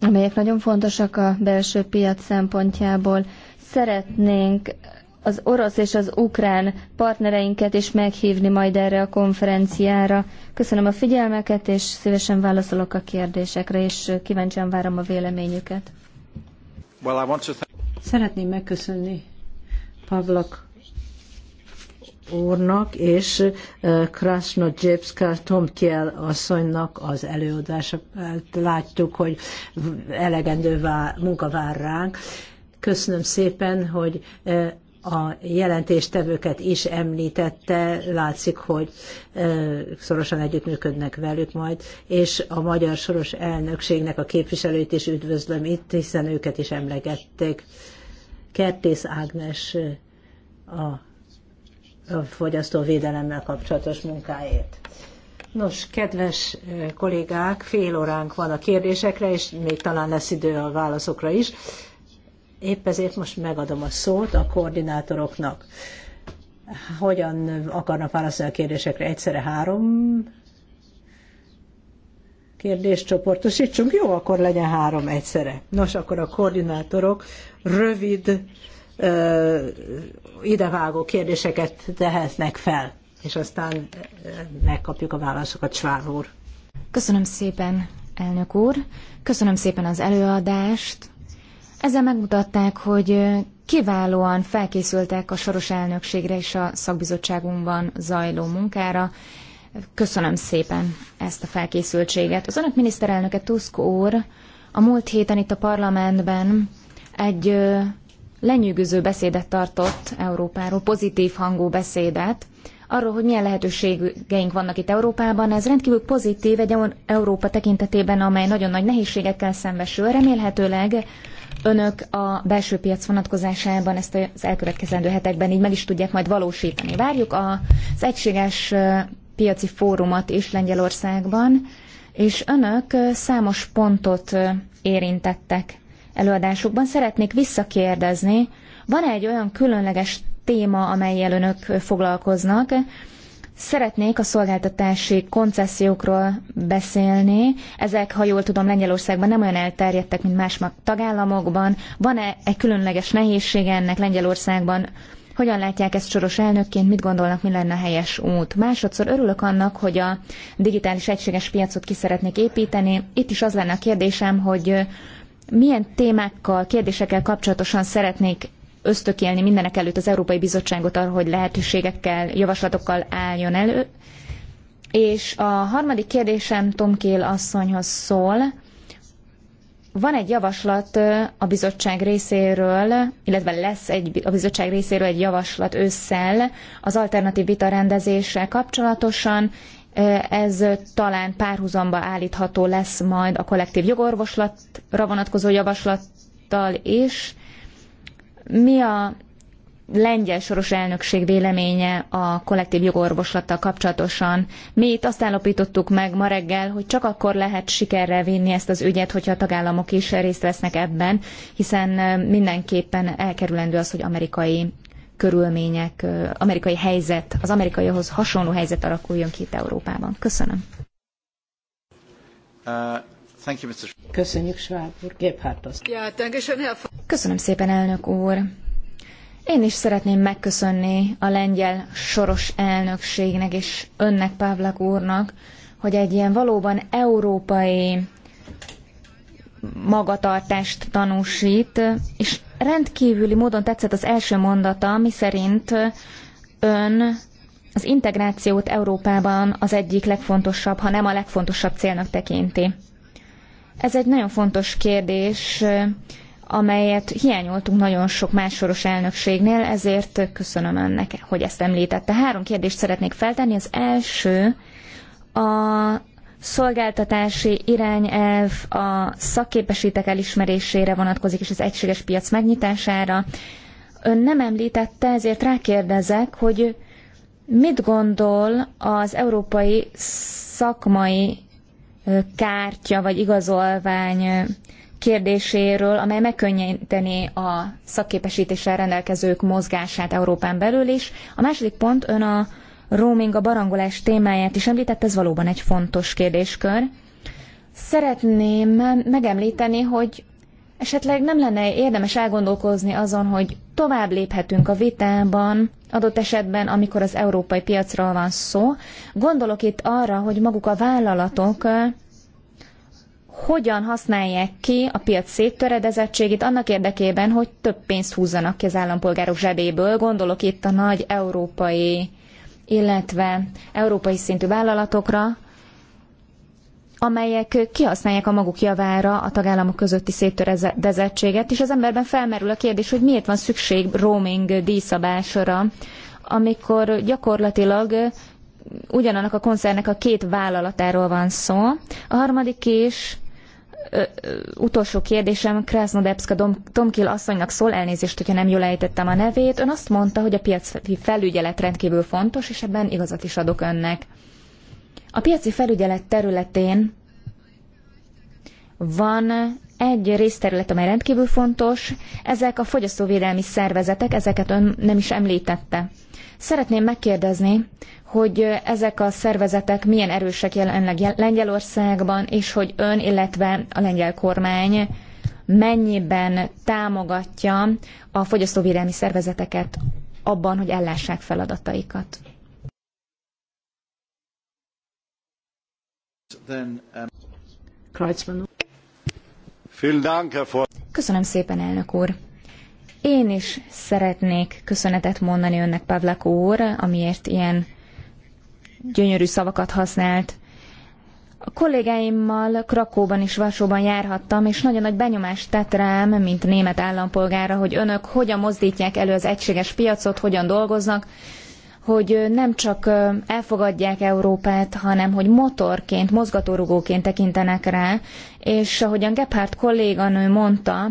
amelyek nagyon fontosak a belső piac szempontjából. Szeretnénk az orosz és az ukrán partnereinket is meghívni majd erre a konferenciára. Köszönöm a figyelmeket, és szívesen válaszolok a kérdésekre, és kíváncsian várom a véleményüket. Well,
Szeretném megköszönni Pavlak úrnak és Krasnodjebska Tomkiel asszonynak az előadását látjuk, hogy elegendő munka vár ránk. Köszönöm szépen, hogy a jelentéstevőket is említette, látszik, hogy szorosan együttműködnek velük majd, és a magyar soros elnökségnek a képviselőit is üdvözlöm itt, hiszen őket is emlegették. Kertész Ágnes a a fogyasztóvédelemmel kapcsolatos munkáért. Nos, kedves kollégák, fél óránk van a kérdésekre, és még talán lesz idő a válaszokra is. Épp ezért most megadom a szót a koordinátoroknak. Hogyan akarnak válaszolni a kérdésekre? Egyszerre három kérdést csoportosítsunk? Jó, akkor legyen három egyszerre. Nos, akkor a koordinátorok rövid idevágó kérdéseket tehetnek fel, és aztán megkapjuk a válaszokat, Svár úr.
Köszönöm szépen, elnök úr. Köszönöm szépen az előadást. Ezzel megmutatták, hogy kiválóan felkészültek a soros elnökségre és a szakbizottságunkban zajló munkára. Köszönöm szépen ezt a felkészültséget. Az önök miniszterelnöke Tusk úr a múlt héten itt a parlamentben egy lenyűgöző beszédet tartott Európáról, pozitív hangú beszédet, arról, hogy milyen lehetőségeink vannak itt Európában. Ez rendkívül pozitív egy Európa tekintetében, amely nagyon nagy nehézségekkel szembesül. Remélhetőleg önök a belső piac vonatkozásában ezt az elkövetkezendő hetekben így meg is tudják majd valósítani. Várjuk az egységes piaci fórumot is Lengyelországban, és önök számos pontot érintettek előadásukban. Szeretnék visszakérdezni, van -e egy olyan különleges téma, amelyel önök foglalkoznak? Szeretnék a szolgáltatási koncesziókról beszélni. Ezek, ha jól tudom, Lengyelországban nem olyan elterjedtek, mint más tagállamokban. Van-e egy különleges nehézsége ennek Lengyelországban? Hogyan látják ezt soros elnökként, mit gondolnak, mi lenne a helyes út? Másodszor örülök annak, hogy a digitális egységes piacot ki szeretnék építeni. Itt is az lenne a kérdésem, hogy milyen témákkal, kérdésekkel kapcsolatosan szeretnék ösztökélni mindenek előtt az Európai Bizottságot arra, hogy lehetőségekkel, javaslatokkal álljon elő. És a harmadik kérdésem Tomkél asszonyhoz szól. Van egy javaslat a bizottság részéről, illetve lesz egy, a bizottság részéről egy javaslat ősszel az alternatív vita kapcsolatosan, ez talán párhuzamba állítható lesz majd a kollektív jogorvoslatra vonatkozó javaslattal is. Mi a lengyel soros elnökség véleménye a kollektív jogorvoslattal kapcsolatosan. Mi itt azt állapítottuk meg ma reggel, hogy csak akkor lehet sikerre vinni ezt az ügyet, hogyha a tagállamok is részt vesznek ebben, hiszen mindenképpen elkerülendő az, hogy amerikai körülmények, amerikai helyzet, az amerikaihoz hasonló helyzet alakuljon ki itt Európában. Köszönöm.
Uh, Köszönjük, Schwab úr.
Köszönöm szépen, elnök úr. Én is szeretném megköszönni a lengyel soros elnökségnek és önnek, Pávlak úrnak, hogy egy ilyen valóban európai magatartást tanúsít, és Rendkívüli módon tetszett az első mondata, miszerint ön az integrációt Európában az egyik legfontosabb, ha nem a legfontosabb célnak tekinti. Ez egy nagyon fontos kérdés, amelyet hiányoltunk nagyon sok más soros elnökségnél, ezért köszönöm önnek, hogy ezt említette. Három kérdést szeretnék feltenni. Az első a szolgáltatási irányelv a szakképesítek elismerésére vonatkozik, és az egységes piac megnyitására. Ön nem említette, ezért rákérdezek, hogy mit gondol az európai szakmai kártya vagy igazolvány kérdéséről, amely megkönnyíteni a szakképesítéssel rendelkezők mozgását Európán belül is. A második pont ön a roaming a barangolás témáját is említett, ez valóban egy fontos kérdéskör. Szeretném megemlíteni, hogy esetleg nem lenne érdemes elgondolkozni azon, hogy tovább léphetünk a vitában, adott esetben, amikor az európai piacról van szó. Gondolok itt arra, hogy maguk a vállalatok eh, hogyan használják ki a piac széttöredezettségét annak érdekében, hogy több pénzt húzzanak ki az állampolgárok zsebéből. Gondolok itt a nagy európai illetve európai szintű vállalatokra, amelyek kihasználják a maguk javára a tagállamok közötti széttöredezettséget, és az emberben felmerül a kérdés, hogy miért van szükség roaming díjszabásra, amikor gyakorlatilag ugyanannak a koncernek a két vállalatáról van szó. A harmadik is ö, utolsó kérdésem Krasznodebszka Dom, Tomkil asszonynak szól, elnézést, hogyha nem jól ejtettem a nevét. Ön azt mondta, hogy a piaci felügyelet rendkívül fontos, és ebben igazat is adok önnek. A piaci felügyelet területén van egy részterület, amely rendkívül fontos, ezek a fogyasztóvédelmi szervezetek, ezeket ön nem is említette. Szeretném megkérdezni, hogy ezek a szervezetek milyen erősek jelenleg Lengyelországban, és hogy ön, illetve a lengyel kormány mennyiben támogatja a fogyasztóvédelmi szervezeteket abban, hogy ellássák feladataikat. Um, Köszönöm szépen, elnök úr! Én is szeretnék köszönetet mondani önnek, Pavlak úr, amiért ilyen gyönyörű szavakat használt. A kollégáimmal Krakóban és Varsóban járhattam, és nagyon nagy benyomást tett rám, mint német állampolgára, hogy önök hogyan mozdítják elő az egységes piacot, hogyan dolgoznak, hogy nem csak elfogadják Európát, hanem hogy motorként, mozgatórugóként tekintenek rá, és ahogyan Gebhardt kolléganő mondta,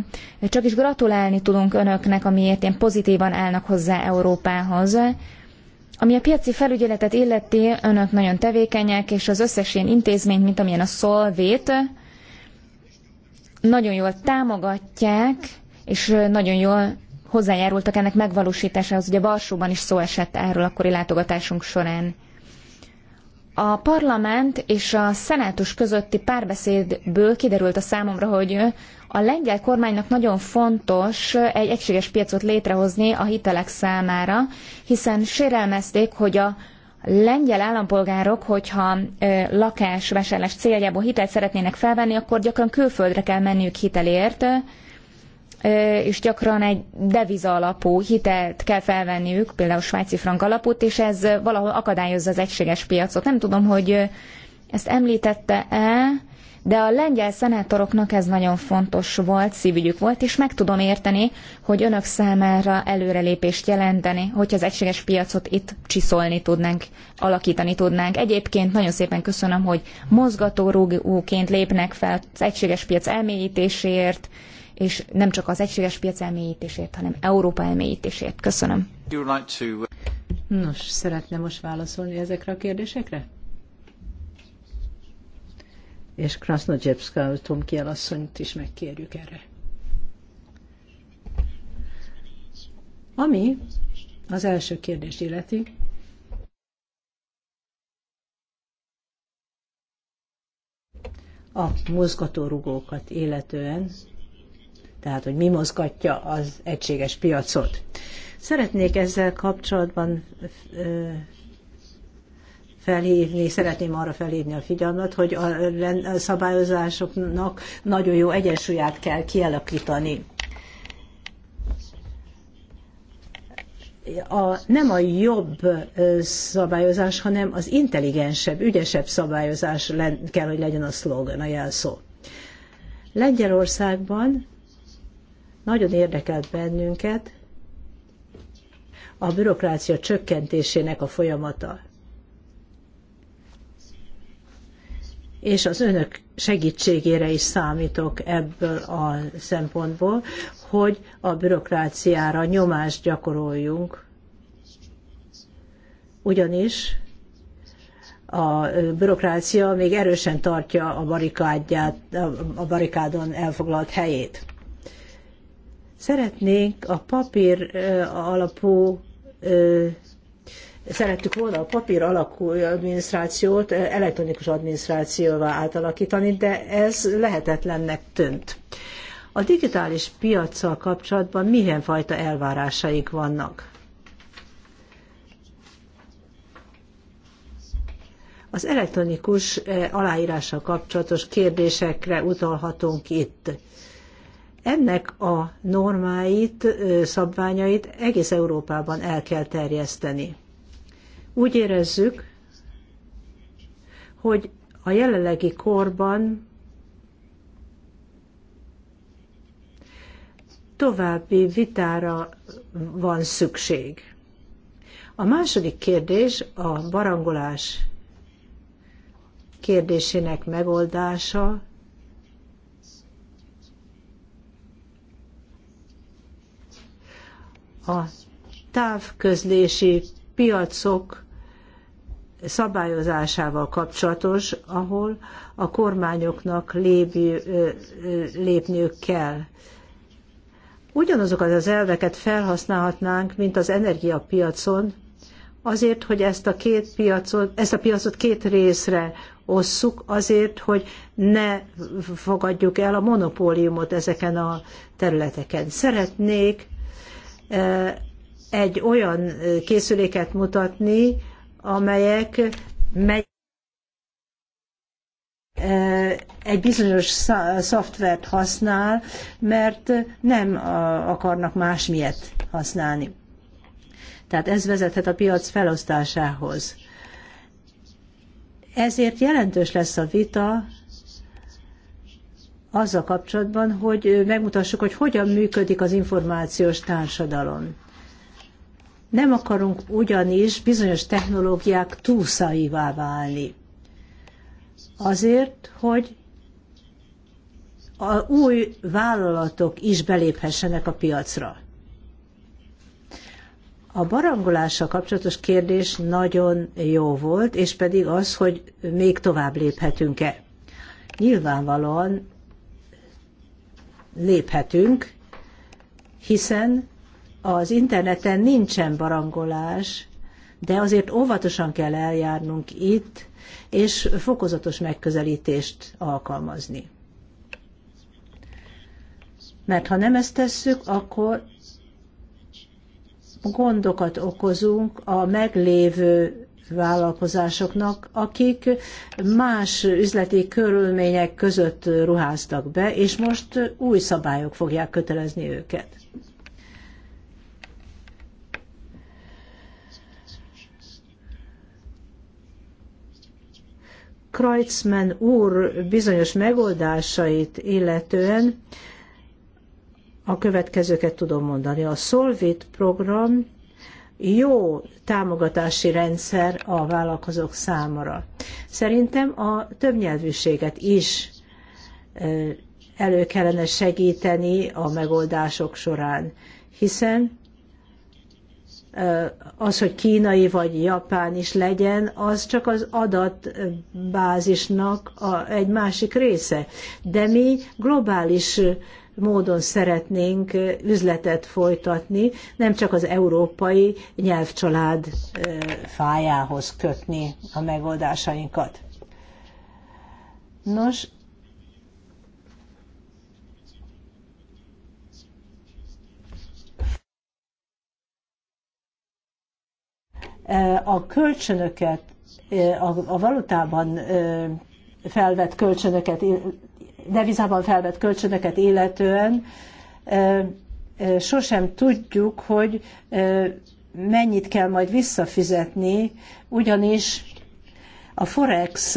csak is gratulálni tudunk önöknek, amiért ilyen pozitívan állnak hozzá Európához. Ami a piaci felügyeletet illeti, önök nagyon tevékenyek, és az összes ilyen intézményt, mint amilyen a Solvét, nagyon jól támogatják, és nagyon jól hozzájárultak ennek megvalósításához. Ugye Varsóban is szó esett erről kori látogatásunk során. A parlament és a szenátus közötti párbeszédből kiderült a számomra, hogy a lengyel kormánynak nagyon fontos egy egységes piacot létrehozni a hitelek számára, hiszen sérelmezték, hogy a lengyel állampolgárok, hogyha lakásvásárlás céljából hitelt szeretnének felvenni, akkor gyakran külföldre kell menniük hitelért, és gyakran egy deviza alapú hitelt kell felvenniük, például svájci frank alapút, és ez valahol akadályozza az egységes piacot. Nem tudom, hogy ezt említette-e, de a lengyel szenátoroknak ez nagyon fontos volt, szívügyük volt, és meg tudom érteni, hogy önök számára előrelépést jelenteni, hogyha az egységes piacot itt csiszolni tudnánk, alakítani tudnánk. Egyébként nagyon szépen köszönöm, hogy mozgatórugóként lépnek fel az egységes piac elmélyítéséért, és nem csak az egységes piac elmélyítésért, hanem Európa elmélyítésért. Köszönöm. Uh, Nos,
szeretne most válaszolni ezekre a kérdésekre? És Krasznodjebszka Tomkiel asszonyt is megkérjük erre. Ami az első kérdés illeti, a mozgatórugókat illetően tehát hogy mi mozgatja az egységes piacot. Szeretnék ezzel kapcsolatban felhívni, szeretném arra felhívni a figyelmet, hogy a szabályozásoknak nagyon jó egyensúlyát kell kialakítani. a, nem a jobb szabályozás, hanem az intelligensebb, ügyesebb szabályozás kell, hogy legyen a szlogan, a jelszó. Lengyelországban nagyon érdekelt bennünket a bürokrácia csökkentésének a folyamata. és az önök segítségére is számítok ebből a szempontból, hogy a bürokráciára nyomást gyakoroljunk. Ugyanis a bürokrácia még erősen tartja a, barikádját, a barikádon elfoglalt helyét. Szeretnénk a papír alapú szerettük volna a papír alakú adminisztrációt elektronikus adminisztrációvá átalakítani, de ez lehetetlennek tűnt. A digitális piaccal kapcsolatban milyen fajta elvárásaik vannak? Az elektronikus aláírással kapcsolatos kérdésekre utalhatunk itt. Ennek a normáit, szabványait egész Európában el kell terjeszteni. Úgy érezzük, hogy a jelenlegi korban további vitára van szükség. A második kérdés a barangolás kérdésének megoldása a távközlési piacok szabályozásával kapcsolatos, ahol a kormányoknak lépj, lépniük kell. Ugyanazokat az elveket felhasználhatnánk, mint az energiapiacon, azért, hogy ezt a két piacot, ezt a piacot két részre osszuk, azért, hogy ne fogadjuk el a monopóliumot ezeken a területeken. Szeretnék egy olyan készüléket mutatni, amelyek megy egy bizonyos szoftvert használ, mert nem akarnak másmilyet használni. Tehát ez vezethet a piac felosztásához. Ezért jelentős lesz a vita azzal kapcsolatban, hogy megmutassuk, hogy hogyan működik az információs társadalom. Nem akarunk ugyanis bizonyos technológiák túlszaivá válni. Azért, hogy a új vállalatok is beléphessenek a piacra. A barangolással kapcsolatos kérdés nagyon jó volt, és pedig az, hogy még tovább léphetünk-e. Nyilvánvalóan léphetünk, hiszen az interneten nincsen barangolás, de azért óvatosan kell eljárnunk itt, és fokozatos megközelítést alkalmazni. Mert ha nem ezt tesszük, akkor gondokat okozunk a meglévő vállalkozásoknak, akik más üzleti körülmények között ruháztak be, és most új szabályok fogják kötelezni őket. Kreutzmann úr bizonyos megoldásait illetően a következőket tudom mondani. A Solvit program jó támogatási rendszer a vállalkozók számára. Szerintem a többnyelvűséget is elő kellene segíteni a megoldások során, hiszen az, hogy kínai vagy japán is legyen, az csak az adatbázisnak egy másik része. De mi globális módon szeretnénk üzletet folytatni, nem csak az európai nyelvcsalád fájához kötni a megoldásainkat. Nos, a kölcsönöket, a valutában felvett kölcsönöket devizában felvett kölcsönöket illetően sosem tudjuk, hogy mennyit kell majd visszafizetni, ugyanis a forex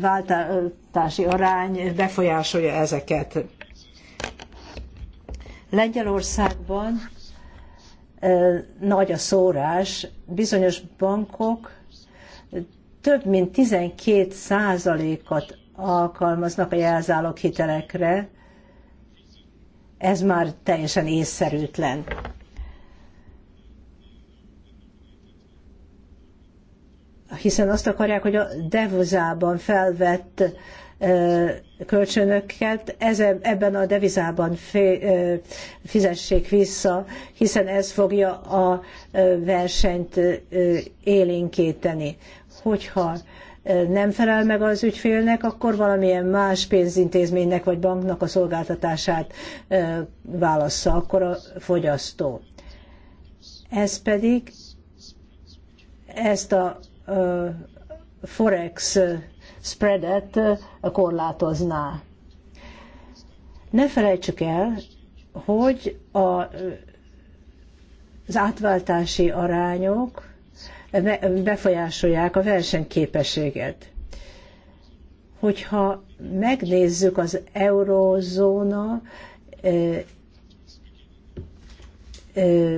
váltási arány befolyásolja ezeket. Lengyelországban nagy a szórás, bizonyos bankok több mint 12 százalékat alkalmaznak a jelzálog hitelekre, ez már teljesen észszerűtlen. Hiszen azt akarják, hogy a devozában felvett kölcsönöket ebben a devizában fizessék vissza, hiszen ez fogja a versenyt élénkíteni. Hogyha nem felel meg az ügyfélnek, akkor valamilyen más pénzintézménynek vagy banknak a szolgáltatását válassza akkor a fogyasztó. Ez pedig ezt a forex spreadet korlátozná. Ne felejtsük el, hogy a, az átváltási arányok befolyásolják a versenyképességet. Hogyha megnézzük az eurózóna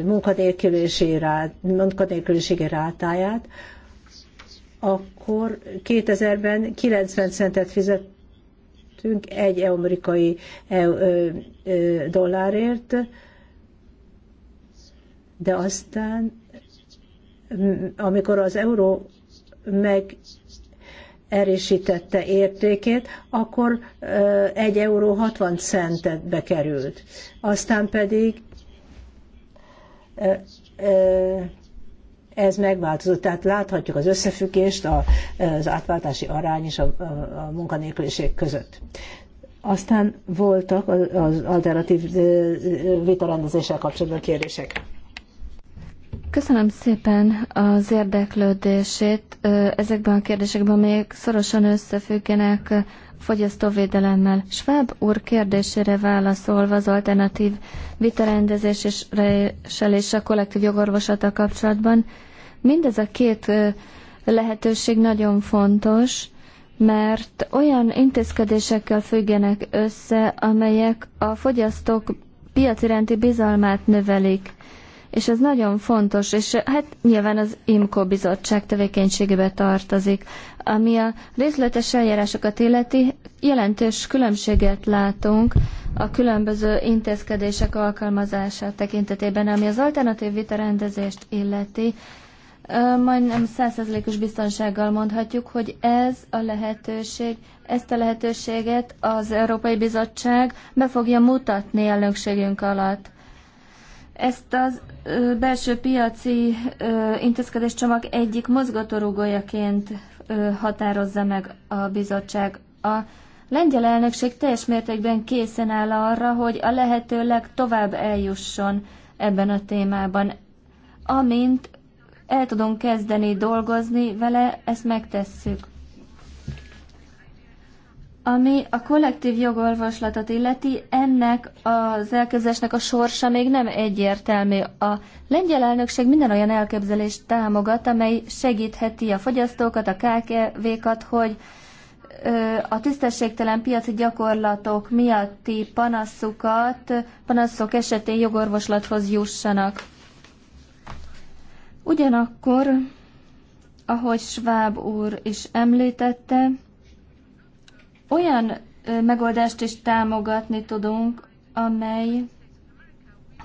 munkanélküliségi rátáját, akkor 2000-ben 90 centet fizettünk egy amerikai e, dollárért, de aztán amikor az euró meg erősítette értékét, akkor 1 euró 60 centet bekerült. Aztán pedig ez megváltozott. Tehát láthatjuk az összefüggést az átváltási arány és a, a munkanélküliség között. Aztán voltak az alternatív vitarendezéssel kapcsolatban kérdések.
Köszönöm szépen az érdeklődését. Ezekben a kérdésekben még szorosan összefüggenek fogyasztóvédelemmel. Schwab úr kérdésére válaszolva az alternatív vitarendezés és a kollektív jogorvosata kapcsolatban. Mindez a két lehetőség nagyon fontos, mert olyan intézkedésekkel függenek össze, amelyek a fogyasztók piaci iránti bizalmát növelik és ez nagyon fontos, és eh, hát nyilván az IMCO bizottság tevékenységébe tartozik. Ami a részletes eljárásokat illeti, jelentős különbséget látunk a különböző intézkedések alkalmazása tekintetében, ami az alternatív vitarendezést illeti, majdnem százszerzelékos biztonsággal mondhatjuk, hogy ez a lehetőség, ezt a lehetőséget az Európai Bizottság be fogja mutatni elnökségünk alatt. Ezt az belső piaci intézkedéscsomag egyik mozgatórugójaként határozza meg a bizottság. A lengyel elnökség teljes mértékben készen áll arra, hogy a lehető legtovább eljusson ebben a témában. Amint el tudunk kezdeni dolgozni vele, ezt megtesszük. Ami a kollektív jogolvaslatot illeti, ennek az elképzelésnek a sorsa még nem egyértelmű. A lengyel elnökség minden olyan elképzelést támogat, amely segítheti a fogyasztókat, a KKV-kat, hogy a tisztességtelen piaci gyakorlatok miatti panaszukat, panaszok esetén jogorvoslathoz jussanak. Ugyanakkor, ahogy Schwab úr is említette, olyan megoldást is támogatni tudunk, amely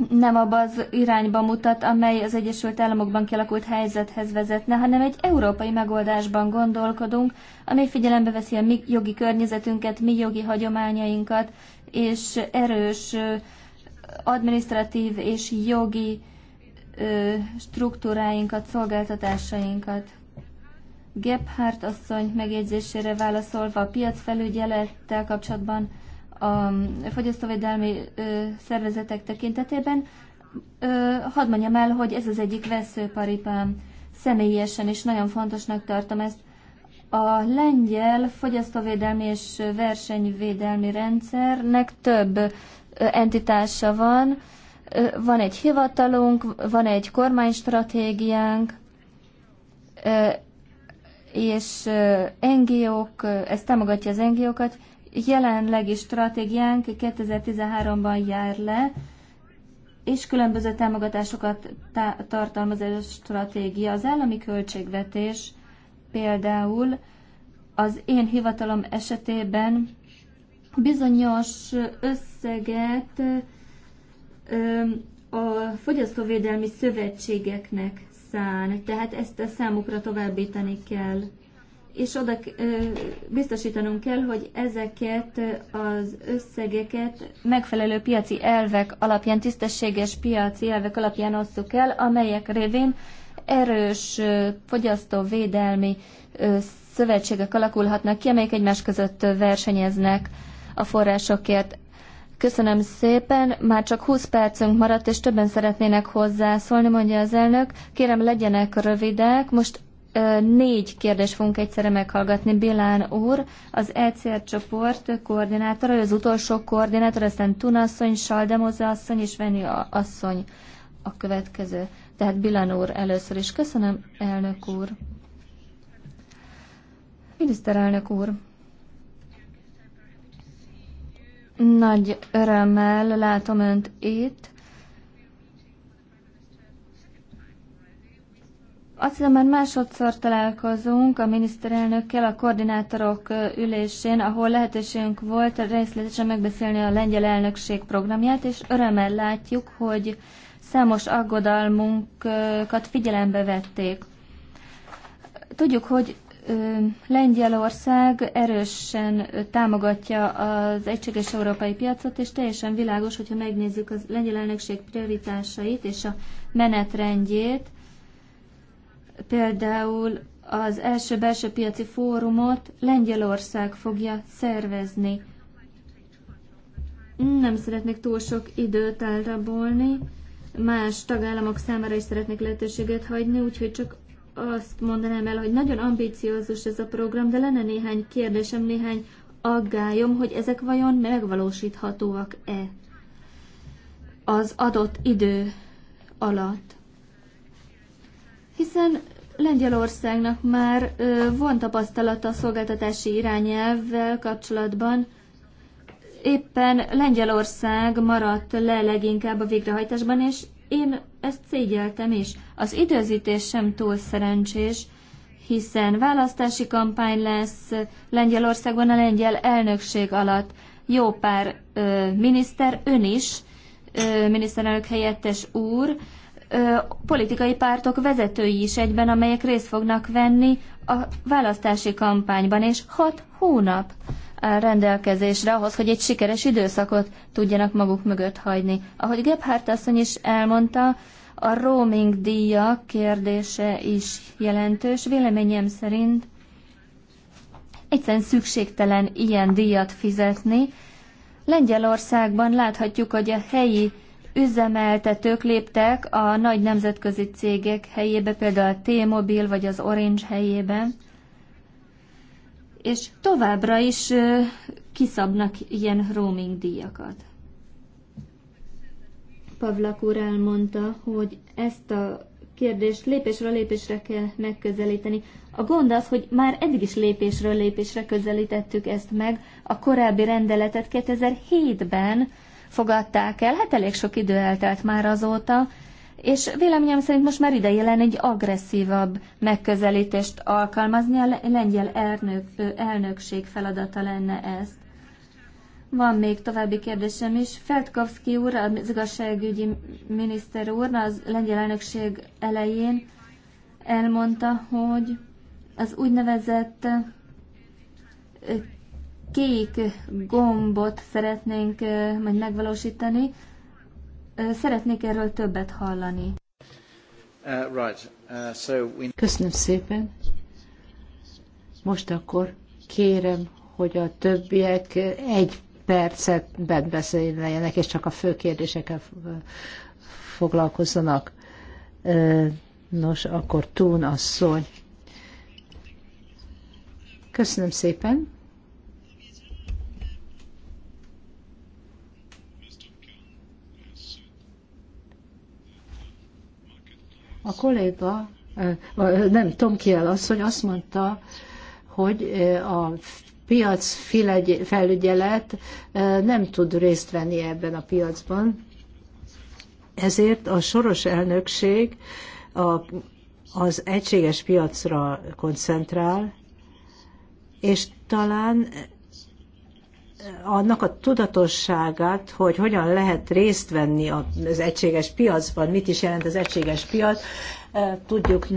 nem abba az irányba mutat, amely az Egyesült Államokban kialakult helyzethez vezetne, hanem egy európai megoldásban gondolkodunk, amely figyelembe veszi a mi jogi környezetünket, mi jogi hagyományainkat, és erős administratív és jogi struktúráinkat, szolgáltatásainkat. Gebhardt asszony megjegyzésére válaszolva a piacfelügyelettel kapcsolatban a fogyasztóvédelmi szervezetek tekintetében, ö, hadd mondjam el, hogy ez az egyik veszőparipám. Személyesen is nagyon fontosnak tartom ezt. A lengyel fogyasztóvédelmi és versenyvédelmi rendszernek több entitása van. Van egy hivatalunk, van egy kormánystratégiánk, és NGO-k, ez támogatja az NGO-kat, jelenlegi stratégiánk 2013-ban jár le, és különböző támogatásokat tá- tartalmaz ez a stratégia. Az állami költségvetés például az én hivatalom esetében bizonyos összeget a fogyasztóvédelmi szövetségeknek szán, tehát ezt a számukra továbbítani kell. És oda biztosítanunk kell, hogy ezeket az összegeket megfelelő piaci elvek alapján, tisztességes piaci elvek alapján osszuk el, amelyek révén erős fogyasztóvédelmi szövetségek alakulhatnak ki, amelyek egymás között versenyeznek a forrásokért. Köszönöm szépen, már csak 20 percünk maradt, és többen szeretnének hozzászólni, mondja az elnök. Kérem, legyenek rövidek. Most ö, négy kérdést fogunk egyszerre meghallgatni. Bilán úr, az ECR csoport koordinátora, az utolsó koordinátor, aztán Tunasszony, Saldemoza asszony és Venő asszony a következő. Tehát Bilán úr először is. Köszönöm, elnök úr. Miniszterelnök úr. Nagy örömmel látom Önt itt. Azt hiszem, már másodszor találkozunk a miniszterelnökkel a koordinátorok ülésén, ahol lehetőségünk volt részletesen megbeszélni a lengyel elnökség programját, és örömmel látjuk, hogy számos aggodalmunkat figyelembe vették. Tudjuk, hogy Lengyelország erősen támogatja az egységes európai piacot, és teljesen világos, hogyha megnézzük a lengyel elnökség prioritásait és a menetrendjét, például az első belső piaci fórumot Lengyelország fogja szervezni. Nem szeretnék túl sok időt elrabolni, más tagállamok számára is szeretnék lehetőséget hagyni, úgyhogy csak azt mondanám el, hogy nagyon ambíciózus ez a program, de lenne néhány kérdésem, néhány aggályom, hogy ezek vajon megvalósíthatóak-e az adott idő alatt. Hiszen Lengyelországnak már van tapasztalata a szolgáltatási irányelvvel kapcsolatban, éppen Lengyelország maradt le leginkább a végrehajtásban, és én ezt szégyeltem is. Az időzítés sem túl szerencsés, hiszen választási kampány lesz Lengyelországon a lengyel elnökség alatt. Jó pár ö, miniszter, ön is, ö, miniszterelnök helyettes úr, ö, politikai pártok vezetői is egyben, amelyek részt fognak venni a választási kampányban, és hat hónap áll rendelkezésre ahhoz, hogy egy sikeres időszakot tudjanak maguk mögött hagyni. Ahogy Gebhardt asszony is elmondta, a roaming díja kérdése is jelentős. Véleményem szerint egyszerűen szükségtelen ilyen díjat fizetni. Lengyelországban láthatjuk, hogy a helyi üzemeltetők léptek a nagy nemzetközi cégek helyébe, például a T-Mobile vagy az Orange helyébe és továbbra is kiszabnak ilyen roaming díjakat. Pavlak úr elmondta, hogy ezt a kérdést lépésről lépésre kell megközelíteni. A gond az, hogy már eddig is lépésről lépésre közelítettük ezt meg. A korábbi rendeletet 2007-ben fogadták el, hát elég sok idő eltelt már azóta, és véleményem szerint most már ideje lenne egy agresszívabb megközelítést alkalmazni, a lengyel elnök, elnökség feladata lenne ez. Van még további kérdésem is. Feltkovszki úr, az igazságügyi miniszter úr, az lengyel elnökség elején elmondta, hogy az úgynevezett kék gombot szeretnénk majd megvalósítani, Szeretnék erről többet hallani. Uh, right. uh, so we... Köszönöm szépen.
Most akkor kérem, hogy a többiek egy percet beszéljenek, és csak a fő kérdésekkel foglalkozzanak. Nos, akkor Tún asszony. Köszönöm szépen. A kolléga, nem, Tom Kiel asszony azt mondta, hogy a piac felügyelet nem tud részt venni ebben a piacban. Ezért a soros elnökség a, az egységes piacra koncentrál, és talán annak a tudatosságát, hogy hogyan lehet részt venni az egységes piacban, mit is jelent az egységes piac, e, tudjuk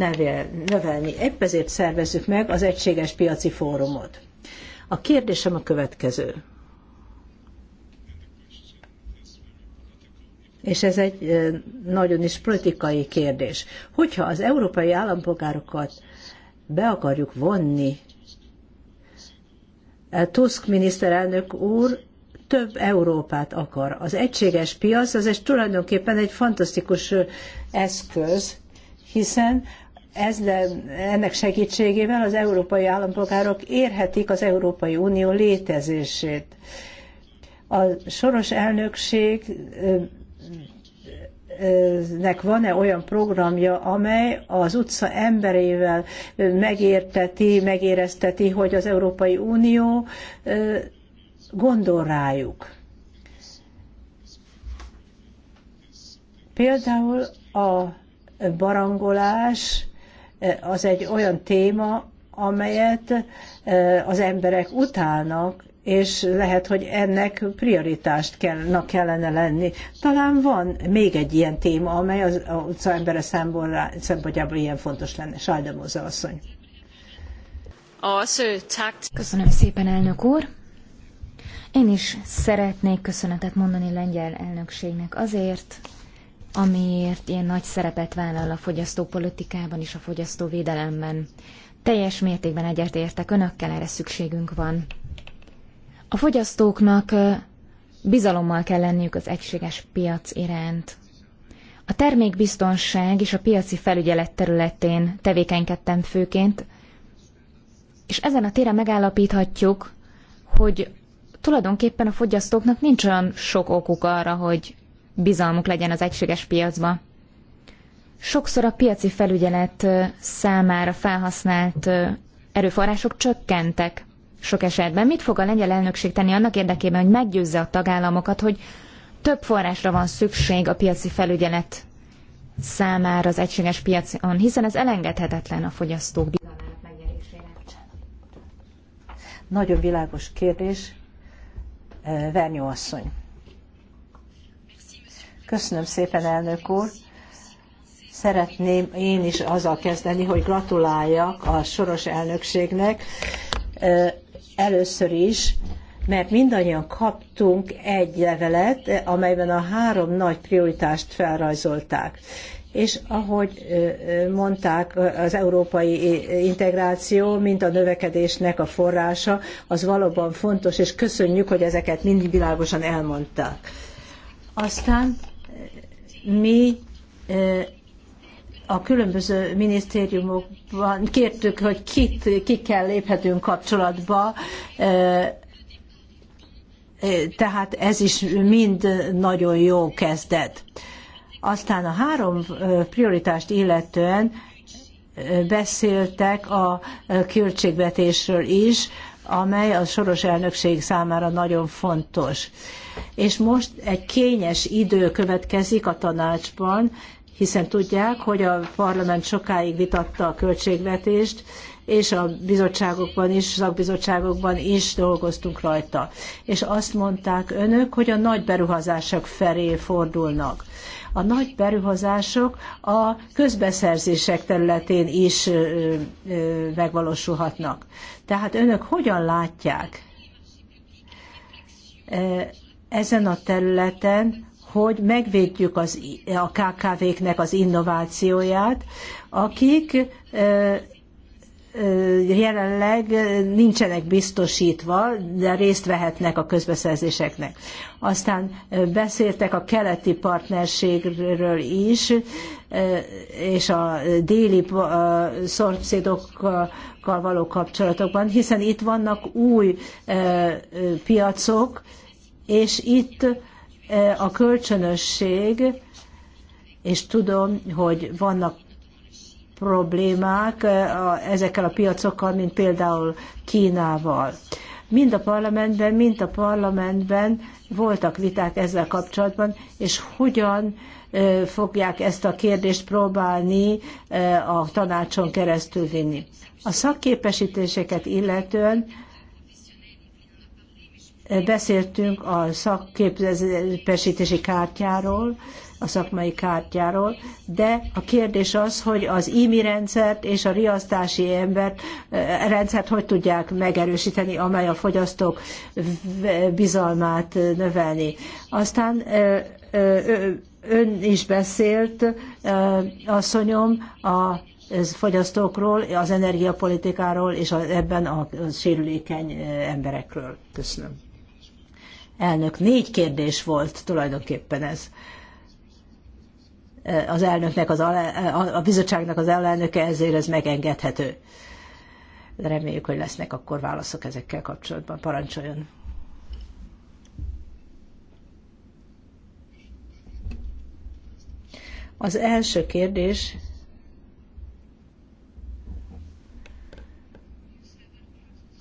növelni. Épp ezért szervezzük meg az egységes piaci fórumot. A kérdésem a következő. És ez egy e, nagyon is politikai kérdés. Hogyha az európai állampolgárokat be akarjuk vonni Tusk miniszterelnök úr több Európát akar. Az egységes piac az egy tulajdonképpen egy fantasztikus eszköz, hiszen ez le, ennek segítségével az európai állampolgárok érhetik az Európai Unió létezését. A soros elnökség nek van-e olyan programja, amely az utca emberével megérteti, megérezteti, hogy az Európai Unió gondol rájuk. Például a barangolás az egy olyan téma, amelyet az emberek utálnak, és lehet, hogy ennek prioritást kellene lenni. Talán van még egy ilyen téma, amely az utca embere szempontjából ilyen fontos lenne. Sajdamóza asszony.
Köszönöm szépen, elnök úr. Én is szeretnék köszönetet mondani lengyel elnökségnek azért, amiért ilyen nagy szerepet vállal a fogyasztópolitikában és a fogyasztóvédelemben. Teljes mértékben egyetértek önökkel, erre szükségünk van. A fogyasztóknak bizalommal kell lenniük az egységes piac iránt. A termékbiztonság és a piaci felügyelet területén tevékenykedtem főként, és ezen a téren megállapíthatjuk, hogy tulajdonképpen a fogyasztóknak nincs olyan sok okuk arra, hogy bizalmuk legyen az egységes piacba. Sokszor a piaci felügyelet számára felhasznált erőforrások csökkentek sok esetben. Mit fog a lengyel elnökség tenni annak érdekében, hogy meggyőzze a tagállamokat, hogy több forrásra van szükség a piaci felügyelet számára az egységes piacon, hiszen ez elengedhetetlen a fogyasztók bizalmának megnyerésére.
Nagyon világos kérdés, eh, Vernyó asszony. Köszönöm szépen, elnök úr. Szeretném én is azzal kezdeni, hogy gratuláljak a soros elnökségnek eh, először is, mert mindannyian kaptunk egy levelet, amelyben a három nagy prioritást felrajzolták. És ahogy mondták, az európai integráció, mint a növekedésnek a forrása, az valóban fontos, és köszönjük, hogy ezeket mindig világosan elmondták. Aztán mi a különböző minisztériumokban kértük, hogy kit, kikkel léphetünk kapcsolatba, tehát ez is mind nagyon jó kezdet. Aztán a három prioritást illetően beszéltek a költségvetésről is, amely a soros elnökség számára nagyon fontos. És most egy kényes idő következik a tanácsban, hiszen tudják, hogy a parlament sokáig vitatta a költségvetést, és a bizottságokban is, szakbizottságokban is dolgoztunk rajta. És azt mondták önök, hogy a nagy beruházások felé fordulnak. A nagy beruházások a közbeszerzések területén is megvalósulhatnak. Tehát önök hogyan látják ezen a területen hogy megvédjük az, a KKV-knek az innovációját, akik jelenleg nincsenek biztosítva, de részt vehetnek a közbeszerzéseknek. Aztán beszéltek a keleti partnerségről is, és a déli szorpszédokkal való kapcsolatokban, hiszen itt vannak új piacok, és itt E, a kölcsönösség, és tudom, hogy vannak problémák e, ezekkel a piacokkal, mint például Kínával. Mind a parlamentben, mind a parlamentben voltak viták ezzel kapcsolatban, és hogyan e, fogják ezt a kérdést próbálni a tanácson keresztül vinni. A szakképesítéseket illetően beszéltünk a szakképesítési kártyáról, a szakmai kártyáról, de a kérdés az, hogy az IMI rendszert és a riasztási embert, eh, rendszert hogy tudják megerősíteni, amely a fogyasztók bizalmát eh, növelni. Aztán eh, ön is beszélt, asszonyom, a fogyasztókról, az energiapolitikáról és ebben a sérülékeny emberekről. Köszönöm elnök. Négy kérdés volt tulajdonképpen ez. Az elnöknek, az a bizottságnak az elnöke, ezért ez megengedhető. De reméljük, hogy lesznek akkor válaszok ezekkel kapcsolatban. Parancsoljon! Az első kérdés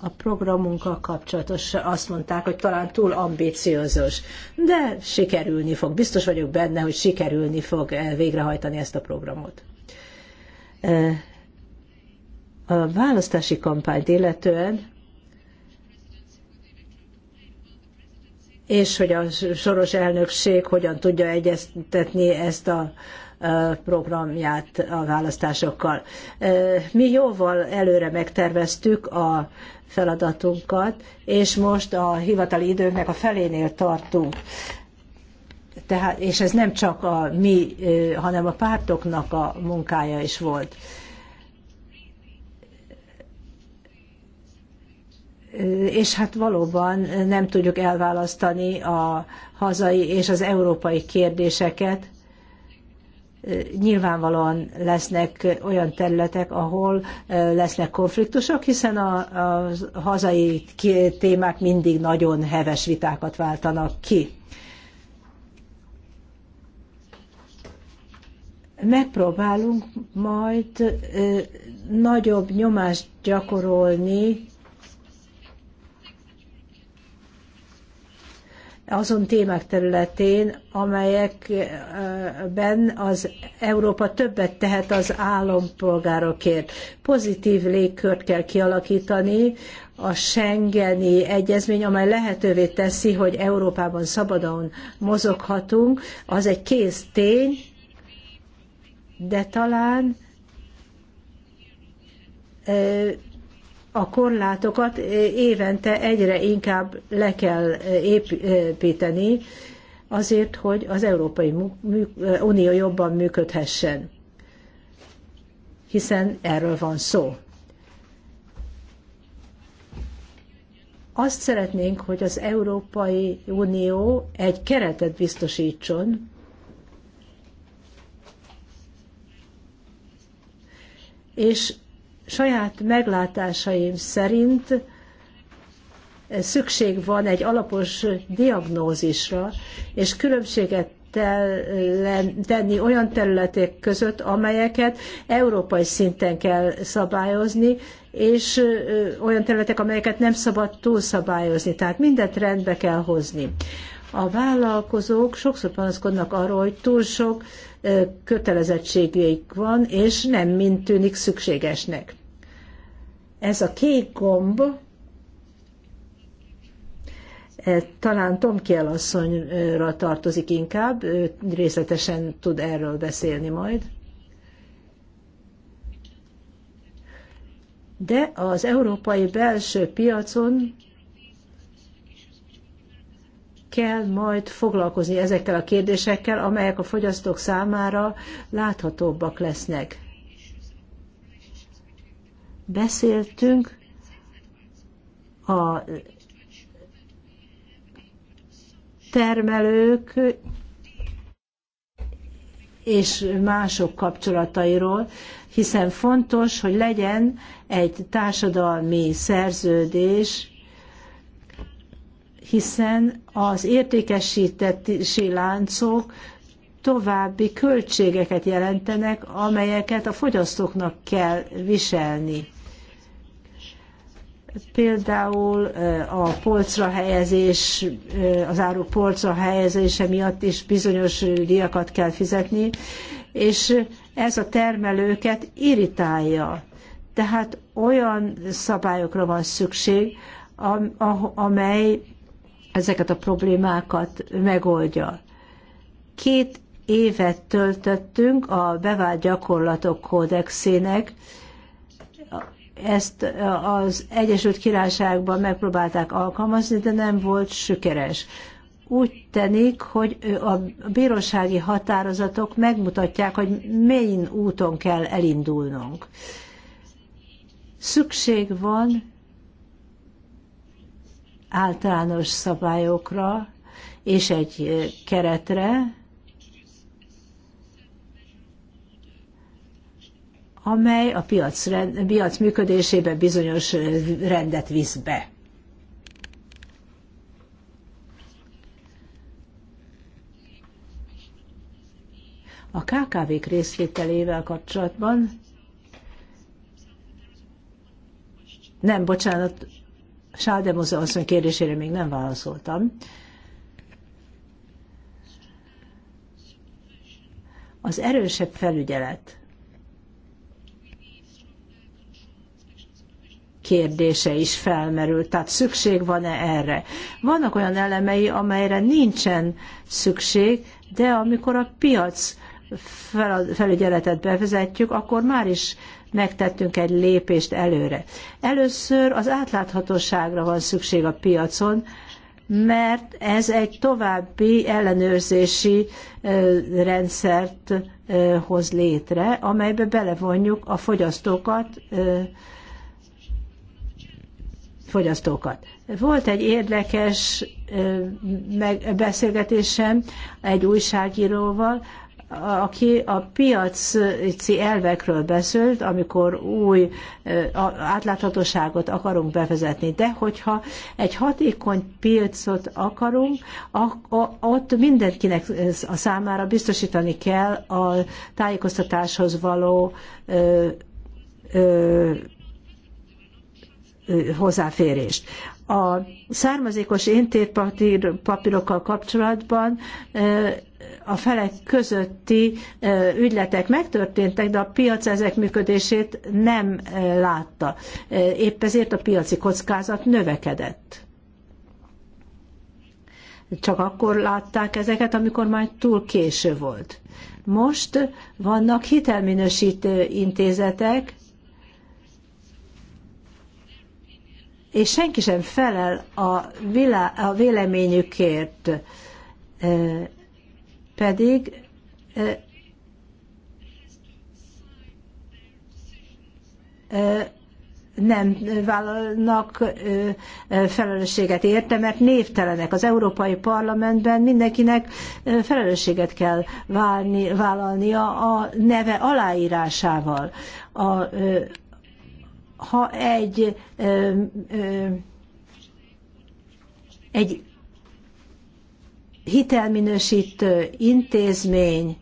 a programunkkal kapcsolatos azt mondták, hogy talán túl ambíciózus, de sikerülni fog. Biztos vagyok benne, hogy sikerülni fog eh, végrehajtani ezt a programot. Eh, a választási kampányt illetően és hogy a soros elnökség hogyan tudja egyeztetni ezt a eh, programját a választásokkal. Mi jóval előre megterveztük a feladatunkat, és most a hivatali időknek a felénél tartunk. Tehát, és ez nem csak a mi, hanem a pártoknak a munkája is volt. és hát valóban nem tudjuk elválasztani a hazai és az európai kérdéseket, nyilvánvalóan lesznek olyan területek, ahol lesznek konfliktusok, hiszen a, a hazai témák mindig nagyon heves vitákat váltanak ki. Megpróbálunk majd nagyobb nyomást gyakorolni azon témák területén, amelyekben az Európa többet tehet az állampolgárokért. Pozitív légkört kell kialakítani, a Schengeni egyezmény, amely lehetővé teszi, hogy Európában szabadon mozoghatunk, az egy kész tény, de talán a korlátokat eh, évente egyre inkább le kell eh, építeni, azért, hogy az Európai eh, Unió jobban működhessen. Hiszen erről van szó. Azt szeretnénk, hogy az Európai Unió egy keretet biztosítson, és saját meglátásaim szerint eh, szükség van egy alapos diagnózisra, és különbséget tenni olyan területek között, amelyeket európai szinten kell szabályozni, és eh, olyan területek, amelyeket nem szabad túlszabályozni. Tehát mindent rendbe kell hozni. A vállalkozók sokszor panaszkodnak arról, hogy túl sok kötelezettségeik van, és nem mind tűnik szükségesnek. Ez a kék gomb e, talán Tomkiel asszonyra tartozik inkább, ő részletesen tud erről beszélni majd. De az európai belső piacon kell majd foglalkozni ezekkel a kérdésekkel, amelyek a fogyasztók számára láthatóbbak lesznek. Beszéltünk a termelők és mások kapcsolatairól, hiszen fontos, hogy legyen egy társadalmi szerződés, hiszen az értékesítési láncok további költségeket jelentenek, amelyeket a fogyasztóknak kell viselni. Például a polcra helyezés, az áru polcra helyezése miatt is bizonyos díjakat kell fizetni, és ez a termelőket irritálja. Tehát olyan szabályokra van szükség, amely ezeket a problémákat megoldja. Két évet töltöttünk a bevált gyakorlatok kódexének, ezt az Egyesült Királyságban megpróbálták alkalmazni, de nem volt sikeres. Úgy tenik, hogy a bírósági határozatok megmutatják, hogy milyen úton kell elindulnunk. Szükség van általános szabályokra és egy eh, keretre, amely a piac, rend, piac működésébe bizonyos eh, rendet visz be. A KKV-k részvételével kapcsolatban nem, bocsánat, Sáldemoze asszony kérdésére még nem válaszoltam. Az erősebb felügyelet kérdése is felmerül. Tehát szükség van-e erre? Vannak olyan elemei, amelyre nincsen szükség, de amikor a piac felügyeletet bevezetjük, akkor már is megtettünk egy lépést előre. Először az átláthatóságra van szükség a piacon, mert ez egy további ellenőrzési rendszert hoz létre, amelybe belevonjuk a fogyasztókat, fogyasztókat. Volt egy érdekes beszélgetésem egy újságíróval, aki a piaci elvekről beszélt, amikor új átláthatóságot akarunk bevezetni. De hogyha egy hatékony piacot akarunk, ott mindenkinek a számára biztosítani kell a tájékoztatáshoz való hozzáférést. A származékos intétpapírokkal kapcsolatban a felek közötti ügyletek megtörténtek, de a piac ezek működését nem látta. Épp ezért a piaci kockázat növekedett. Csak akkor látták ezeket, amikor már túl késő volt. Most vannak hitelminősítő intézetek, és senki sem felel a, vilá, a véleményükért pedig nem vállalnak felelősséget érte, mert névtelenek. Az Európai Parlamentben mindenkinek felelősséget kell válni, vállalnia a neve aláírásával. A, ha egy egy hitelminősítő intézmény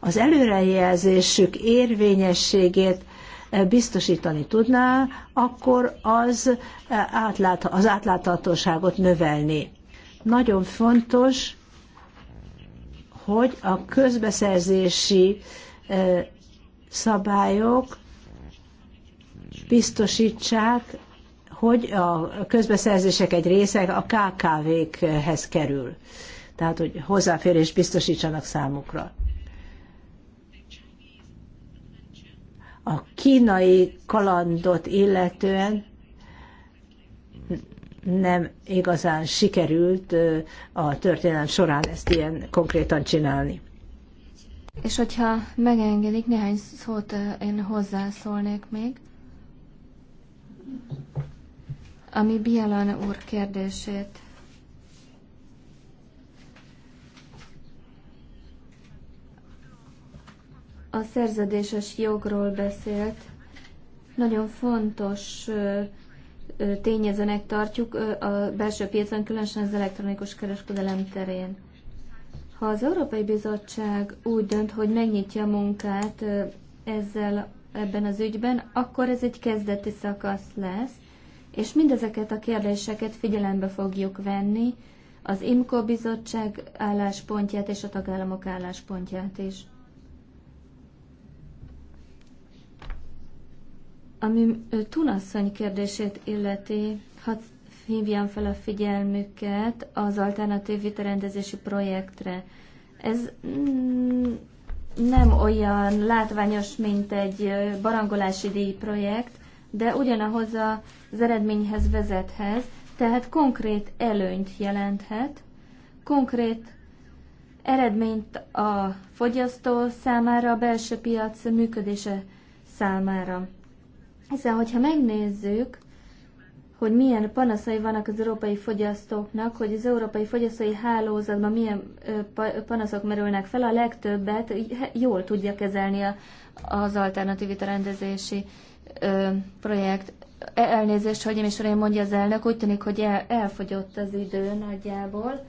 az előrejelzésük érvényességét eh, biztosítani tudná, akkor az, eh, átlát, az átláthatóságot növelni. Nagyon fontos, hogy a közbeszerzési eh, szabályok biztosítsák hogy a közbeszerzések egy része a KKV-khez kerül. Tehát, hogy hozzáférés biztosítsanak számukra. A kínai kalandot illetően nem igazán sikerült a történelem során ezt ilyen konkrétan csinálni.
És hogyha megengedik, néhány szót én hozzászólnék még ami Bialan úr kérdését a szerződéses jogról beszélt. Nagyon fontos tényezőnek tartjuk a belső piacon, különösen az elektronikus kereskedelem terén. Ha az Európai Bizottság úgy dönt, hogy megnyitja a munkát ezzel ebben az ügyben, akkor ez egy kezdeti szakasz lesz, és mindezeket a kérdéseket figyelembe fogjuk venni, az IMCO bizottság álláspontját és a tagállamok álláspontját is. Ami Tunasszony kérdését illeti, hadd hívjam fel a figyelmüket az alternatív viterendezési projektre. Ez mm, nem olyan látványos, mint egy barangolási díjprojekt, de ugyanahoz az eredményhez vezethez, tehát konkrét előnyt jelenthet, konkrét eredményt a fogyasztó számára, a belső piac működése számára. Hiszen, hogyha megnézzük, hogy milyen panaszai vannak az európai fogyasztóknak, hogy az európai fogyasztói hálózatban milyen panaszok merülnek fel, a legtöbbet jól tudja kezelni az alternatív rendezési ö, projekt. E, elnézést, hogy én is uraim, mondja az elnök, úgy tűnik, hogy el, elfogyott az idő nagyjából.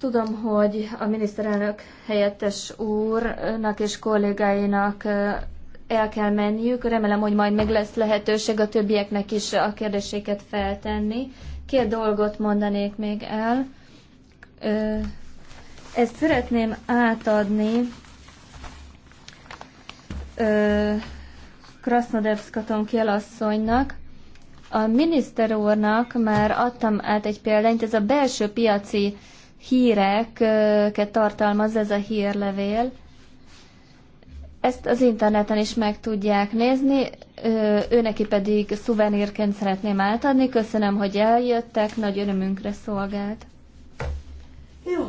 Tudom, hogy a miniszterelnök helyettes úrnak és kollégáinak el kell menniük. Remélem, hogy majd meg lesz lehetőség a többieknek is a kérdéseket feltenni. Két dolgot mondanék még el. Ezt szeretném átadni Krasznodevszkaton kielasszonynak. A miniszter úrnak már adtam át egy példányt, ez a belső piaci híreket tartalmaz ez a hírlevél. Ezt az interneten is meg tudják nézni, neki pedig szuvenírként szeretném átadni. Köszönöm, hogy eljöttek, nagy örömünkre szolgált. Jó.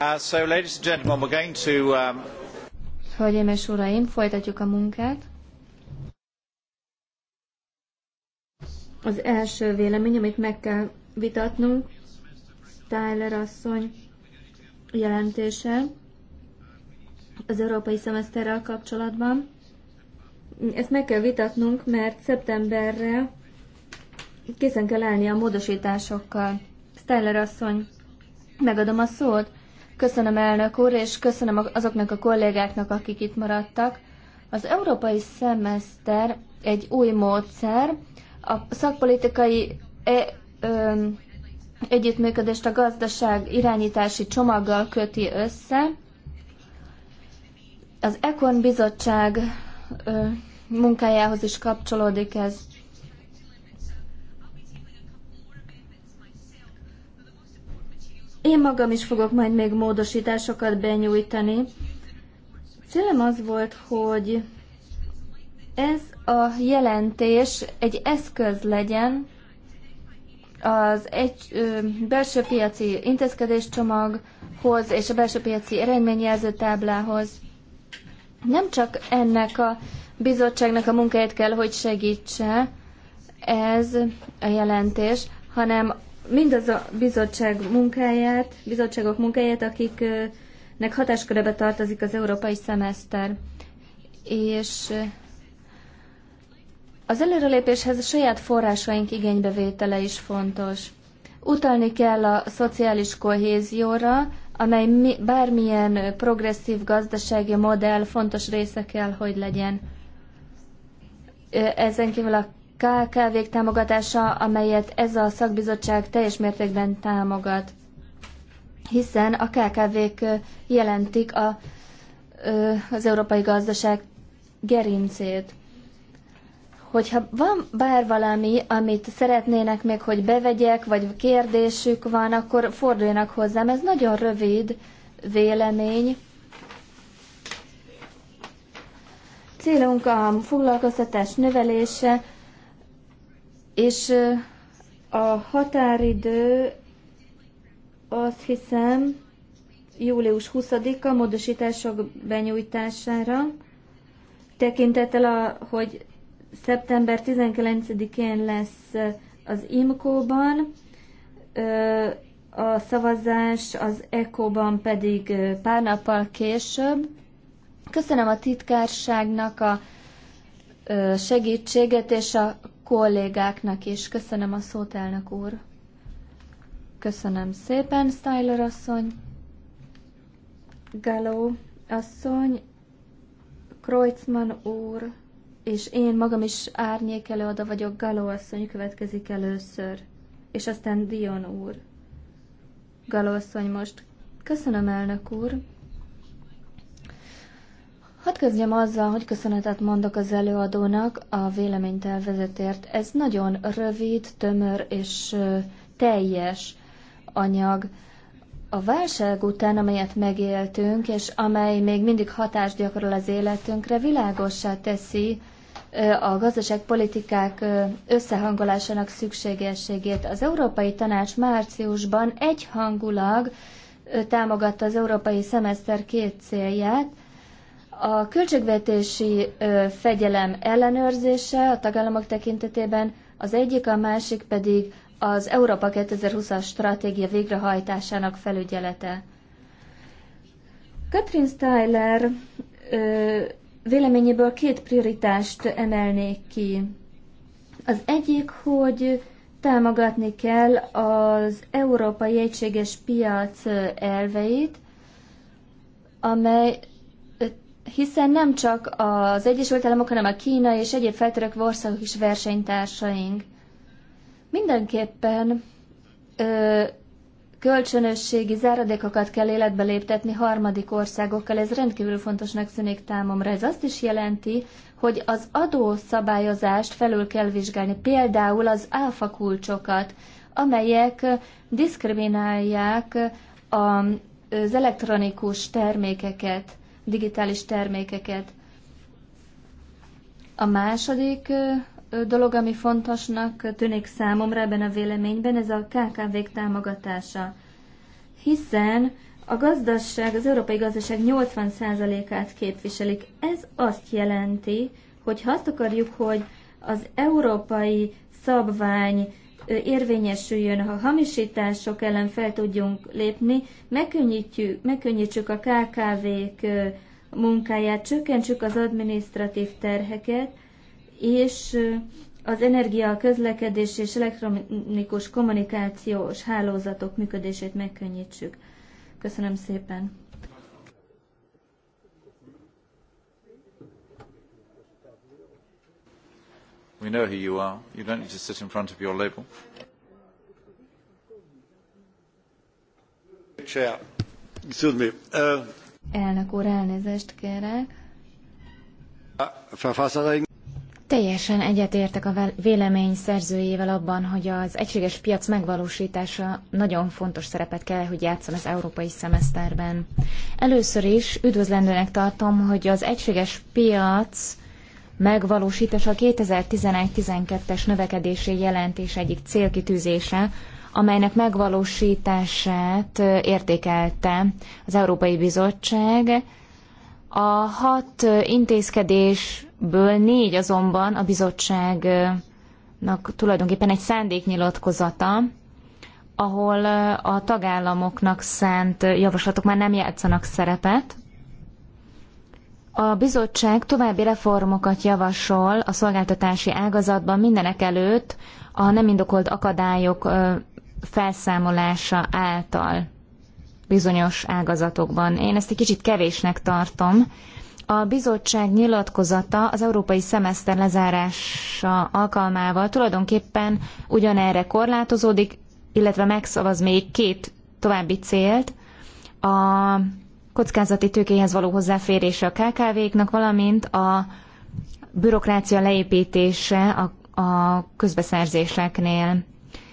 Uh, um, Hölgyeim és uraim, folytatjuk a munkát. Az első vélemény, amit meg kell vitatnunk, Tyler asszony jelentése az európai szemeszterrel kapcsolatban. Ezt meg kell vitatnunk, mert szeptemberre készen kell állni a módosításokkal. Steller asszony, megadom a szót. Köszönöm elnök úr, és köszönöm azoknak a kollégáknak, akik itt maradtak. Az európai szemeszter egy új módszer. A szakpolitikai e, ö, együttműködést a gazdaság irányítási csomaggal köti össze. Az Econ bizottság ö, munkájához is kapcsolódik ez. Én magam is fogok majd még módosításokat benyújtani. Célom az volt, hogy ez a jelentés egy eszköz legyen az egy ö, belső piaci intézkedéscsomaghoz és a belső piaci eredményjelző táblához. Nem csak ennek a bizottságnak a munkáját kell, hogy segítse ez a jelentés, hanem mindaz a bizottság munkáját, bizottságok munkáját, akiknek hatáskörébe tartozik az európai szemeszter. És eh, az előrelépéshez a saját forrásaink igénybevétele is fontos. Utalni kell a szociális kohézióra, amely mi, bármilyen progresszív gazdasági modell fontos része kell, hogy legyen. Eh, ezen kívül a KKV-k támogatása, amelyet ez a szakbizottság teljes mértékben támogat, hiszen a KKV-k jelentik a, az európai gazdaság gerincét. Hogyha van bár valami, amit szeretnének még, hogy bevegyek, vagy kérdésük van, akkor forduljanak hozzám. Ez nagyon rövid vélemény. Célunk a foglalkoztatás növelése, és a határidő azt hiszem július 20-a módosítások benyújtására, tekintettel, a, hogy szeptember 19-én lesz az IMCO-ban, a szavazás az ECO-ban pedig pár nappal később. Köszönöm a titkárságnak a segítséget és a kollégáknak is. Köszönöm a szót, elnök úr. Köszönöm szépen, Styler asszony, Galó asszony, Kreutzmann úr, és én magam is árnyék előada vagyok, Galó asszony következik először, és aztán Dion úr. Galó asszony most. Köszönöm, elnök úr. Hadd kezdjem azzal, hogy köszönetet mondok az előadónak a véleménytervezetért. Ez nagyon rövid, tömör és teljes anyag. A válság után, amelyet megéltünk, és amely még mindig hatást gyakorol az életünkre, világossá teszi a gazdaságpolitikák összehangolásának szükségességét. Az Európai Tanács márciusban egyhangulag támogatta az európai szemeszter két célját, a költségvetési fegyelem ellenőrzése a tagállamok tekintetében az egyik, a másik pedig az Európa 2020-as stratégia végrehajtásának felügyelete. Katrin Styler véleményéből két prioritást emelnék ki. Az egyik, hogy támogatni kell az európai egységes piac elveit, amely hiszen nem csak az Egyesült Államok, hanem a Kína és egyéb feltörekvő országok is versenytársaink. Mindenképpen ö, kölcsönösségi záradékokat kell életbe léptetni harmadik országokkal, ez rendkívül fontosnak szűnik támomra. Ez azt is jelenti, hogy az adószabályozást felül kell vizsgálni, például az áfa kulcsokat, amelyek diszkriminálják az elektronikus termékeket digitális termékeket. A második dolog, ami fontosnak tűnik számomra ebben a véleményben, ez a KKV-k támogatása. Hiszen a gazdaság, az európai gazdaság 80%-át képviselik. Ez azt jelenti, hogy ha azt akarjuk, hogy az európai szabvány érvényesüljön, ha hamisítások ellen fel tudjunk lépni, megkönnyítjük, megkönnyítsük a KKV-k munkáját, csökkentsük az adminisztratív terheket, és az energia, közlekedés és elektronikus kommunikációs hálózatok működését megkönnyítsük. Köszönöm szépen!
We know who you are. You don't need to sit in front of your label.
Chair. Excuse me. Uh,
Elnök úr, elnézést kérek.
Teljesen egyetértek a vélemény szerzőjével abban, hogy az egységes piac megvalósítása nagyon fontos szerepet kell, hogy játszon az európai szemeszterben. Először is üdvözlendőnek tartom, hogy az egységes piac megvalósítása a 2011-12-es növekedési jelentés egyik célkitűzése, amelynek megvalósítását értékelte az Európai Bizottság. A hat intézkedésből négy azonban a bizottságnak tulajdonképpen egy szándéknyilatkozata, ahol a tagállamoknak szánt javaslatok már nem játszanak szerepet, a bizottság további reformokat javasol a szolgáltatási ágazatban mindenek előtt a nem indokolt akadályok felszámolása által bizonyos ágazatokban. Én ezt egy kicsit kevésnek tartom. A bizottság nyilatkozata az európai szemeszter lezárása alkalmával tulajdonképpen ugyanerre korlátozódik, illetve megszavaz még két további célt. A kockázati tőkéhez való hozzáférése a KKV-knak, valamint a bürokrácia leépítése a, a közbeszerzéseknél.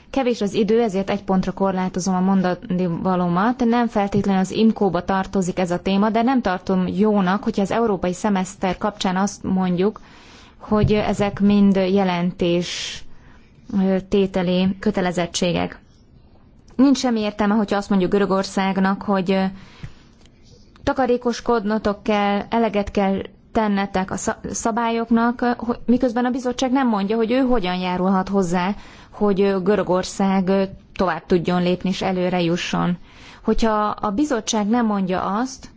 Kevés az idő, ezért egy pontra korlátozom a mondani valómat. Nem feltétlenül az IMCO-ba tartozik ez a téma, de nem tartom jónak, hogyha az európai szemeszter kapcsán azt mondjuk, hogy ezek mind jelentés tételi kötelezettségek. Nincs semmi értelme, hogyha azt mondjuk Görögországnak, hogy takarékoskodnotok kell, eleget kell tennetek a szabályoknak, miközben a bizottság nem mondja, hogy ő hogyan járulhat hozzá, hogy Görögország tovább tudjon lépni és előre jusson. Hogyha a bizottság nem mondja azt,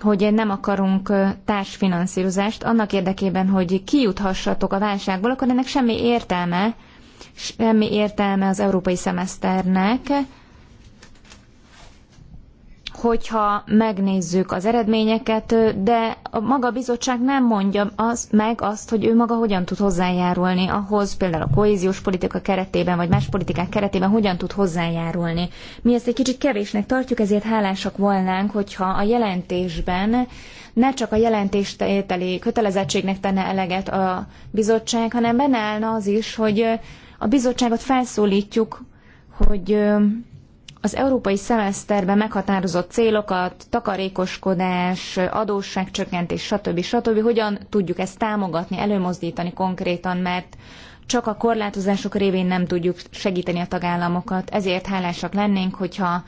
hogy nem akarunk társfinanszírozást annak érdekében, hogy kijuthassatok a válságból, akkor ennek semmi értelme, semmi értelme az európai szemeszternek, hogyha megnézzük az eredményeket, de a maga a bizottság nem mondja az, meg azt, hogy ő maga hogyan tud hozzájárulni ahhoz, például a kohéziós politika keretében, vagy más politikák keretében hogyan tud hozzájárulni. Mi ezt egy kicsit kevésnek tartjuk, ezért hálásak volnánk, hogyha a jelentésben ne csak a jelentéstételi kötelezettségnek tenne eleget a bizottság, hanem benne állna az is, hogy a bizottságot felszólítjuk, hogy az európai szemeszterben meghatározott célokat, takarékoskodás, adósságcsökkentés, stb. stb. hogyan tudjuk ezt támogatni, előmozdítani konkrétan, mert csak a korlátozások révén nem tudjuk segíteni a tagállamokat. Ezért hálásak lennénk, hogyha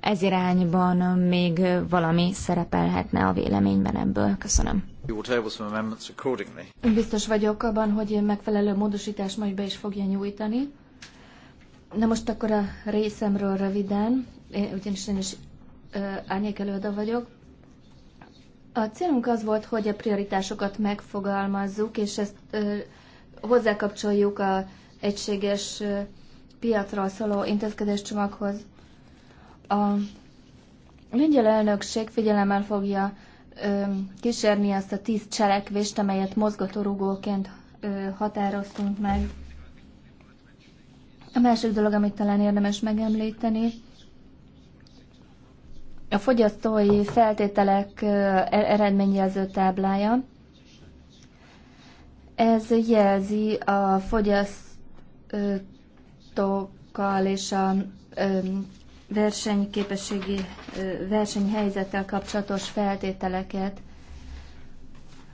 ez irányban még valami szerepelhetne a véleményben ebből. Köszönöm.
Biztos vagyok abban, hogy megfelelő módosítás majd be is fogja nyújtani. Na most akkor a részemről röviden, én, ugyanis én is árnyék előadó vagyok. A célunk az volt, hogy a prioritásokat megfogalmazzuk, és ezt ö, hozzákapcsoljuk a egységes ö, piacról szóló intézkedéscsomaghoz. A lengyel elnökség figyelemmel fogja ö, kísérni azt a tíz cselekvést, amelyet mozgatórugóként ö, határoztunk meg. A másik dolog, amit talán érdemes megemlíteni, a fogyasztói feltételek e-, eredményjelző táblája. Ez jelzi a fogyasztókkal és a versenyképességi versenyhelyzettel kapcsolatos feltételeket.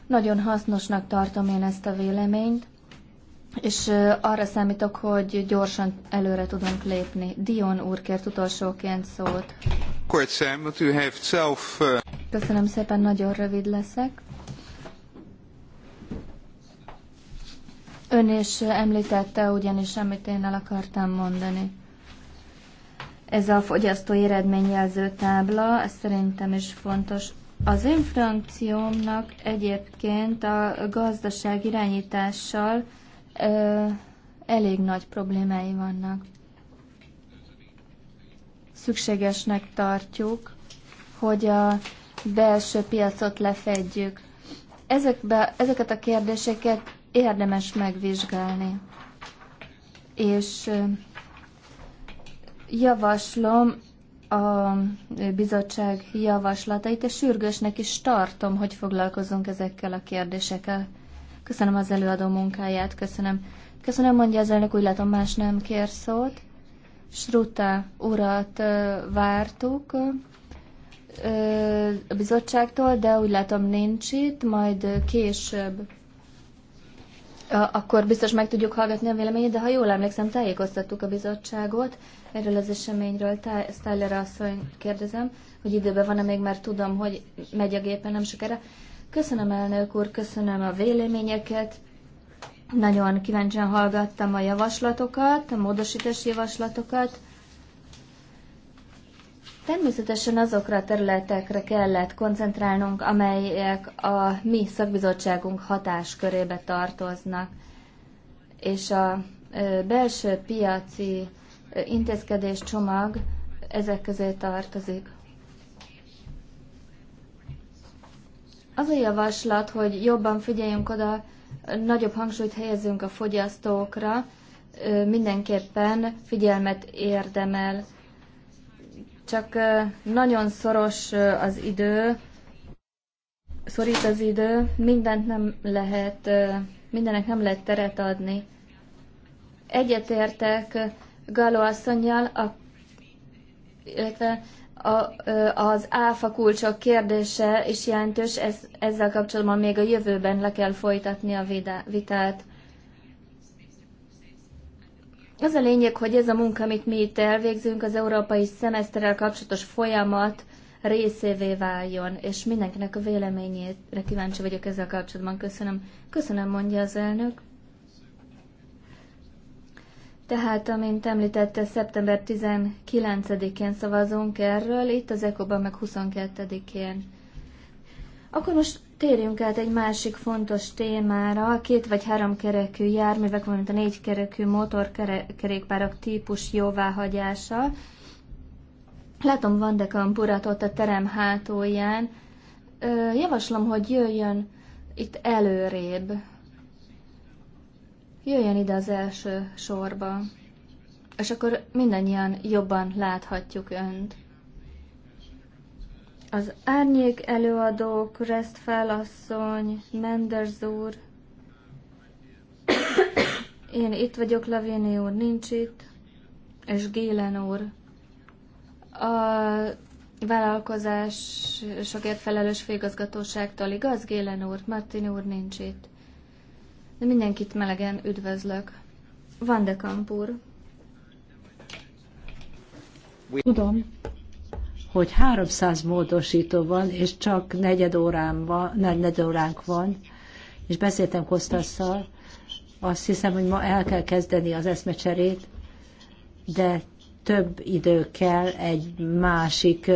Nagyon hasznosnak tartom én ezt a véleményt és arra számítok, hogy gyorsan előre tudunk lépni. Dion úr kért utolsóként szót. Köszönöm szépen, nagyon rövid leszek. Ön is említette ugyanis, amit én el akartam mondani. Ez a fogyasztói eredményjelző tábla, ez szerintem is fontos. Az én egyébként a gazdaság irányítással ö, elég nagy problémái vannak. Szükségesnek tartjuk, hogy a belső piacot lefedjük. Ezekbe, ezeket a kérdéseket érdemes megvizsgálni. És javaslom a bizottság javaslatait, és sürgősnek is tartom, hogy foglalkozunk ezekkel a kérdésekkel. Köszönöm az előadó munkáját, köszönöm. Köszönöm, mondja az elnök, úgy látom más nem kér szót. Sruta urat vártuk a bizottságtól, de úgy látom nincs itt, majd később akkor biztos meg tudjuk hallgatni a véleményét, de ha jól emlékszem, tájékoztattuk a bizottságot erről az eseményről. Tyler asszony kérdezem, hogy időben van-e még, mert tudom, hogy megy a gépen nem sokára. Köszönöm, elnök úr, köszönöm a véleményeket. Nagyon kíváncsian hallgattam a javaslatokat, a módosítási javaslatokat. Természetesen azokra a területekre kellett koncentrálnunk, amelyek a mi szakbizottságunk hatáskörébe tartoznak, és a belső piaci intézkedés csomag ezek közé tartozik. Az a javaslat, hogy jobban figyeljünk oda, nagyobb hangsúlyt helyezünk a fogyasztókra, mindenképpen figyelmet érdemel. Csak nagyon szoros az idő, szorít az idő, mindent nem lehet, mindenek nem lehet teret adni. Egyetértek Galo asszonyjal, a, illetve a, az áfa kulcsok kérdése is jelentős, ez, ezzel kapcsolatban még a jövőben le kell folytatni a vitát. Az a lényeg, hogy ez a munka, amit mi itt elvégzünk, az európai szemeszterrel kapcsolatos folyamat részévé váljon, és mindenkinek a véleményére kíváncsi vagyok ezzel kapcsolatban. Köszönöm. Köszönöm, mondja az elnök. Tehát, amint említette, szeptember 19-én szavazunk erről, itt az ECO-ban meg 22-én. Akkor most térjünk át egy másik fontos témára, a két vagy három kerekű járművek, valamint a négy kerekű motorkerékpárok típus jóváhagyása. Látom Van de ott a terem hátulján. Javaslom, hogy jöjjön itt előrébb, jöjjön ide az első sorba, és akkor mindannyian jobban láthatjuk önt. Az árnyék előadók, Restfel Menders úr, én itt vagyok, Lavini úr nincs itt, és Gélen úr. A sokért felelős főigazgatóságtól, igaz, Gélen úr? Martin úr nincs itt de mindenkit melegen üdvözlök. Van de Kampur.
Tudom, hogy 300 módosító van, és csak negyed, órán van, negyed óránk van, és beszéltem Kostasszal, azt hiszem, hogy ma el kell kezdeni az eszmecserét, de több idő kell egy másik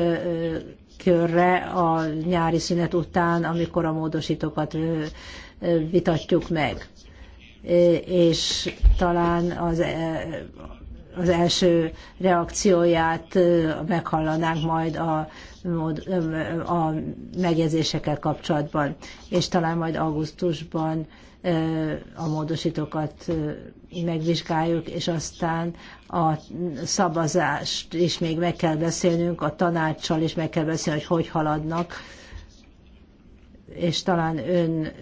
körre a nyári szünet után, amikor a módosítókat vitatjuk meg és talán az, e, az első reakcióját e, meghallanánk majd a, e, a megjegyzésekkel kapcsolatban, és talán majd augusztusban a módosítókat megvizsgáljuk, és aztán a szabazást is még meg kell beszélnünk, a tanácssal is meg kell beszélni, hogy hogy haladnak és talán ön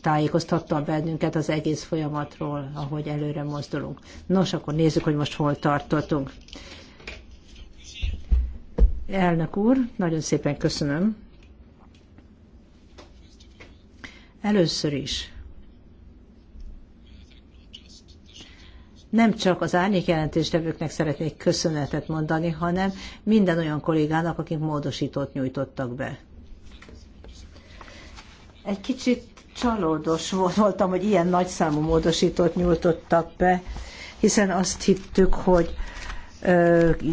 tájékoztatta bennünket az egész folyamatról, ahogy előre mozdulunk. Nos, akkor nézzük, hogy most hol tartottunk. Elnök úr, nagyon szépen köszönöm. Először is nem csak az árnyék jelentéstevőknek szeretnék köszönetet mondani, hanem minden olyan kollégának, akik módosítót nyújtottak be. Egy kicsit csalódos voltam, hogy ilyen nagy számú módosítót nyújtottak be, hiszen azt hittük, hogy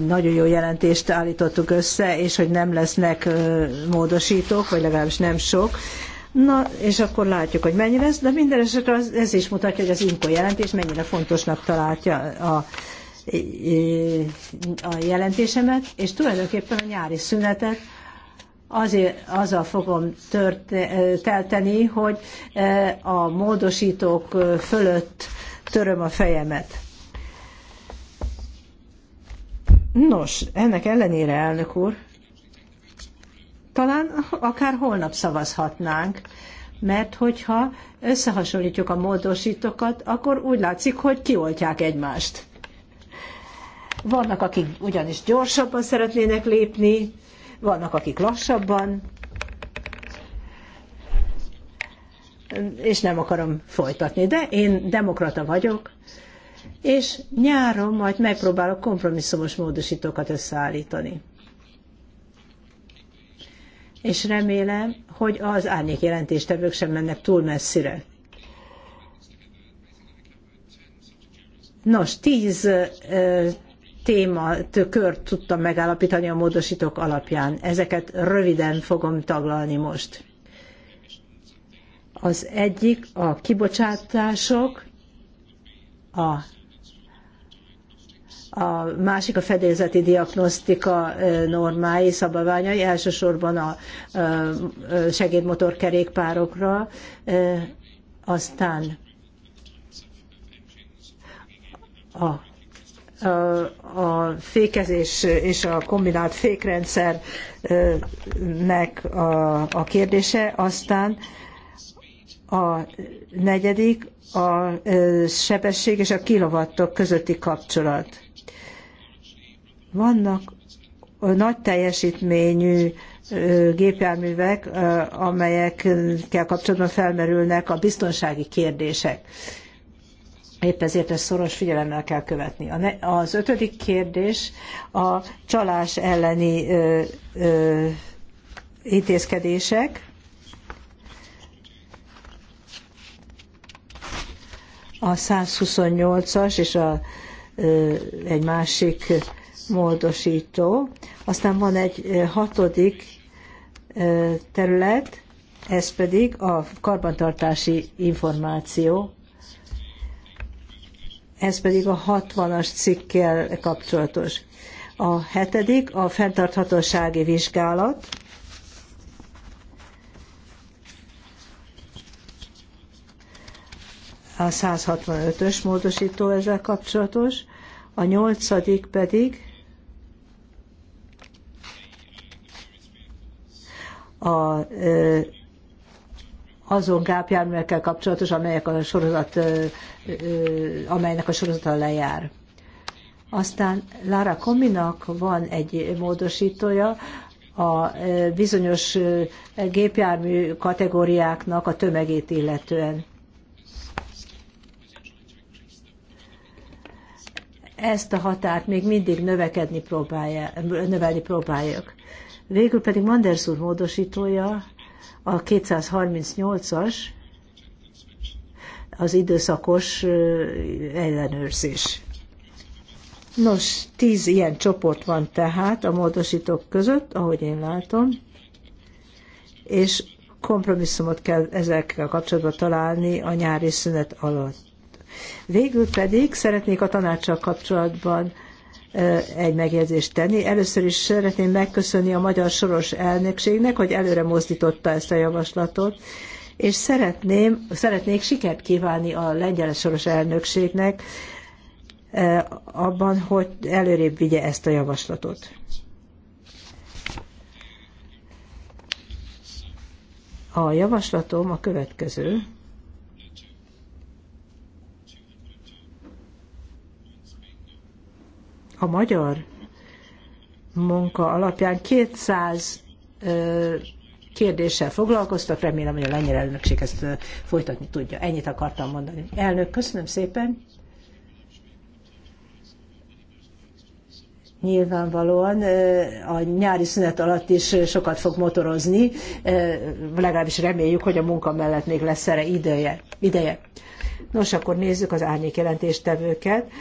nagyon jó jelentést állítottuk össze, és hogy nem lesznek ö, módosítók, vagy legalábbis nem sok. Na, és akkor látjuk, hogy mennyi lesz, de minden esetre az, ez is mutatja, hogy az INKO jelentés mennyire fontosnak találja a, a jelentésemet, és tulajdonképpen a nyári szünetet azért azzal fogom történ- eh, telteni, hogy eh, a módosítók eh, fölött töröm a fejemet. Nos, ennek ellenére, elnök úr, talán akár holnap szavazhatnánk, mert hogyha összehasonlítjuk a módosítókat, akkor úgy látszik, hogy kioltják egymást. Vannak, akik ugyanis gyorsabban szeretnének lépni, vannak akik lassabban, és nem akarom folytatni, de én demokrata vagyok, és nyáron majd megpróbálok kompromisszumos módosítókat összeállítani. És remélem, hogy az árnyék jelentéstevők sem mennek túl messzire. Nos, tíz témakört tudtam megállapítani a módosítók alapján. Ezeket röviden fogom taglalni most. Az egyik a kibocsátások, a, a másik a fedélzeti diagnosztika normái, szabványai, elsősorban a, a segédmotorkerékpárokra, aztán a a fékezés és a kombinált fékrendszernek a, a kérdése, aztán a negyedik a sebesség és a kilovattok közötti kapcsolat. Vannak nagy teljesítményű gépjárművek, amelyekkel kapcsolatban felmerülnek a biztonsági kérdések. Épp ezért ezt szoros figyelemmel kell követni. Az ötödik kérdés a csalás elleni ö, ö, intézkedések. A 128-as és a, ö, egy másik módosító. Aztán van egy hatodik ö, terület, ez pedig a karbantartási információ ez pedig a 60-as cikkel kapcsolatos. A hetedik a fenntarthatósági vizsgálat. A 165-ös módosító ezzel kapcsolatos. A nyolcadik pedig a ö, azon gápjárművekkel kapcsolatos, amelyek a sorozat, amelynek a sorozata lejár. Aztán Lara Kominak van egy módosítója, a bizonyos gépjármű kategóriáknak a tömegét illetően. Ezt a határt még mindig növekedni próbálja, növelni próbáljuk. Végül pedig Manders úr módosítója a 238-as az időszakos ellenőrzés. Nos, tíz ilyen csoport van tehát a módosítók között, ahogy én látom, és kompromisszumot kell ezekkel kapcsolatban találni a nyári szünet alatt. Végül pedig szeretnék a tanácsal kapcsolatban egy megjegyzést tenni. Először is szeretném megköszönni a Magyar Soros elnökségnek, hogy előre mozdította ezt a javaslatot, és szeretném, szeretnék sikert kívánni a lengyel soros elnökségnek abban, hogy előrébb vigye ezt a javaslatot. A javaslatom a következő. a magyar munka alapján 200 kérdéssel foglalkoztak, remélem, hogy a lengyel elnökség ezt folytatni tudja. Ennyit akartam mondani. Elnök, köszönöm szépen. Nyilvánvalóan a nyári szünet alatt is sokat fog motorozni, legalábbis reméljük, hogy a munka mellett még lesz erre ideje. ideje. Nos, akkor nézzük az árnyék jelentéstevőket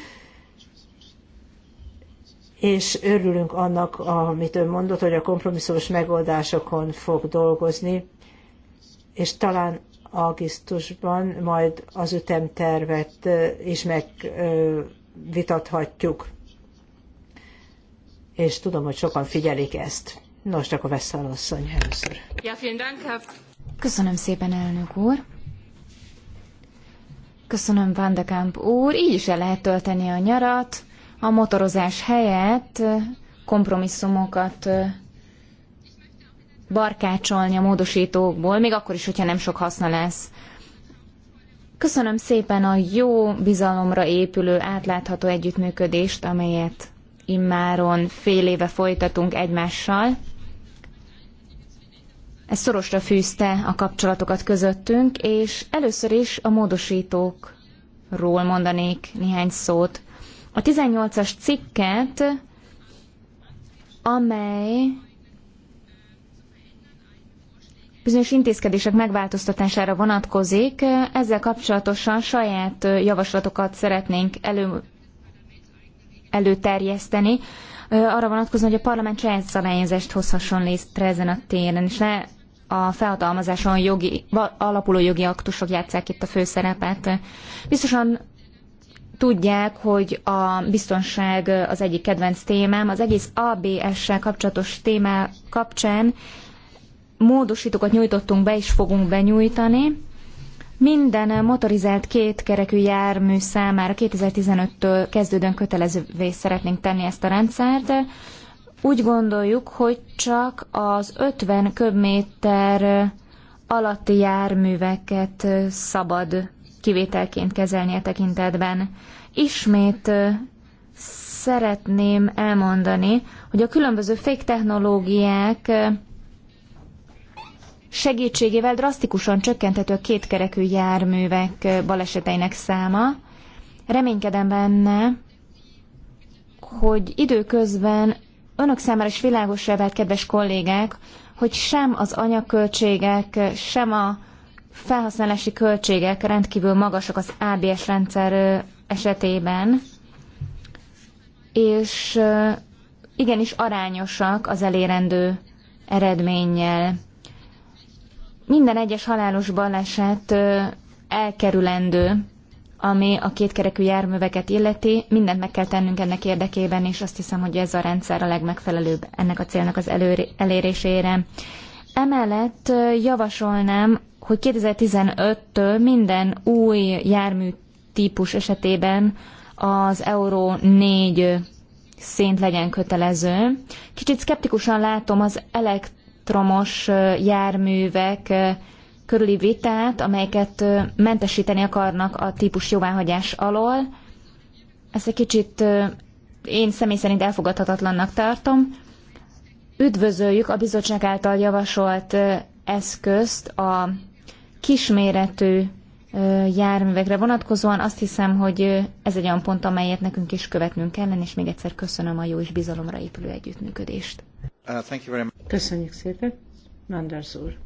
és örülünk annak, amit ön mondott, hogy a kompromisszumos megoldásokon fog dolgozni, és talán augusztusban majd az ütemtervet is megvitathatjuk. És tudom, hogy sokan figyelik ezt. Nos, csak a Vesszal asszony először. Köszönöm szépen, elnök úr.
Köszönöm, Vandekamp úr. Így is el lehet tölteni a nyarat a motorozás helyett kompromisszumokat barkácsolni a módosítókból, még akkor is, hogyha nem sok haszna lesz. Köszönöm szépen a jó bizalomra épülő, átlátható együttműködést, amelyet immáron fél éve folytatunk egymással. Ez szorosra fűzte a kapcsolatokat közöttünk, és először is a módosítókról mondanék néhány szót a 18-as cikket, amely bizonyos intézkedések megváltoztatására vonatkozik. Ezzel kapcsolatosan saját javaslatokat szeretnénk elő, előterjeszteni, arra vonatkozóan, hogy a parlament saját szabályozást hozhasson létre ezen a téren, és ne a felhatalmazáson jogi, alapuló jogi aktusok játsszák itt a főszerepet. Biztosan Tudják, hogy a biztonság az egyik kedvenc témám. Az egész ABS-sel kapcsolatos témá kapcsán módosítókat nyújtottunk be, és fogunk benyújtani. Minden motorizált kétkerekű jármű számára 2015-től kezdődően kötelezővé szeretnénk tenni ezt a rendszert. Úgy gondoljuk, hogy csak az 50 köbméter alatti járműveket szabad kivételként kezelni a e tekintetben. Ismét szeretném elmondani, hogy a különböző fake technológiák segítségével drasztikusan csökkenthető a kétkerekű járművek baleseteinek száma. Reménykedem benne, hogy időközben önök számára is világosra vált, kedves kollégák, hogy sem az anyagköltségek, sem a felhasználási költségek rendkívül magasak az ABS rendszer esetében, és igenis arányosak az elérendő eredménnyel. Minden egyes halálos baleset elkerülendő, ami a kétkerekű járműveket illeti. Mindent meg kell tennünk ennek érdekében, és azt hiszem, hogy ez a rendszer a legmegfelelőbb ennek a célnak az elérésére. Emellett javasolnám hogy 2015-től minden új jármű típus esetében az Euró 4 szint legyen kötelező. Kicsit szkeptikusan látom az elektromos járművek körüli vitát, amelyeket mentesíteni akarnak a típus jóváhagyás alól. Ezt egy kicsit én személy szerint elfogadhatatlannak tartom. Üdvözöljük a bizottság által javasolt eszközt a kisméretű járművekre vonatkozóan azt hiszem, hogy ez egy olyan pont, amelyet nekünk is követnünk kellene, és még egyszer köszönöm a jó és bizalomra épülő együttműködést. Uh, Köszönjük szépen,
Manders úr.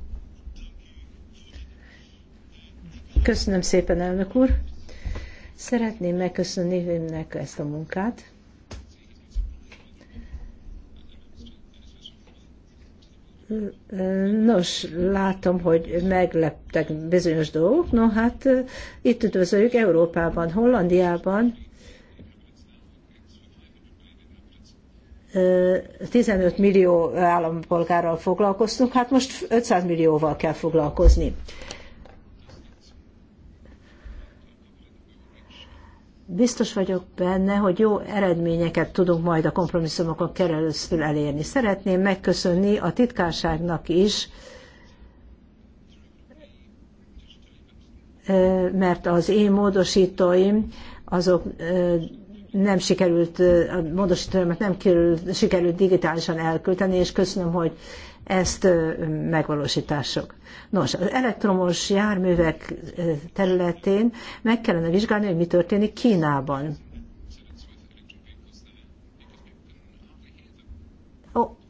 Köszönöm szépen, elnök úr. Szeretném megköszönni önnek ezt a munkát, Nos, látom, hogy megleptek bizonyos dolgok. No, hát itt üdvözöljük Európában, Hollandiában 15 millió állampolgárral foglalkoztunk, hát most 500 millióval kell foglalkozni. biztos vagyok benne, hogy jó eredményeket tudunk majd a kompromisszumokon keresztül elérni. Szeretném megköszönni a titkárságnak is, mert az én módosítóim azok nem sikerült, a módosítóimat nem került, sikerült digitálisan elküldeni, és köszönöm, hogy ezt megvalósítások. Nos, az elektromos járművek területén meg kellene vizsgálni, hogy mi történik Kínában.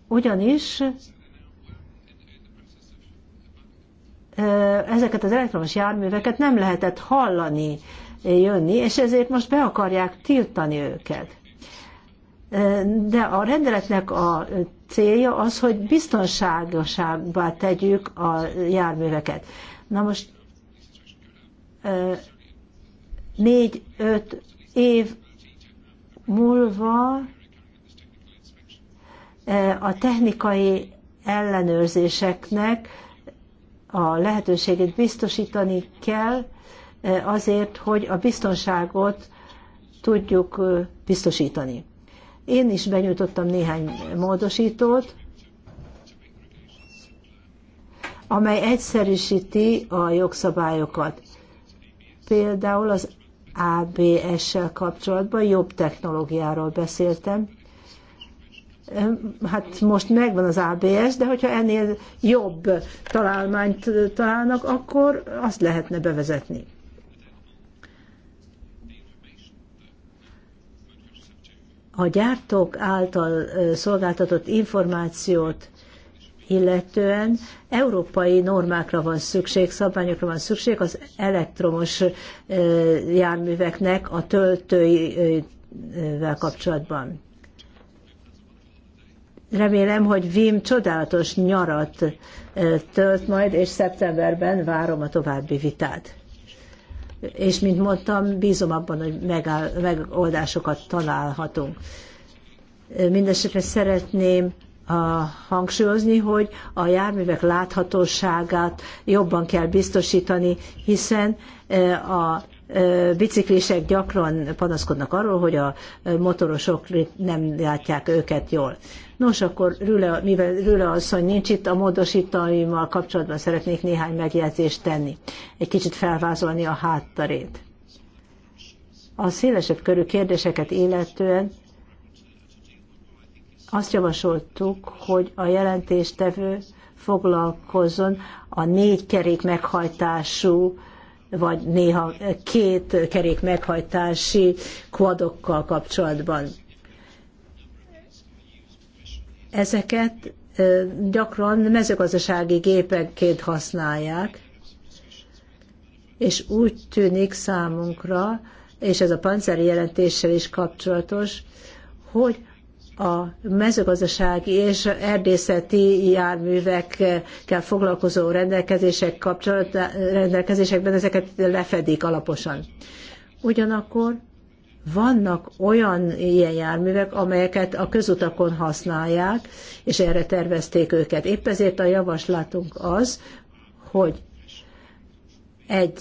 Ugyanis ezeket az elektromos járműveket nem lehetett hallani jönni, és ezért most be akarják tiltani őket. De a rendeletnek a célja az, hogy biztonságosabbá tegyük a járműveket. Na most négy-öt év múlva a technikai ellenőrzéseknek a lehetőségét biztosítani kell azért, hogy a biztonságot tudjuk biztosítani. Én is benyújtottam néhány módosítót, amely egyszerűsíti a jogszabályokat. Például az ABS-sel kapcsolatban jobb technológiáról beszéltem. Hát most megvan az ABS, de hogyha ennél jobb találmányt találnak, akkor azt lehetne bevezetni. a gyártók által szolgáltatott információt illetően európai normákra van szükség, szabványokra van szükség az elektromos járműveknek a töltőivel kapcsolatban. Remélem, hogy Vim csodálatos nyarat tölt majd, és szeptemberben várom a további vitát és mint mondtam, bízom abban, hogy megáll, megoldásokat találhatunk. Mindenesetre szeretném a, hangsúlyozni, hogy a járművek láthatóságát jobban kell biztosítani, hiszen e, a e, biciklisek gyakran panaszkodnak arról, hogy a e, motorosok nem látják őket jól. Nos, akkor Rüle, mivel Rüle asszony nincs itt, a módosítóimmal kapcsolatban szeretnék néhány megjegyzést tenni, egy kicsit felvázolni a háttarét. A szélesebb körű kérdéseket illetően azt javasoltuk, hogy a jelentéstevő foglalkozzon a négy kerék meghajtású, vagy néha két kerék meghajtási kvadokkal kapcsolatban ezeket gyakran mezőgazdasági gépenként használják, és úgy tűnik számunkra, és ez a panceri jelentéssel is kapcsolatos, hogy a mezőgazdasági és erdészeti járművekkel foglalkozó rendelkezések kapcsolat, rendelkezésekben ezeket lefedik alaposan. Ugyanakkor vannak olyan ilyen járművek, amelyeket a közutakon használják, és erre tervezték őket. Épp ezért a javaslatunk az, hogy egy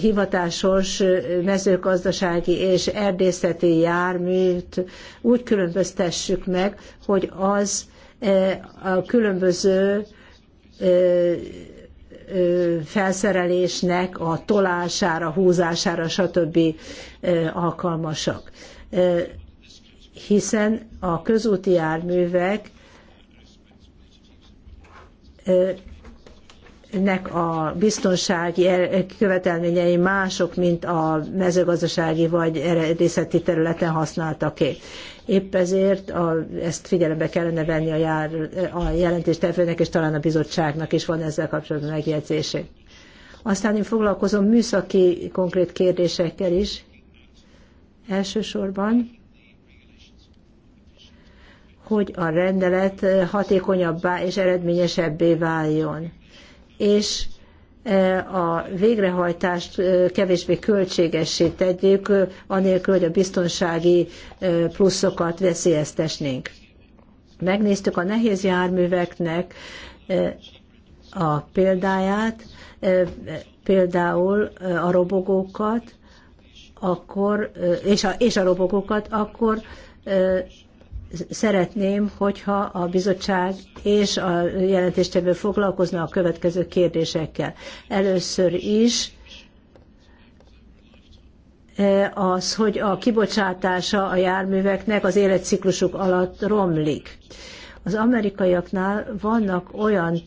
hivatásos mezőgazdasági és erdészeti járműt úgy különböztessük meg, hogy az a különböző felszerelésnek a tolására, húzására, stb. alkalmasak. Hiszen a közúti járművek nek a biztonsági követelményei mások, mint a mezőgazdasági vagy eredészeti területen használtaké. Épp ezért a, ezt figyelembe kellene venni a, jár, a jelentéstevőnek, és talán a bizottságnak is van ezzel kapcsolatban megjegyzése. Aztán én foglalkozom műszaki konkrét kérdésekkel is. Elsősorban, hogy a rendelet hatékonyabbá és eredményesebbé váljon. És a végrehajtást kevésbé költségessé tegyük, anélkül, hogy a biztonsági pluszokat veszélyeztesnénk. Megnéztük a nehéz járműveknek a példáját, például a robogókat, akkor, és, a, és a robogókat, akkor szeretném, hogyha a bizottság és a jelentéstevő foglalkozna a következő kérdésekkel. Először is e, az, hogy a kibocsátása a járműveknek az életciklusuk alatt romlik. Az amerikaiaknál vannak olyan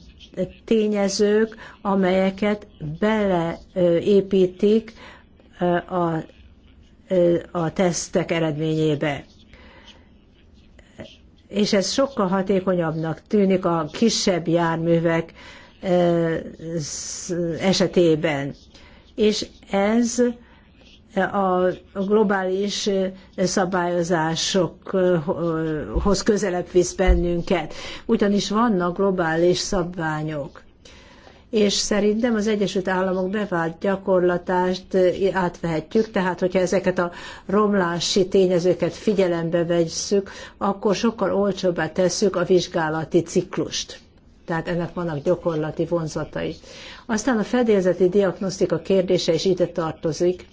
tényezők, amelyeket beleépítik e, a, e, a tesztek eredményébe és ez sokkal hatékonyabbnak tűnik a kisebb járművek esetében. És ez a globális szabályozásokhoz közelebb visz bennünket, ugyanis vannak globális szabványok és szerintem az Egyesült Államok bevált gyakorlatást átvehetjük, tehát hogyha ezeket a romlási tényezőket figyelembe vegyszük, akkor sokkal olcsóbbá tesszük a vizsgálati ciklust. Tehát ennek vannak gyakorlati vonzatai. Aztán a fedélzeti diagnosztika kérdése is ide tartozik,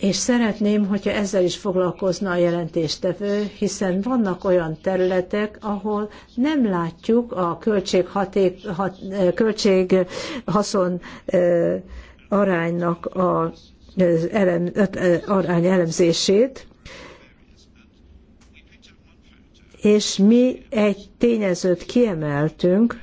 és szeretném, hogyha ezzel is foglalkozna a jelentéstevő, hiszen vannak olyan területek, ahol nem látjuk a költség, haték, hat, költség haszon aránynak a, az elem, arány elemzését, és mi egy tényezőt kiemeltünk,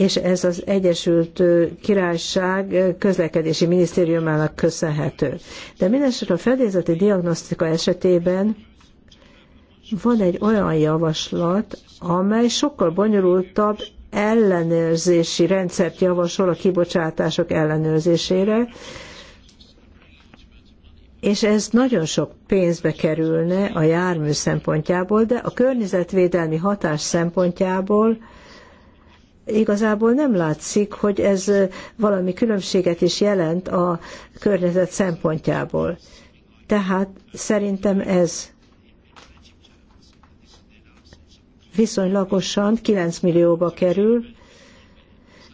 és ez az Egyesült Királyság közlekedési minisztériumának köszönhető. De mindesetre a fedélzeti diagnosztika esetében van egy olyan javaslat, amely sokkal bonyolultabb ellenőrzési rendszert javasol a kibocsátások ellenőrzésére, és ez nagyon sok pénzbe kerülne a jármű szempontjából, de a környezetvédelmi hatás szempontjából igazából nem látszik, hogy ez valami különbséget is jelent a környezet szempontjából. Tehát szerintem ez viszonylagosan 9 millióba kerül,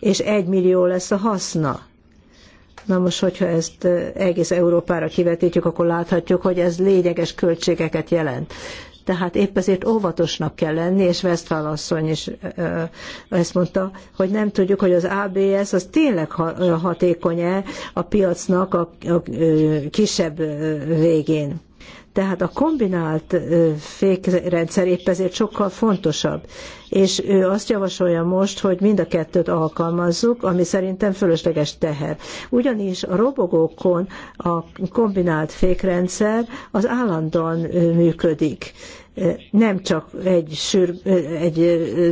és 1 millió lesz a haszna. Na most, hogyha ezt egész Európára kivetítjük, akkor láthatjuk, hogy ez lényeges költségeket jelent. Tehát épp ezért óvatosnak kell lenni, és Westphal asszony is ezt mondta, hogy nem tudjuk, hogy az ABS az tényleg hatékony-e a piacnak a kisebb végén. Tehát a kombinált fékrendszer épp ezért sokkal fontosabb. És ő azt javasolja most, hogy mind a kettőt alkalmazzuk, ami szerintem fölösleges teher. Ugyanis a robogókon a kombinált fékrendszer az állandóan működik nem csak egy, sűr, egy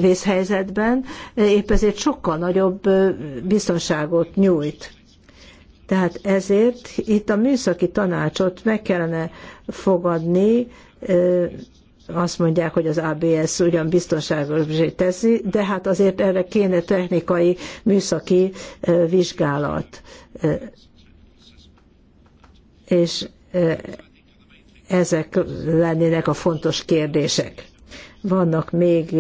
vészhelyzetben, épp ezért sokkal nagyobb biztonságot nyújt. Tehát ezért itt a műszaki tanácsot meg kellene fogadni, azt mondják, hogy az ABS ugyan biztonságos teszi, de hát azért erre kéne technikai, műszaki vizsgálat. És ezek lennének a fontos kérdések. Vannak még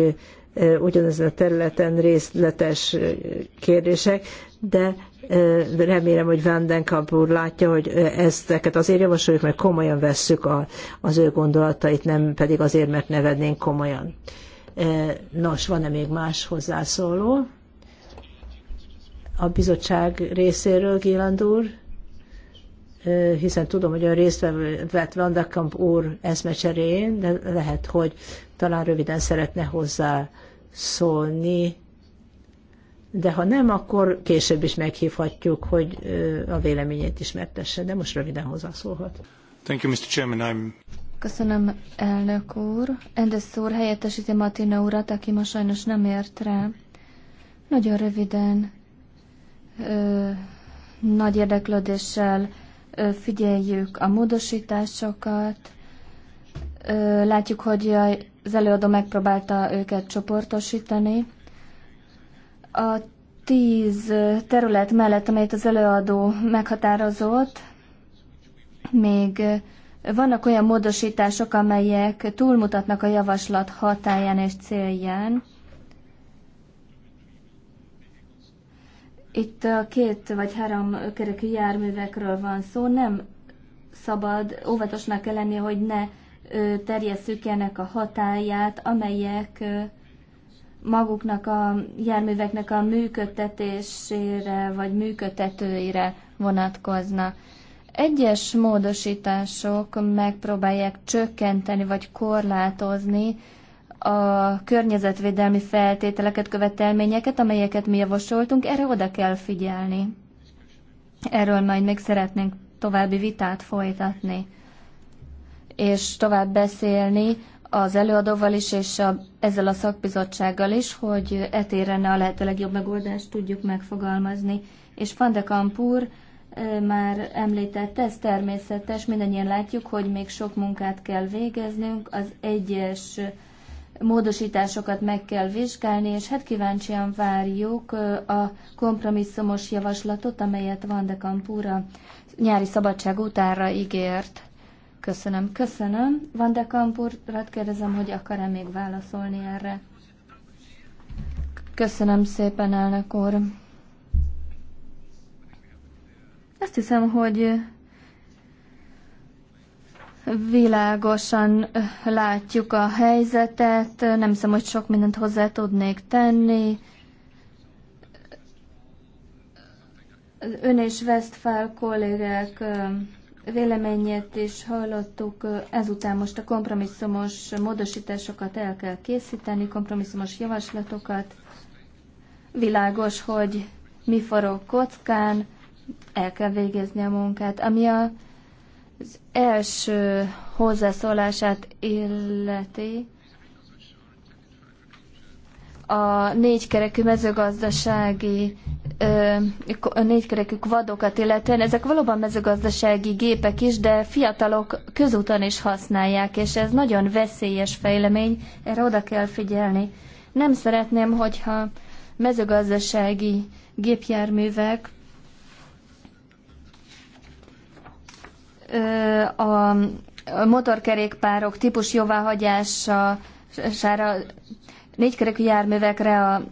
ugyanezen a területen részletes kérdések, de Remélem, hogy Vandenkamp úr látja, hogy ezteket azért javasoljuk, mert komolyan vesszük a, az ő gondolatait, nem pedig azért, mert ne komolyan. Nos, van-e még más hozzászóló? A bizottság részéről, Géland úr? hiszen tudom, hogy ön részt vett Vandakamp úr eszmecseréjén, de lehet, hogy talán röviden szeretne hozzá szólni de ha nem, akkor később is meghívhatjuk, hogy a véleményét ismertesse, de most röviden hozzászólhat.
Thank you, Mr. Chairman. I'm... Köszönöm, elnök úr. Endesz úr helyettesíti Martina urat, aki ma sajnos nem ért rá. Nagyon röviden, ö, nagy érdeklődéssel ö, figyeljük a módosításokat. Ö, látjuk, hogy az előadó megpróbálta őket csoportosítani a tíz terület mellett, amelyet az előadó meghatározott, még vannak olyan módosítások, amelyek túlmutatnak a javaslat hatáján és célján. Itt a két vagy három kerekű járművekről van szó, nem szabad, óvatosnak kell lenni, hogy ne terjesszük ennek a hatáját, amelyek maguknak a járműveknek a működtetésére vagy működtetőire vonatkozna. Egyes módosítások megpróbálják csökkenteni vagy korlátozni a környezetvédelmi feltételeket, követelményeket, amelyeket mi javasoltunk, erre oda kell figyelni. Erről majd még szeretnénk további vitát folytatni, és tovább beszélni az előadóval is, és a, ezzel a szakbizottsággal is, hogy etéren a lehető legjobb megoldást tudjuk megfogalmazni. És Van de már említette, ez természetes, mindannyian látjuk, hogy még sok munkát kell végeznünk, az egyes módosításokat meg kell vizsgálni, és hát kíváncsian várjuk a kompromisszumos javaslatot, amelyet Van de nyári szabadság utára ígért. Köszönöm, köszönöm. Van de Kampur, rád kérdezem, hogy akar-e még válaszolni erre? Köszönöm szépen, elnök úr. Azt hiszem, hogy világosan látjuk a helyzetet. Nem hiszem, hogy sok mindent hozzá tudnék tenni. Ön és Westphal kollégek véleményét is hallottuk, ezután most a kompromisszumos módosításokat el kell készíteni, kompromisszumos javaslatokat. Világos, hogy mi forog kockán, el kell végezni a munkát. Ami a, az első hozzászólását illeti, a négykerekű mezőgazdasági négykerekű kvadokat illetően, ezek valóban mezőgazdasági gépek is, de fiatalok közúton is használják, és ez nagyon veszélyes fejlemény, erre oda kell figyelni. Nem szeretném, hogyha mezőgazdasági gépjárművek a motorkerékpárok típus jóváhagyására négykerekű járművekre a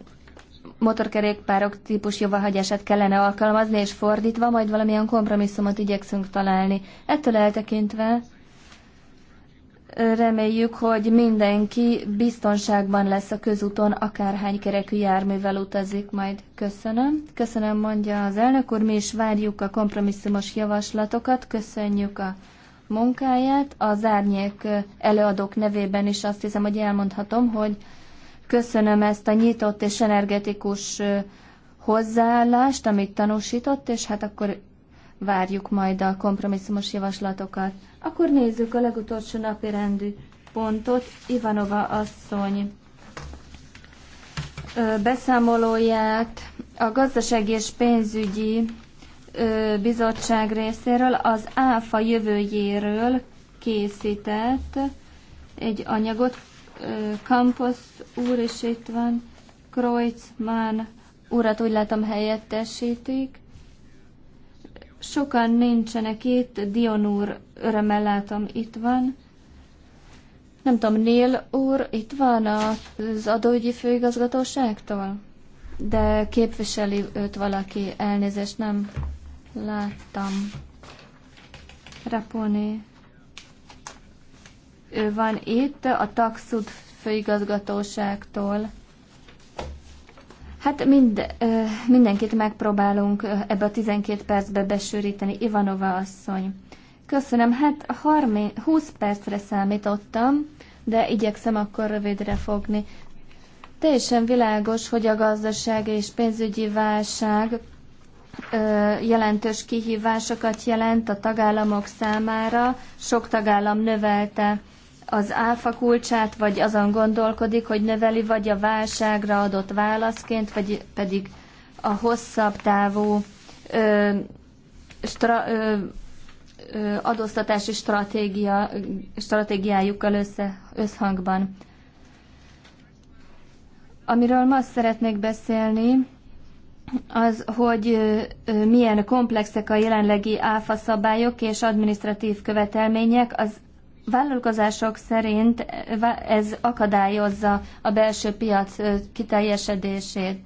motorkerékpárok típus jóváhagyását kellene alkalmazni, és fordítva, majd valamilyen kompromisszumot igyekszünk találni. Ettől eltekintve reméljük, hogy mindenki biztonságban lesz a közúton, akárhány kerekű járművel utazik majd. Köszönöm. Köszönöm, mondja az elnök úr. Mi is várjuk a kompromisszumos javaslatokat. Köszönjük a munkáját. Az árnyék előadók nevében is azt hiszem, hogy elmondhatom, hogy Köszönöm ezt a nyitott és energetikus hozzáállást, amit tanúsított, és hát akkor várjuk majd a kompromisszumos javaslatokat. Akkor nézzük a legutolsó napi rendű pontot. Ivanova asszony beszámolóját a gazdasági és pénzügyi bizottság részéről az ÁFA jövőjéről készített egy anyagot. Campos úr is itt van, Kreuzmann urat úgy látom helyettesítik. Sokan nincsenek itt, Dion úr örömmel látom itt van. Nem tudom, Nél úr itt van az adóügyi főigazgatóságtól? De képviseli őt valaki, elnézést nem láttam. Raponi ő van itt a Taxud főigazgatóságtól. Hát mind, mindenkit megpróbálunk ebbe a 12 percbe besűríteni. Ivanova asszony. Köszönöm, hát 30, 20 percre számítottam, de igyekszem akkor rövidre fogni. Teljesen világos, hogy a gazdaság és pénzügyi válság jelentős kihívásokat jelent a tagállamok számára. Sok tagállam növelte az álfa kulcsát, vagy azon gondolkodik, hogy növeli, vagy a válságra adott válaszként, vagy pedig a hosszabb távú ö, stra, ö, ö, adóztatási stratégia, stratégiájukkal össze, összhangban. Amiről ma szeretnék beszélni, az, hogy milyen komplexek a jelenlegi áfa szabályok és administratív követelmények az vállalkozások szerint eh, ez akadályozza a belső piac eh, kiteljesedését.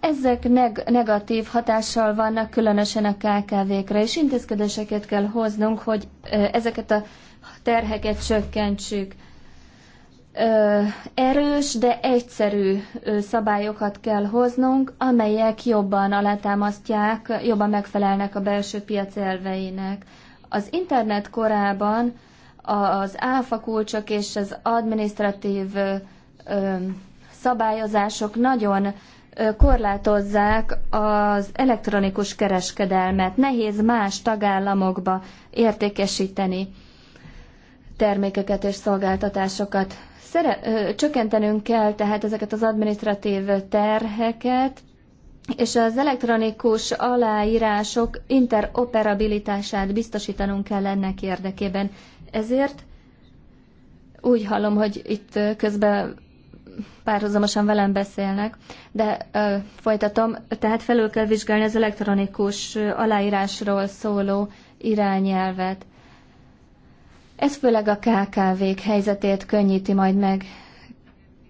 Ezek neg- negatív hatással vannak különösen a KKV-kre, és intézkedéseket kell hoznunk, hogy eh, ezeket a terheket csökkentsük. Erős, de egyszerű szabályokat kell hoznunk, amelyek jobban alátámasztják, jobban megfelelnek a belső piac elveinek. Az internet korában az áfa kulcsok és az administratív szabályozások nagyon korlátozzák az elektronikus kereskedelmet. Nehéz más tagállamokba értékesíteni termékeket és szolgáltatásokat. Szere- ö, csökkentenünk kell tehát ezeket az administratív terheket, és az elektronikus aláírások interoperabilitását biztosítanunk kell ennek érdekében. Ezért úgy hallom, hogy itt közben párhuzamosan velem beszélnek, de ö, folytatom, tehát felül kell vizsgálni az elektronikus aláírásról szóló irányelvet. Ez főleg a KKV-k helyzetét könnyíti majd meg,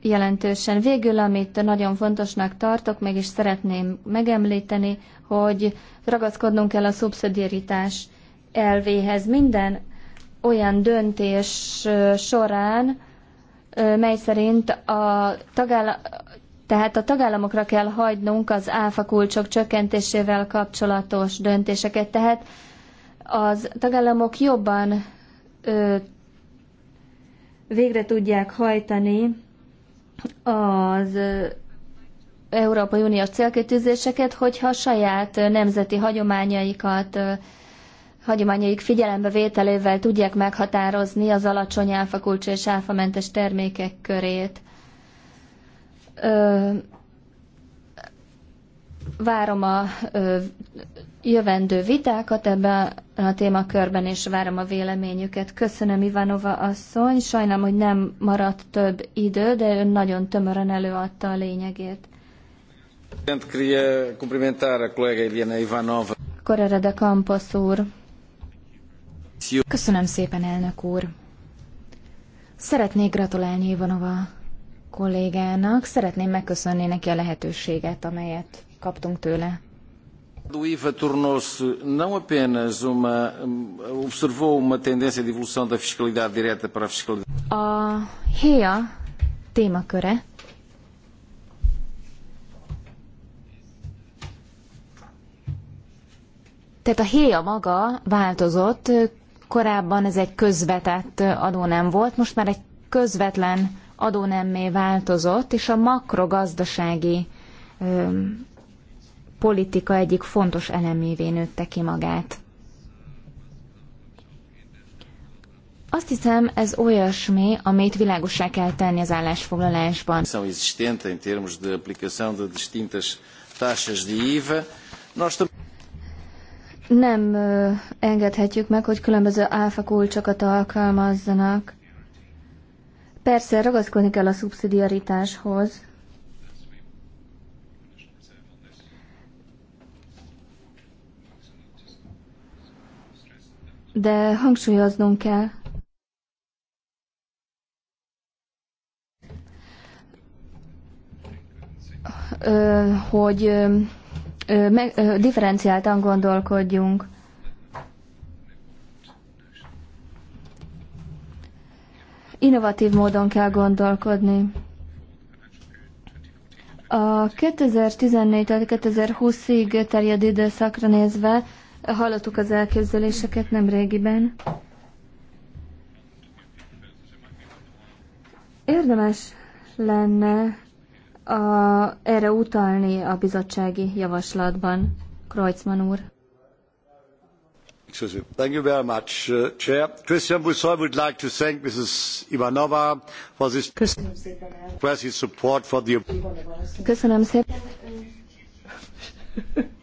jelentősen. Végül, amit nagyon fontosnak tartok, is szeretném megemlíteni, hogy ragaszkodnunk kell a szubszidiaritás elvéhez. Minden olyan döntés során, mely szerint a tagállam, tehát a tagállamokra kell hagynunk az áfa kulcsok csökkentésével kapcsolatos döntéseket, tehát az tagállamok jobban ö, végre tudják hajtani az Európai Uniós célkitűzéseket, hogyha saját nemzeti hagyományaikat, hagyományaik figyelembe vételével tudják meghatározni az alacsony áfakulcsú és áfamentes termékek körét várom a jövendő vitákat ebben a témakörben, és várom a véleményüket. Köszönöm, Ivanova asszony. Sajnálom, hogy nem maradt több idő, de ön nagyon tömören előadta a lényegét. Korere a Ivanova. de Campos úr. Köszönöm szépen,
elnök úr. Szeretnék gratulálni Ivanova kollégának. Szeretném megköszönni neki a lehetőséget, amelyet kaptunk tőle.
tornou-se não apenas uma. Um, observou uma tendência de evolução da fiscalidade direta para a fiscalidade.
A HEA témaköre Tehát a héja e maga változott, korábban ez egy közvetett adó nem volt, most már egy közvetlen adónemmé változott, és a makrogazdasági öm, politika egyik fontos elemévé nőtte ki magát. Azt hiszem, ez olyasmi, amit világosá kell tenni az állásfoglalásban.
nem engedhetjük meg, hogy különböző áfa kulcsokat alkalmazzanak. Persze ragaszkodni kell a szubszidiaritáshoz, de hangsúlyoznunk kell, hogy meg, differenciáltan gondolkodjunk. Innovatív módon kell gondolkodni. A 2014-2020-ig terjedő időszakra nézve Hallottuk az elképzeléseket nem régiben. Érdemes lenne a, erre utalni a bizottsági javaslatban, Kreuzmann úr.
Thank you very much, uh, Chair. Christian
Bussoy would like to thank Mrs. Ivanova for this support
for the...
Köszönöm szépen.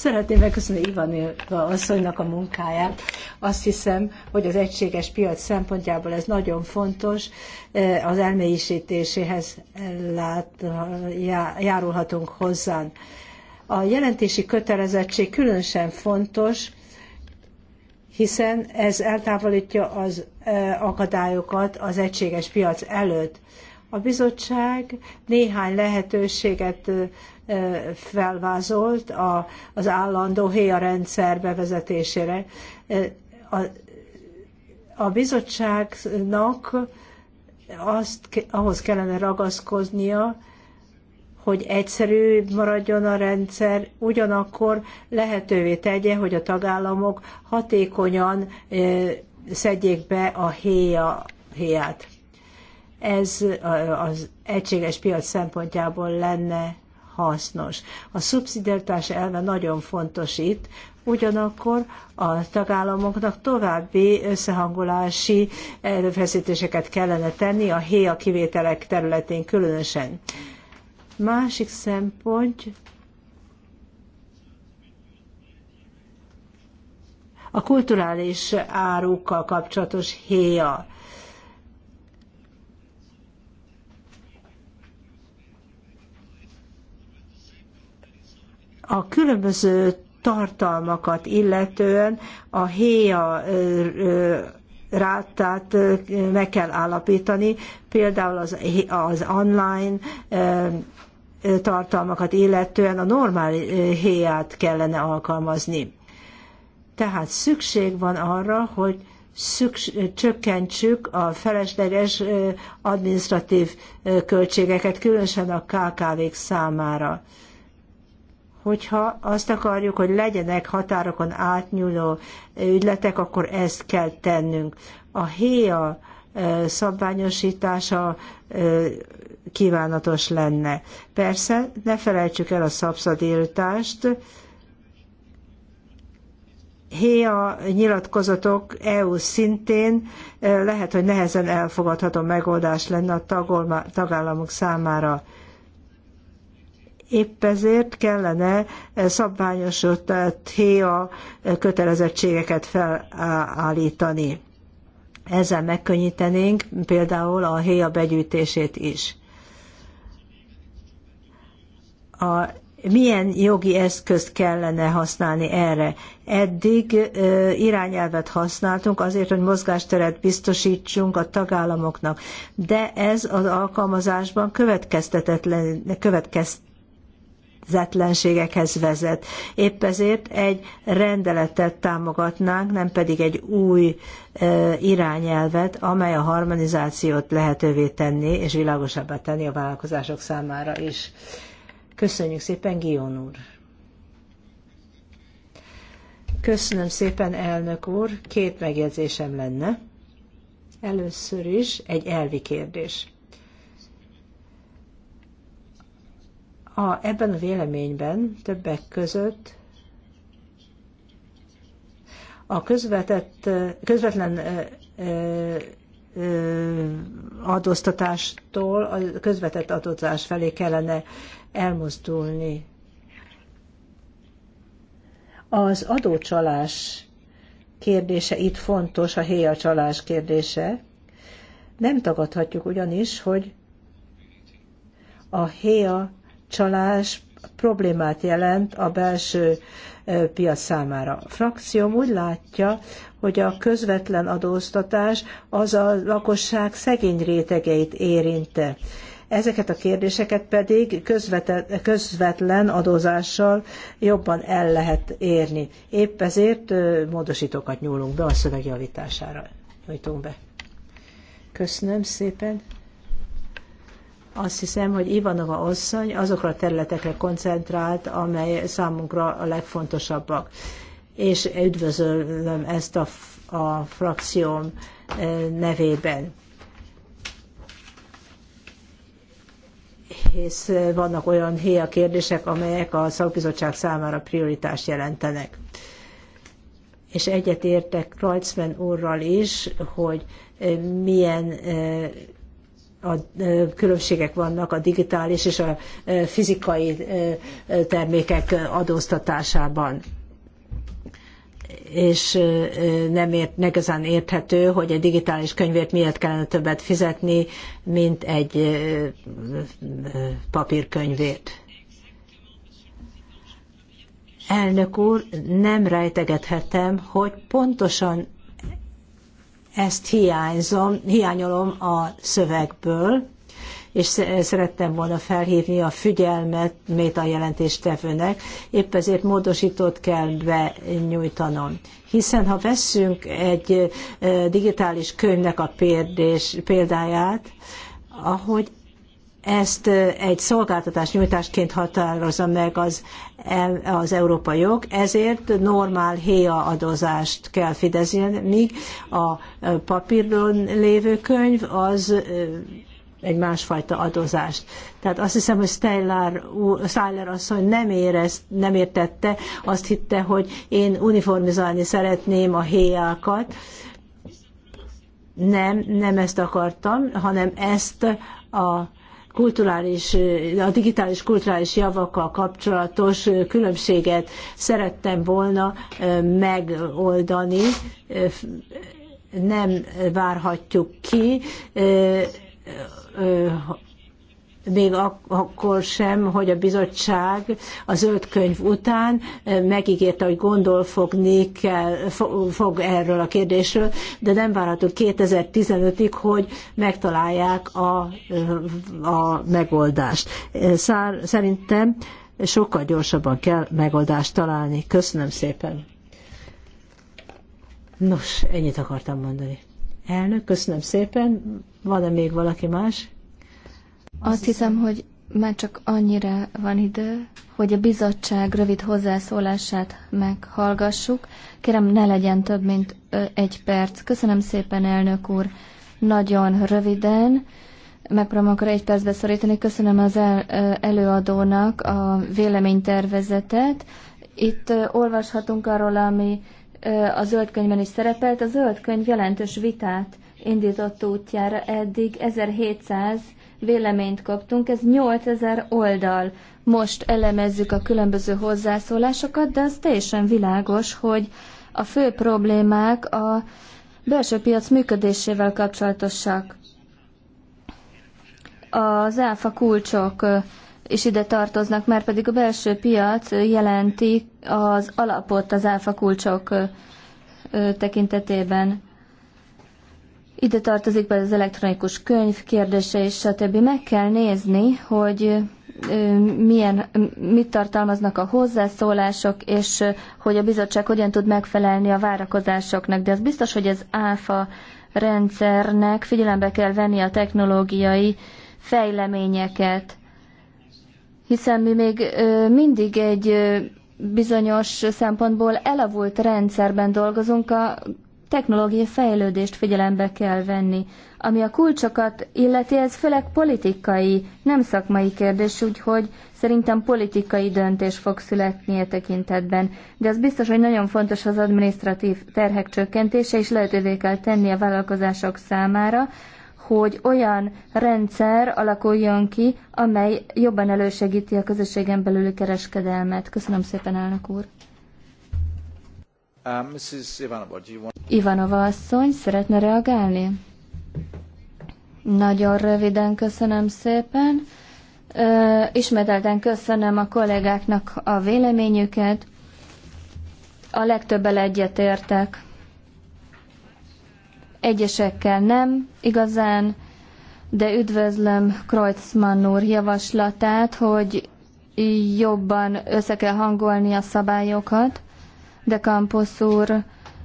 Szeretném megköszönni Ivanilva asszonynak a munkáját. Azt hiszem, hogy az egységes piac szempontjából ez nagyon fontos. E, az elmélyítéséhez járulhatunk hozzá. A jelentési kötelezettség különösen fontos, hiszen ez eltávolítja az e, akadályokat az egységes piac előtt. A bizottság néhány lehetőséget felvázolt a, az állandó héja rendszer bevezetésére. A, a bizottságnak azt, ahhoz kellene ragaszkodnia, hogy egyszerű maradjon a rendszer, ugyanakkor lehetővé tegye, hogy a tagállamok hatékonyan szedjék be a héja, héját. Ez az egységes piac szempontjából lenne hasznos. A szubszidiaritás elve nagyon fontos itt, ugyanakkor a tagállamoknak további összehangolási erőfeszítéseket kellene tenni a héja kivételek területén különösen. Másik szempont, a kulturális árukkal kapcsolatos héja. A különböző tartalmakat illetően a héja rátát meg kell állapítani, például az, az online tartalmakat illetően a normál héját kellene alkalmazni. Tehát szükség van arra, hogy csökkentsük a felesleges administratív költségeket, különösen a KKV-k számára hogyha azt akarjuk, hogy legyenek határokon átnyúló ügyletek, akkor ezt kell tennünk. A héja szabványosítása kívánatos lenne. Persze, ne felejtsük el a szabszadírtást. Héja nyilatkozatok EU szintén lehet, hogy nehezen elfogadható megoldás lenne a tagállamok számára Épp ezért kellene eh, szabványosított héja eh, kötelezettségeket felállítani. Ezzel megkönnyítenénk például a héja begyűjtését is. A milyen jogi eszközt kellene használni erre. Eddig eh, irányelvet használtunk azért, hogy mozgásteret biztosítsunk a tagállamoknak, de ez az alkalmazásban következtetetlen, következt rendezetlenségekhez vezet. Épp ezért egy rendeletet támogatnánk, nem pedig egy új irányelvet, amely a harmonizációt lehetővé tenni, és világosabbá tenni a vállalkozások számára is. Köszönjük szépen, Gion úr! Köszönöm szépen, elnök úr. Két megjegyzésem lenne. Először is egy elvi kérdés. A, ebben a véleményben többek között a közvetett, közvetlen adóztatástól a közvetett adózás felé kellene elmozdulni. Az adócsalás kérdése itt fontos, a héja csalás kérdése. Nem tagadhatjuk ugyanis, hogy a héja csalás problémát jelent a belső e, piac számára. A frakcióm úgy látja, hogy a közvetlen adóztatás az a lakosság szegény rétegeit érinte. Ezeket a kérdéseket pedig közvetlen adózással jobban el lehet érni. Épp ezért e, módosítókat nyúlunk be a szövegjavítására. Nyújtunk be. Köszönöm szépen. Azt hiszem, hogy Ivanova asszony azokra a területekre koncentrált, amely számunkra a legfontosabbak. És üdvözölöm ezt a, a frakcióm eh, nevében. hisz eh, vannak olyan héja kérdések, amelyek a szakbizottság számára prioritást jelentenek. És egyet értek Kreutzmann úrral is, hogy eh, milyen a különbségek vannak a digitális és a fizikai termékek adóztatásában és nem ért, igazán érthető, hogy egy digitális könyvért miért kellene többet fizetni, mint egy papírkönyvért. Elnök úr, nem rejtegethetem, hogy pontosan ezt hiányzom, hiányolom a szövegből, és szerettem volna felhívni a figyelmet mét a jelentéstevőnek, épp ezért módosítót kell benyújtanom. Hiszen ha vesszünk egy digitális könyvnek a példás, példáját, ahogy ezt egy szolgáltatás nyújtásként határozza meg az, az európai jog, ezért normál héja adózást kell fidezni, míg a papíron lévő könyv az egy másfajta adózást. Tehát azt hiszem, hogy Steiner, Steiner asszony nem, érez, nem értette, azt hitte, hogy én uniformizálni szeretném a héjákat. Nem, nem ezt akartam, hanem ezt a kulturális, a digitális kulturális javakkal kapcsolatos különbséget szerettem volna megoldani. Nem várhatjuk ki még akkor sem, hogy a bizottság a zöld könyv után eh, megígérte, hogy gondol fogni kell, fog erről a kérdésről, de nem várható 2015-ig, hogy megtalálják a, a megoldást. Eh, szerintem sokkal gyorsabban kell megoldást találni. Köszönöm szépen. Nos, ennyit akartam mondani. Elnök, köszönöm szépen. Van-e még valaki más? Azt hiszem, hogy
már csak annyira van idő, hogy a bizottság rövid hozzászólását meghallgassuk. Kérem, ne legyen több, mint egy perc. Köszönöm szépen, elnök úr. Nagyon röviden. Megpróbálom akkor egy percbe szorítani. Köszönöm az el, előadónak a véleménytervezetet. Itt olvashatunk arról, ami a zöld könyvben is szerepelt. A zöld könyv jelentős vitát indított útjára eddig 1700 véleményt kaptunk, ez 8000 oldal. Most elemezzük a különböző hozzászólásokat, de az teljesen világos, hogy a fő problémák a belső piac működésével kapcsolatosak. Az áfa kulcsok is ide tartoznak, mert pedig a belső piac jelenti az alapot az áfa kulcsok tekintetében. Ide tartozik be az elektronikus könyv kérdése és stb. Meg kell nézni, hogy milyen, mit tartalmaznak a hozzászólások, és hogy a bizottság hogyan tud megfelelni a várakozásoknak. De az biztos, hogy az ÁFA rendszernek figyelembe kell venni a technológiai fejleményeket, hiszen mi még mindig egy bizonyos szempontból elavult rendszerben dolgozunk, a technológiai fejlődést figyelembe kell venni. Ami a kulcsokat illeti, ez főleg politikai, nem szakmai kérdés, úgyhogy szerintem politikai döntés fog születni e tekintetben. De az biztos, hogy nagyon fontos az administratív terhek csökkentése, és lehetővé kell tenni a vállalkozások számára, hogy olyan rendszer alakuljon ki, amely jobban elősegíti a közösségen belüli kereskedelmet. Köszönöm szépen, elnök úr! Uh, Ivanova, asszony, szeretne reagálni? Nagyon röviden köszönöm szépen. ismételten köszönöm a kollégáknak a véleményüket. A legtöbbel egyetértek. Egyesekkel nem igazán, de üdvözlöm Kreutzmann úr javaslatát, hogy jobban össze kell hangolni a szabályokat de Campos úr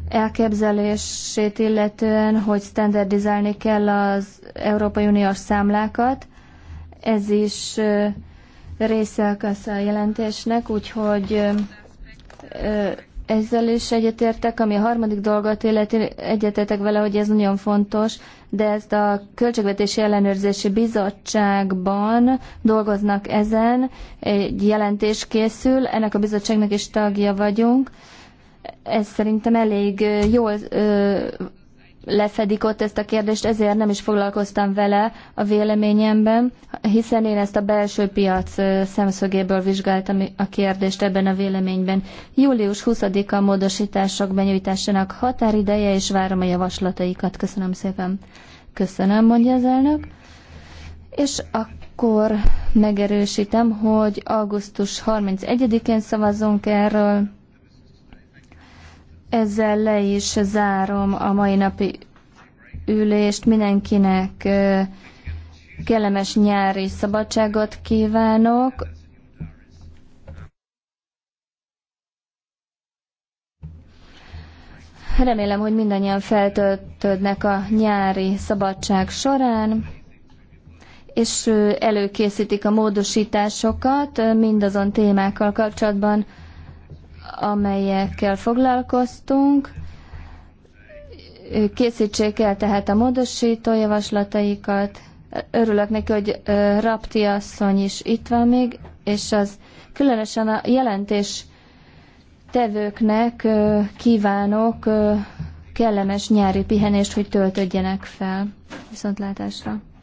elképzelését illetően, hogy standardizálni kell az Európai Uniós számlákat. Ez is része a jelentésnek, úgyhogy ezzel is egyetértek, ami a harmadik dolgot illeti, egyetetek vele, hogy ez nagyon fontos, de ezt a Költségvetési Ellenőrzési Bizottságban dolgoznak ezen, egy jelentés készül, ennek a bizottságnak is tagja vagyunk, ez szerintem elég jól lefedik ott ezt a kérdést, ezért nem is foglalkoztam vele a véleményemben, hiszen én ezt a belső piac szemszögéből vizsgáltam a kérdést ebben a véleményben. Július 20-a módosítások benyújtásának határideje, és várom a javaslataikat. Köszönöm szépen. Köszönöm, mondja az elnök. És akkor megerősítem, hogy augusztus 31-én szavazunk erről. Ezzel le is zárom a mai napi ülést. Mindenkinek kellemes nyári szabadságot kívánok. Remélem, hogy mindannyian feltöltődnek a nyári szabadság során, és előkészítik a módosításokat mindazon témákkal kapcsolatban, amelyekkel foglalkoztunk. Készítsék el tehát a módosító javaslataikat. Örülök neki, hogy Rapti asszony is itt van még, és az különösen a jelentés tevőknek kívánok kellemes nyári pihenést, hogy töltödjenek fel. Viszontlátásra!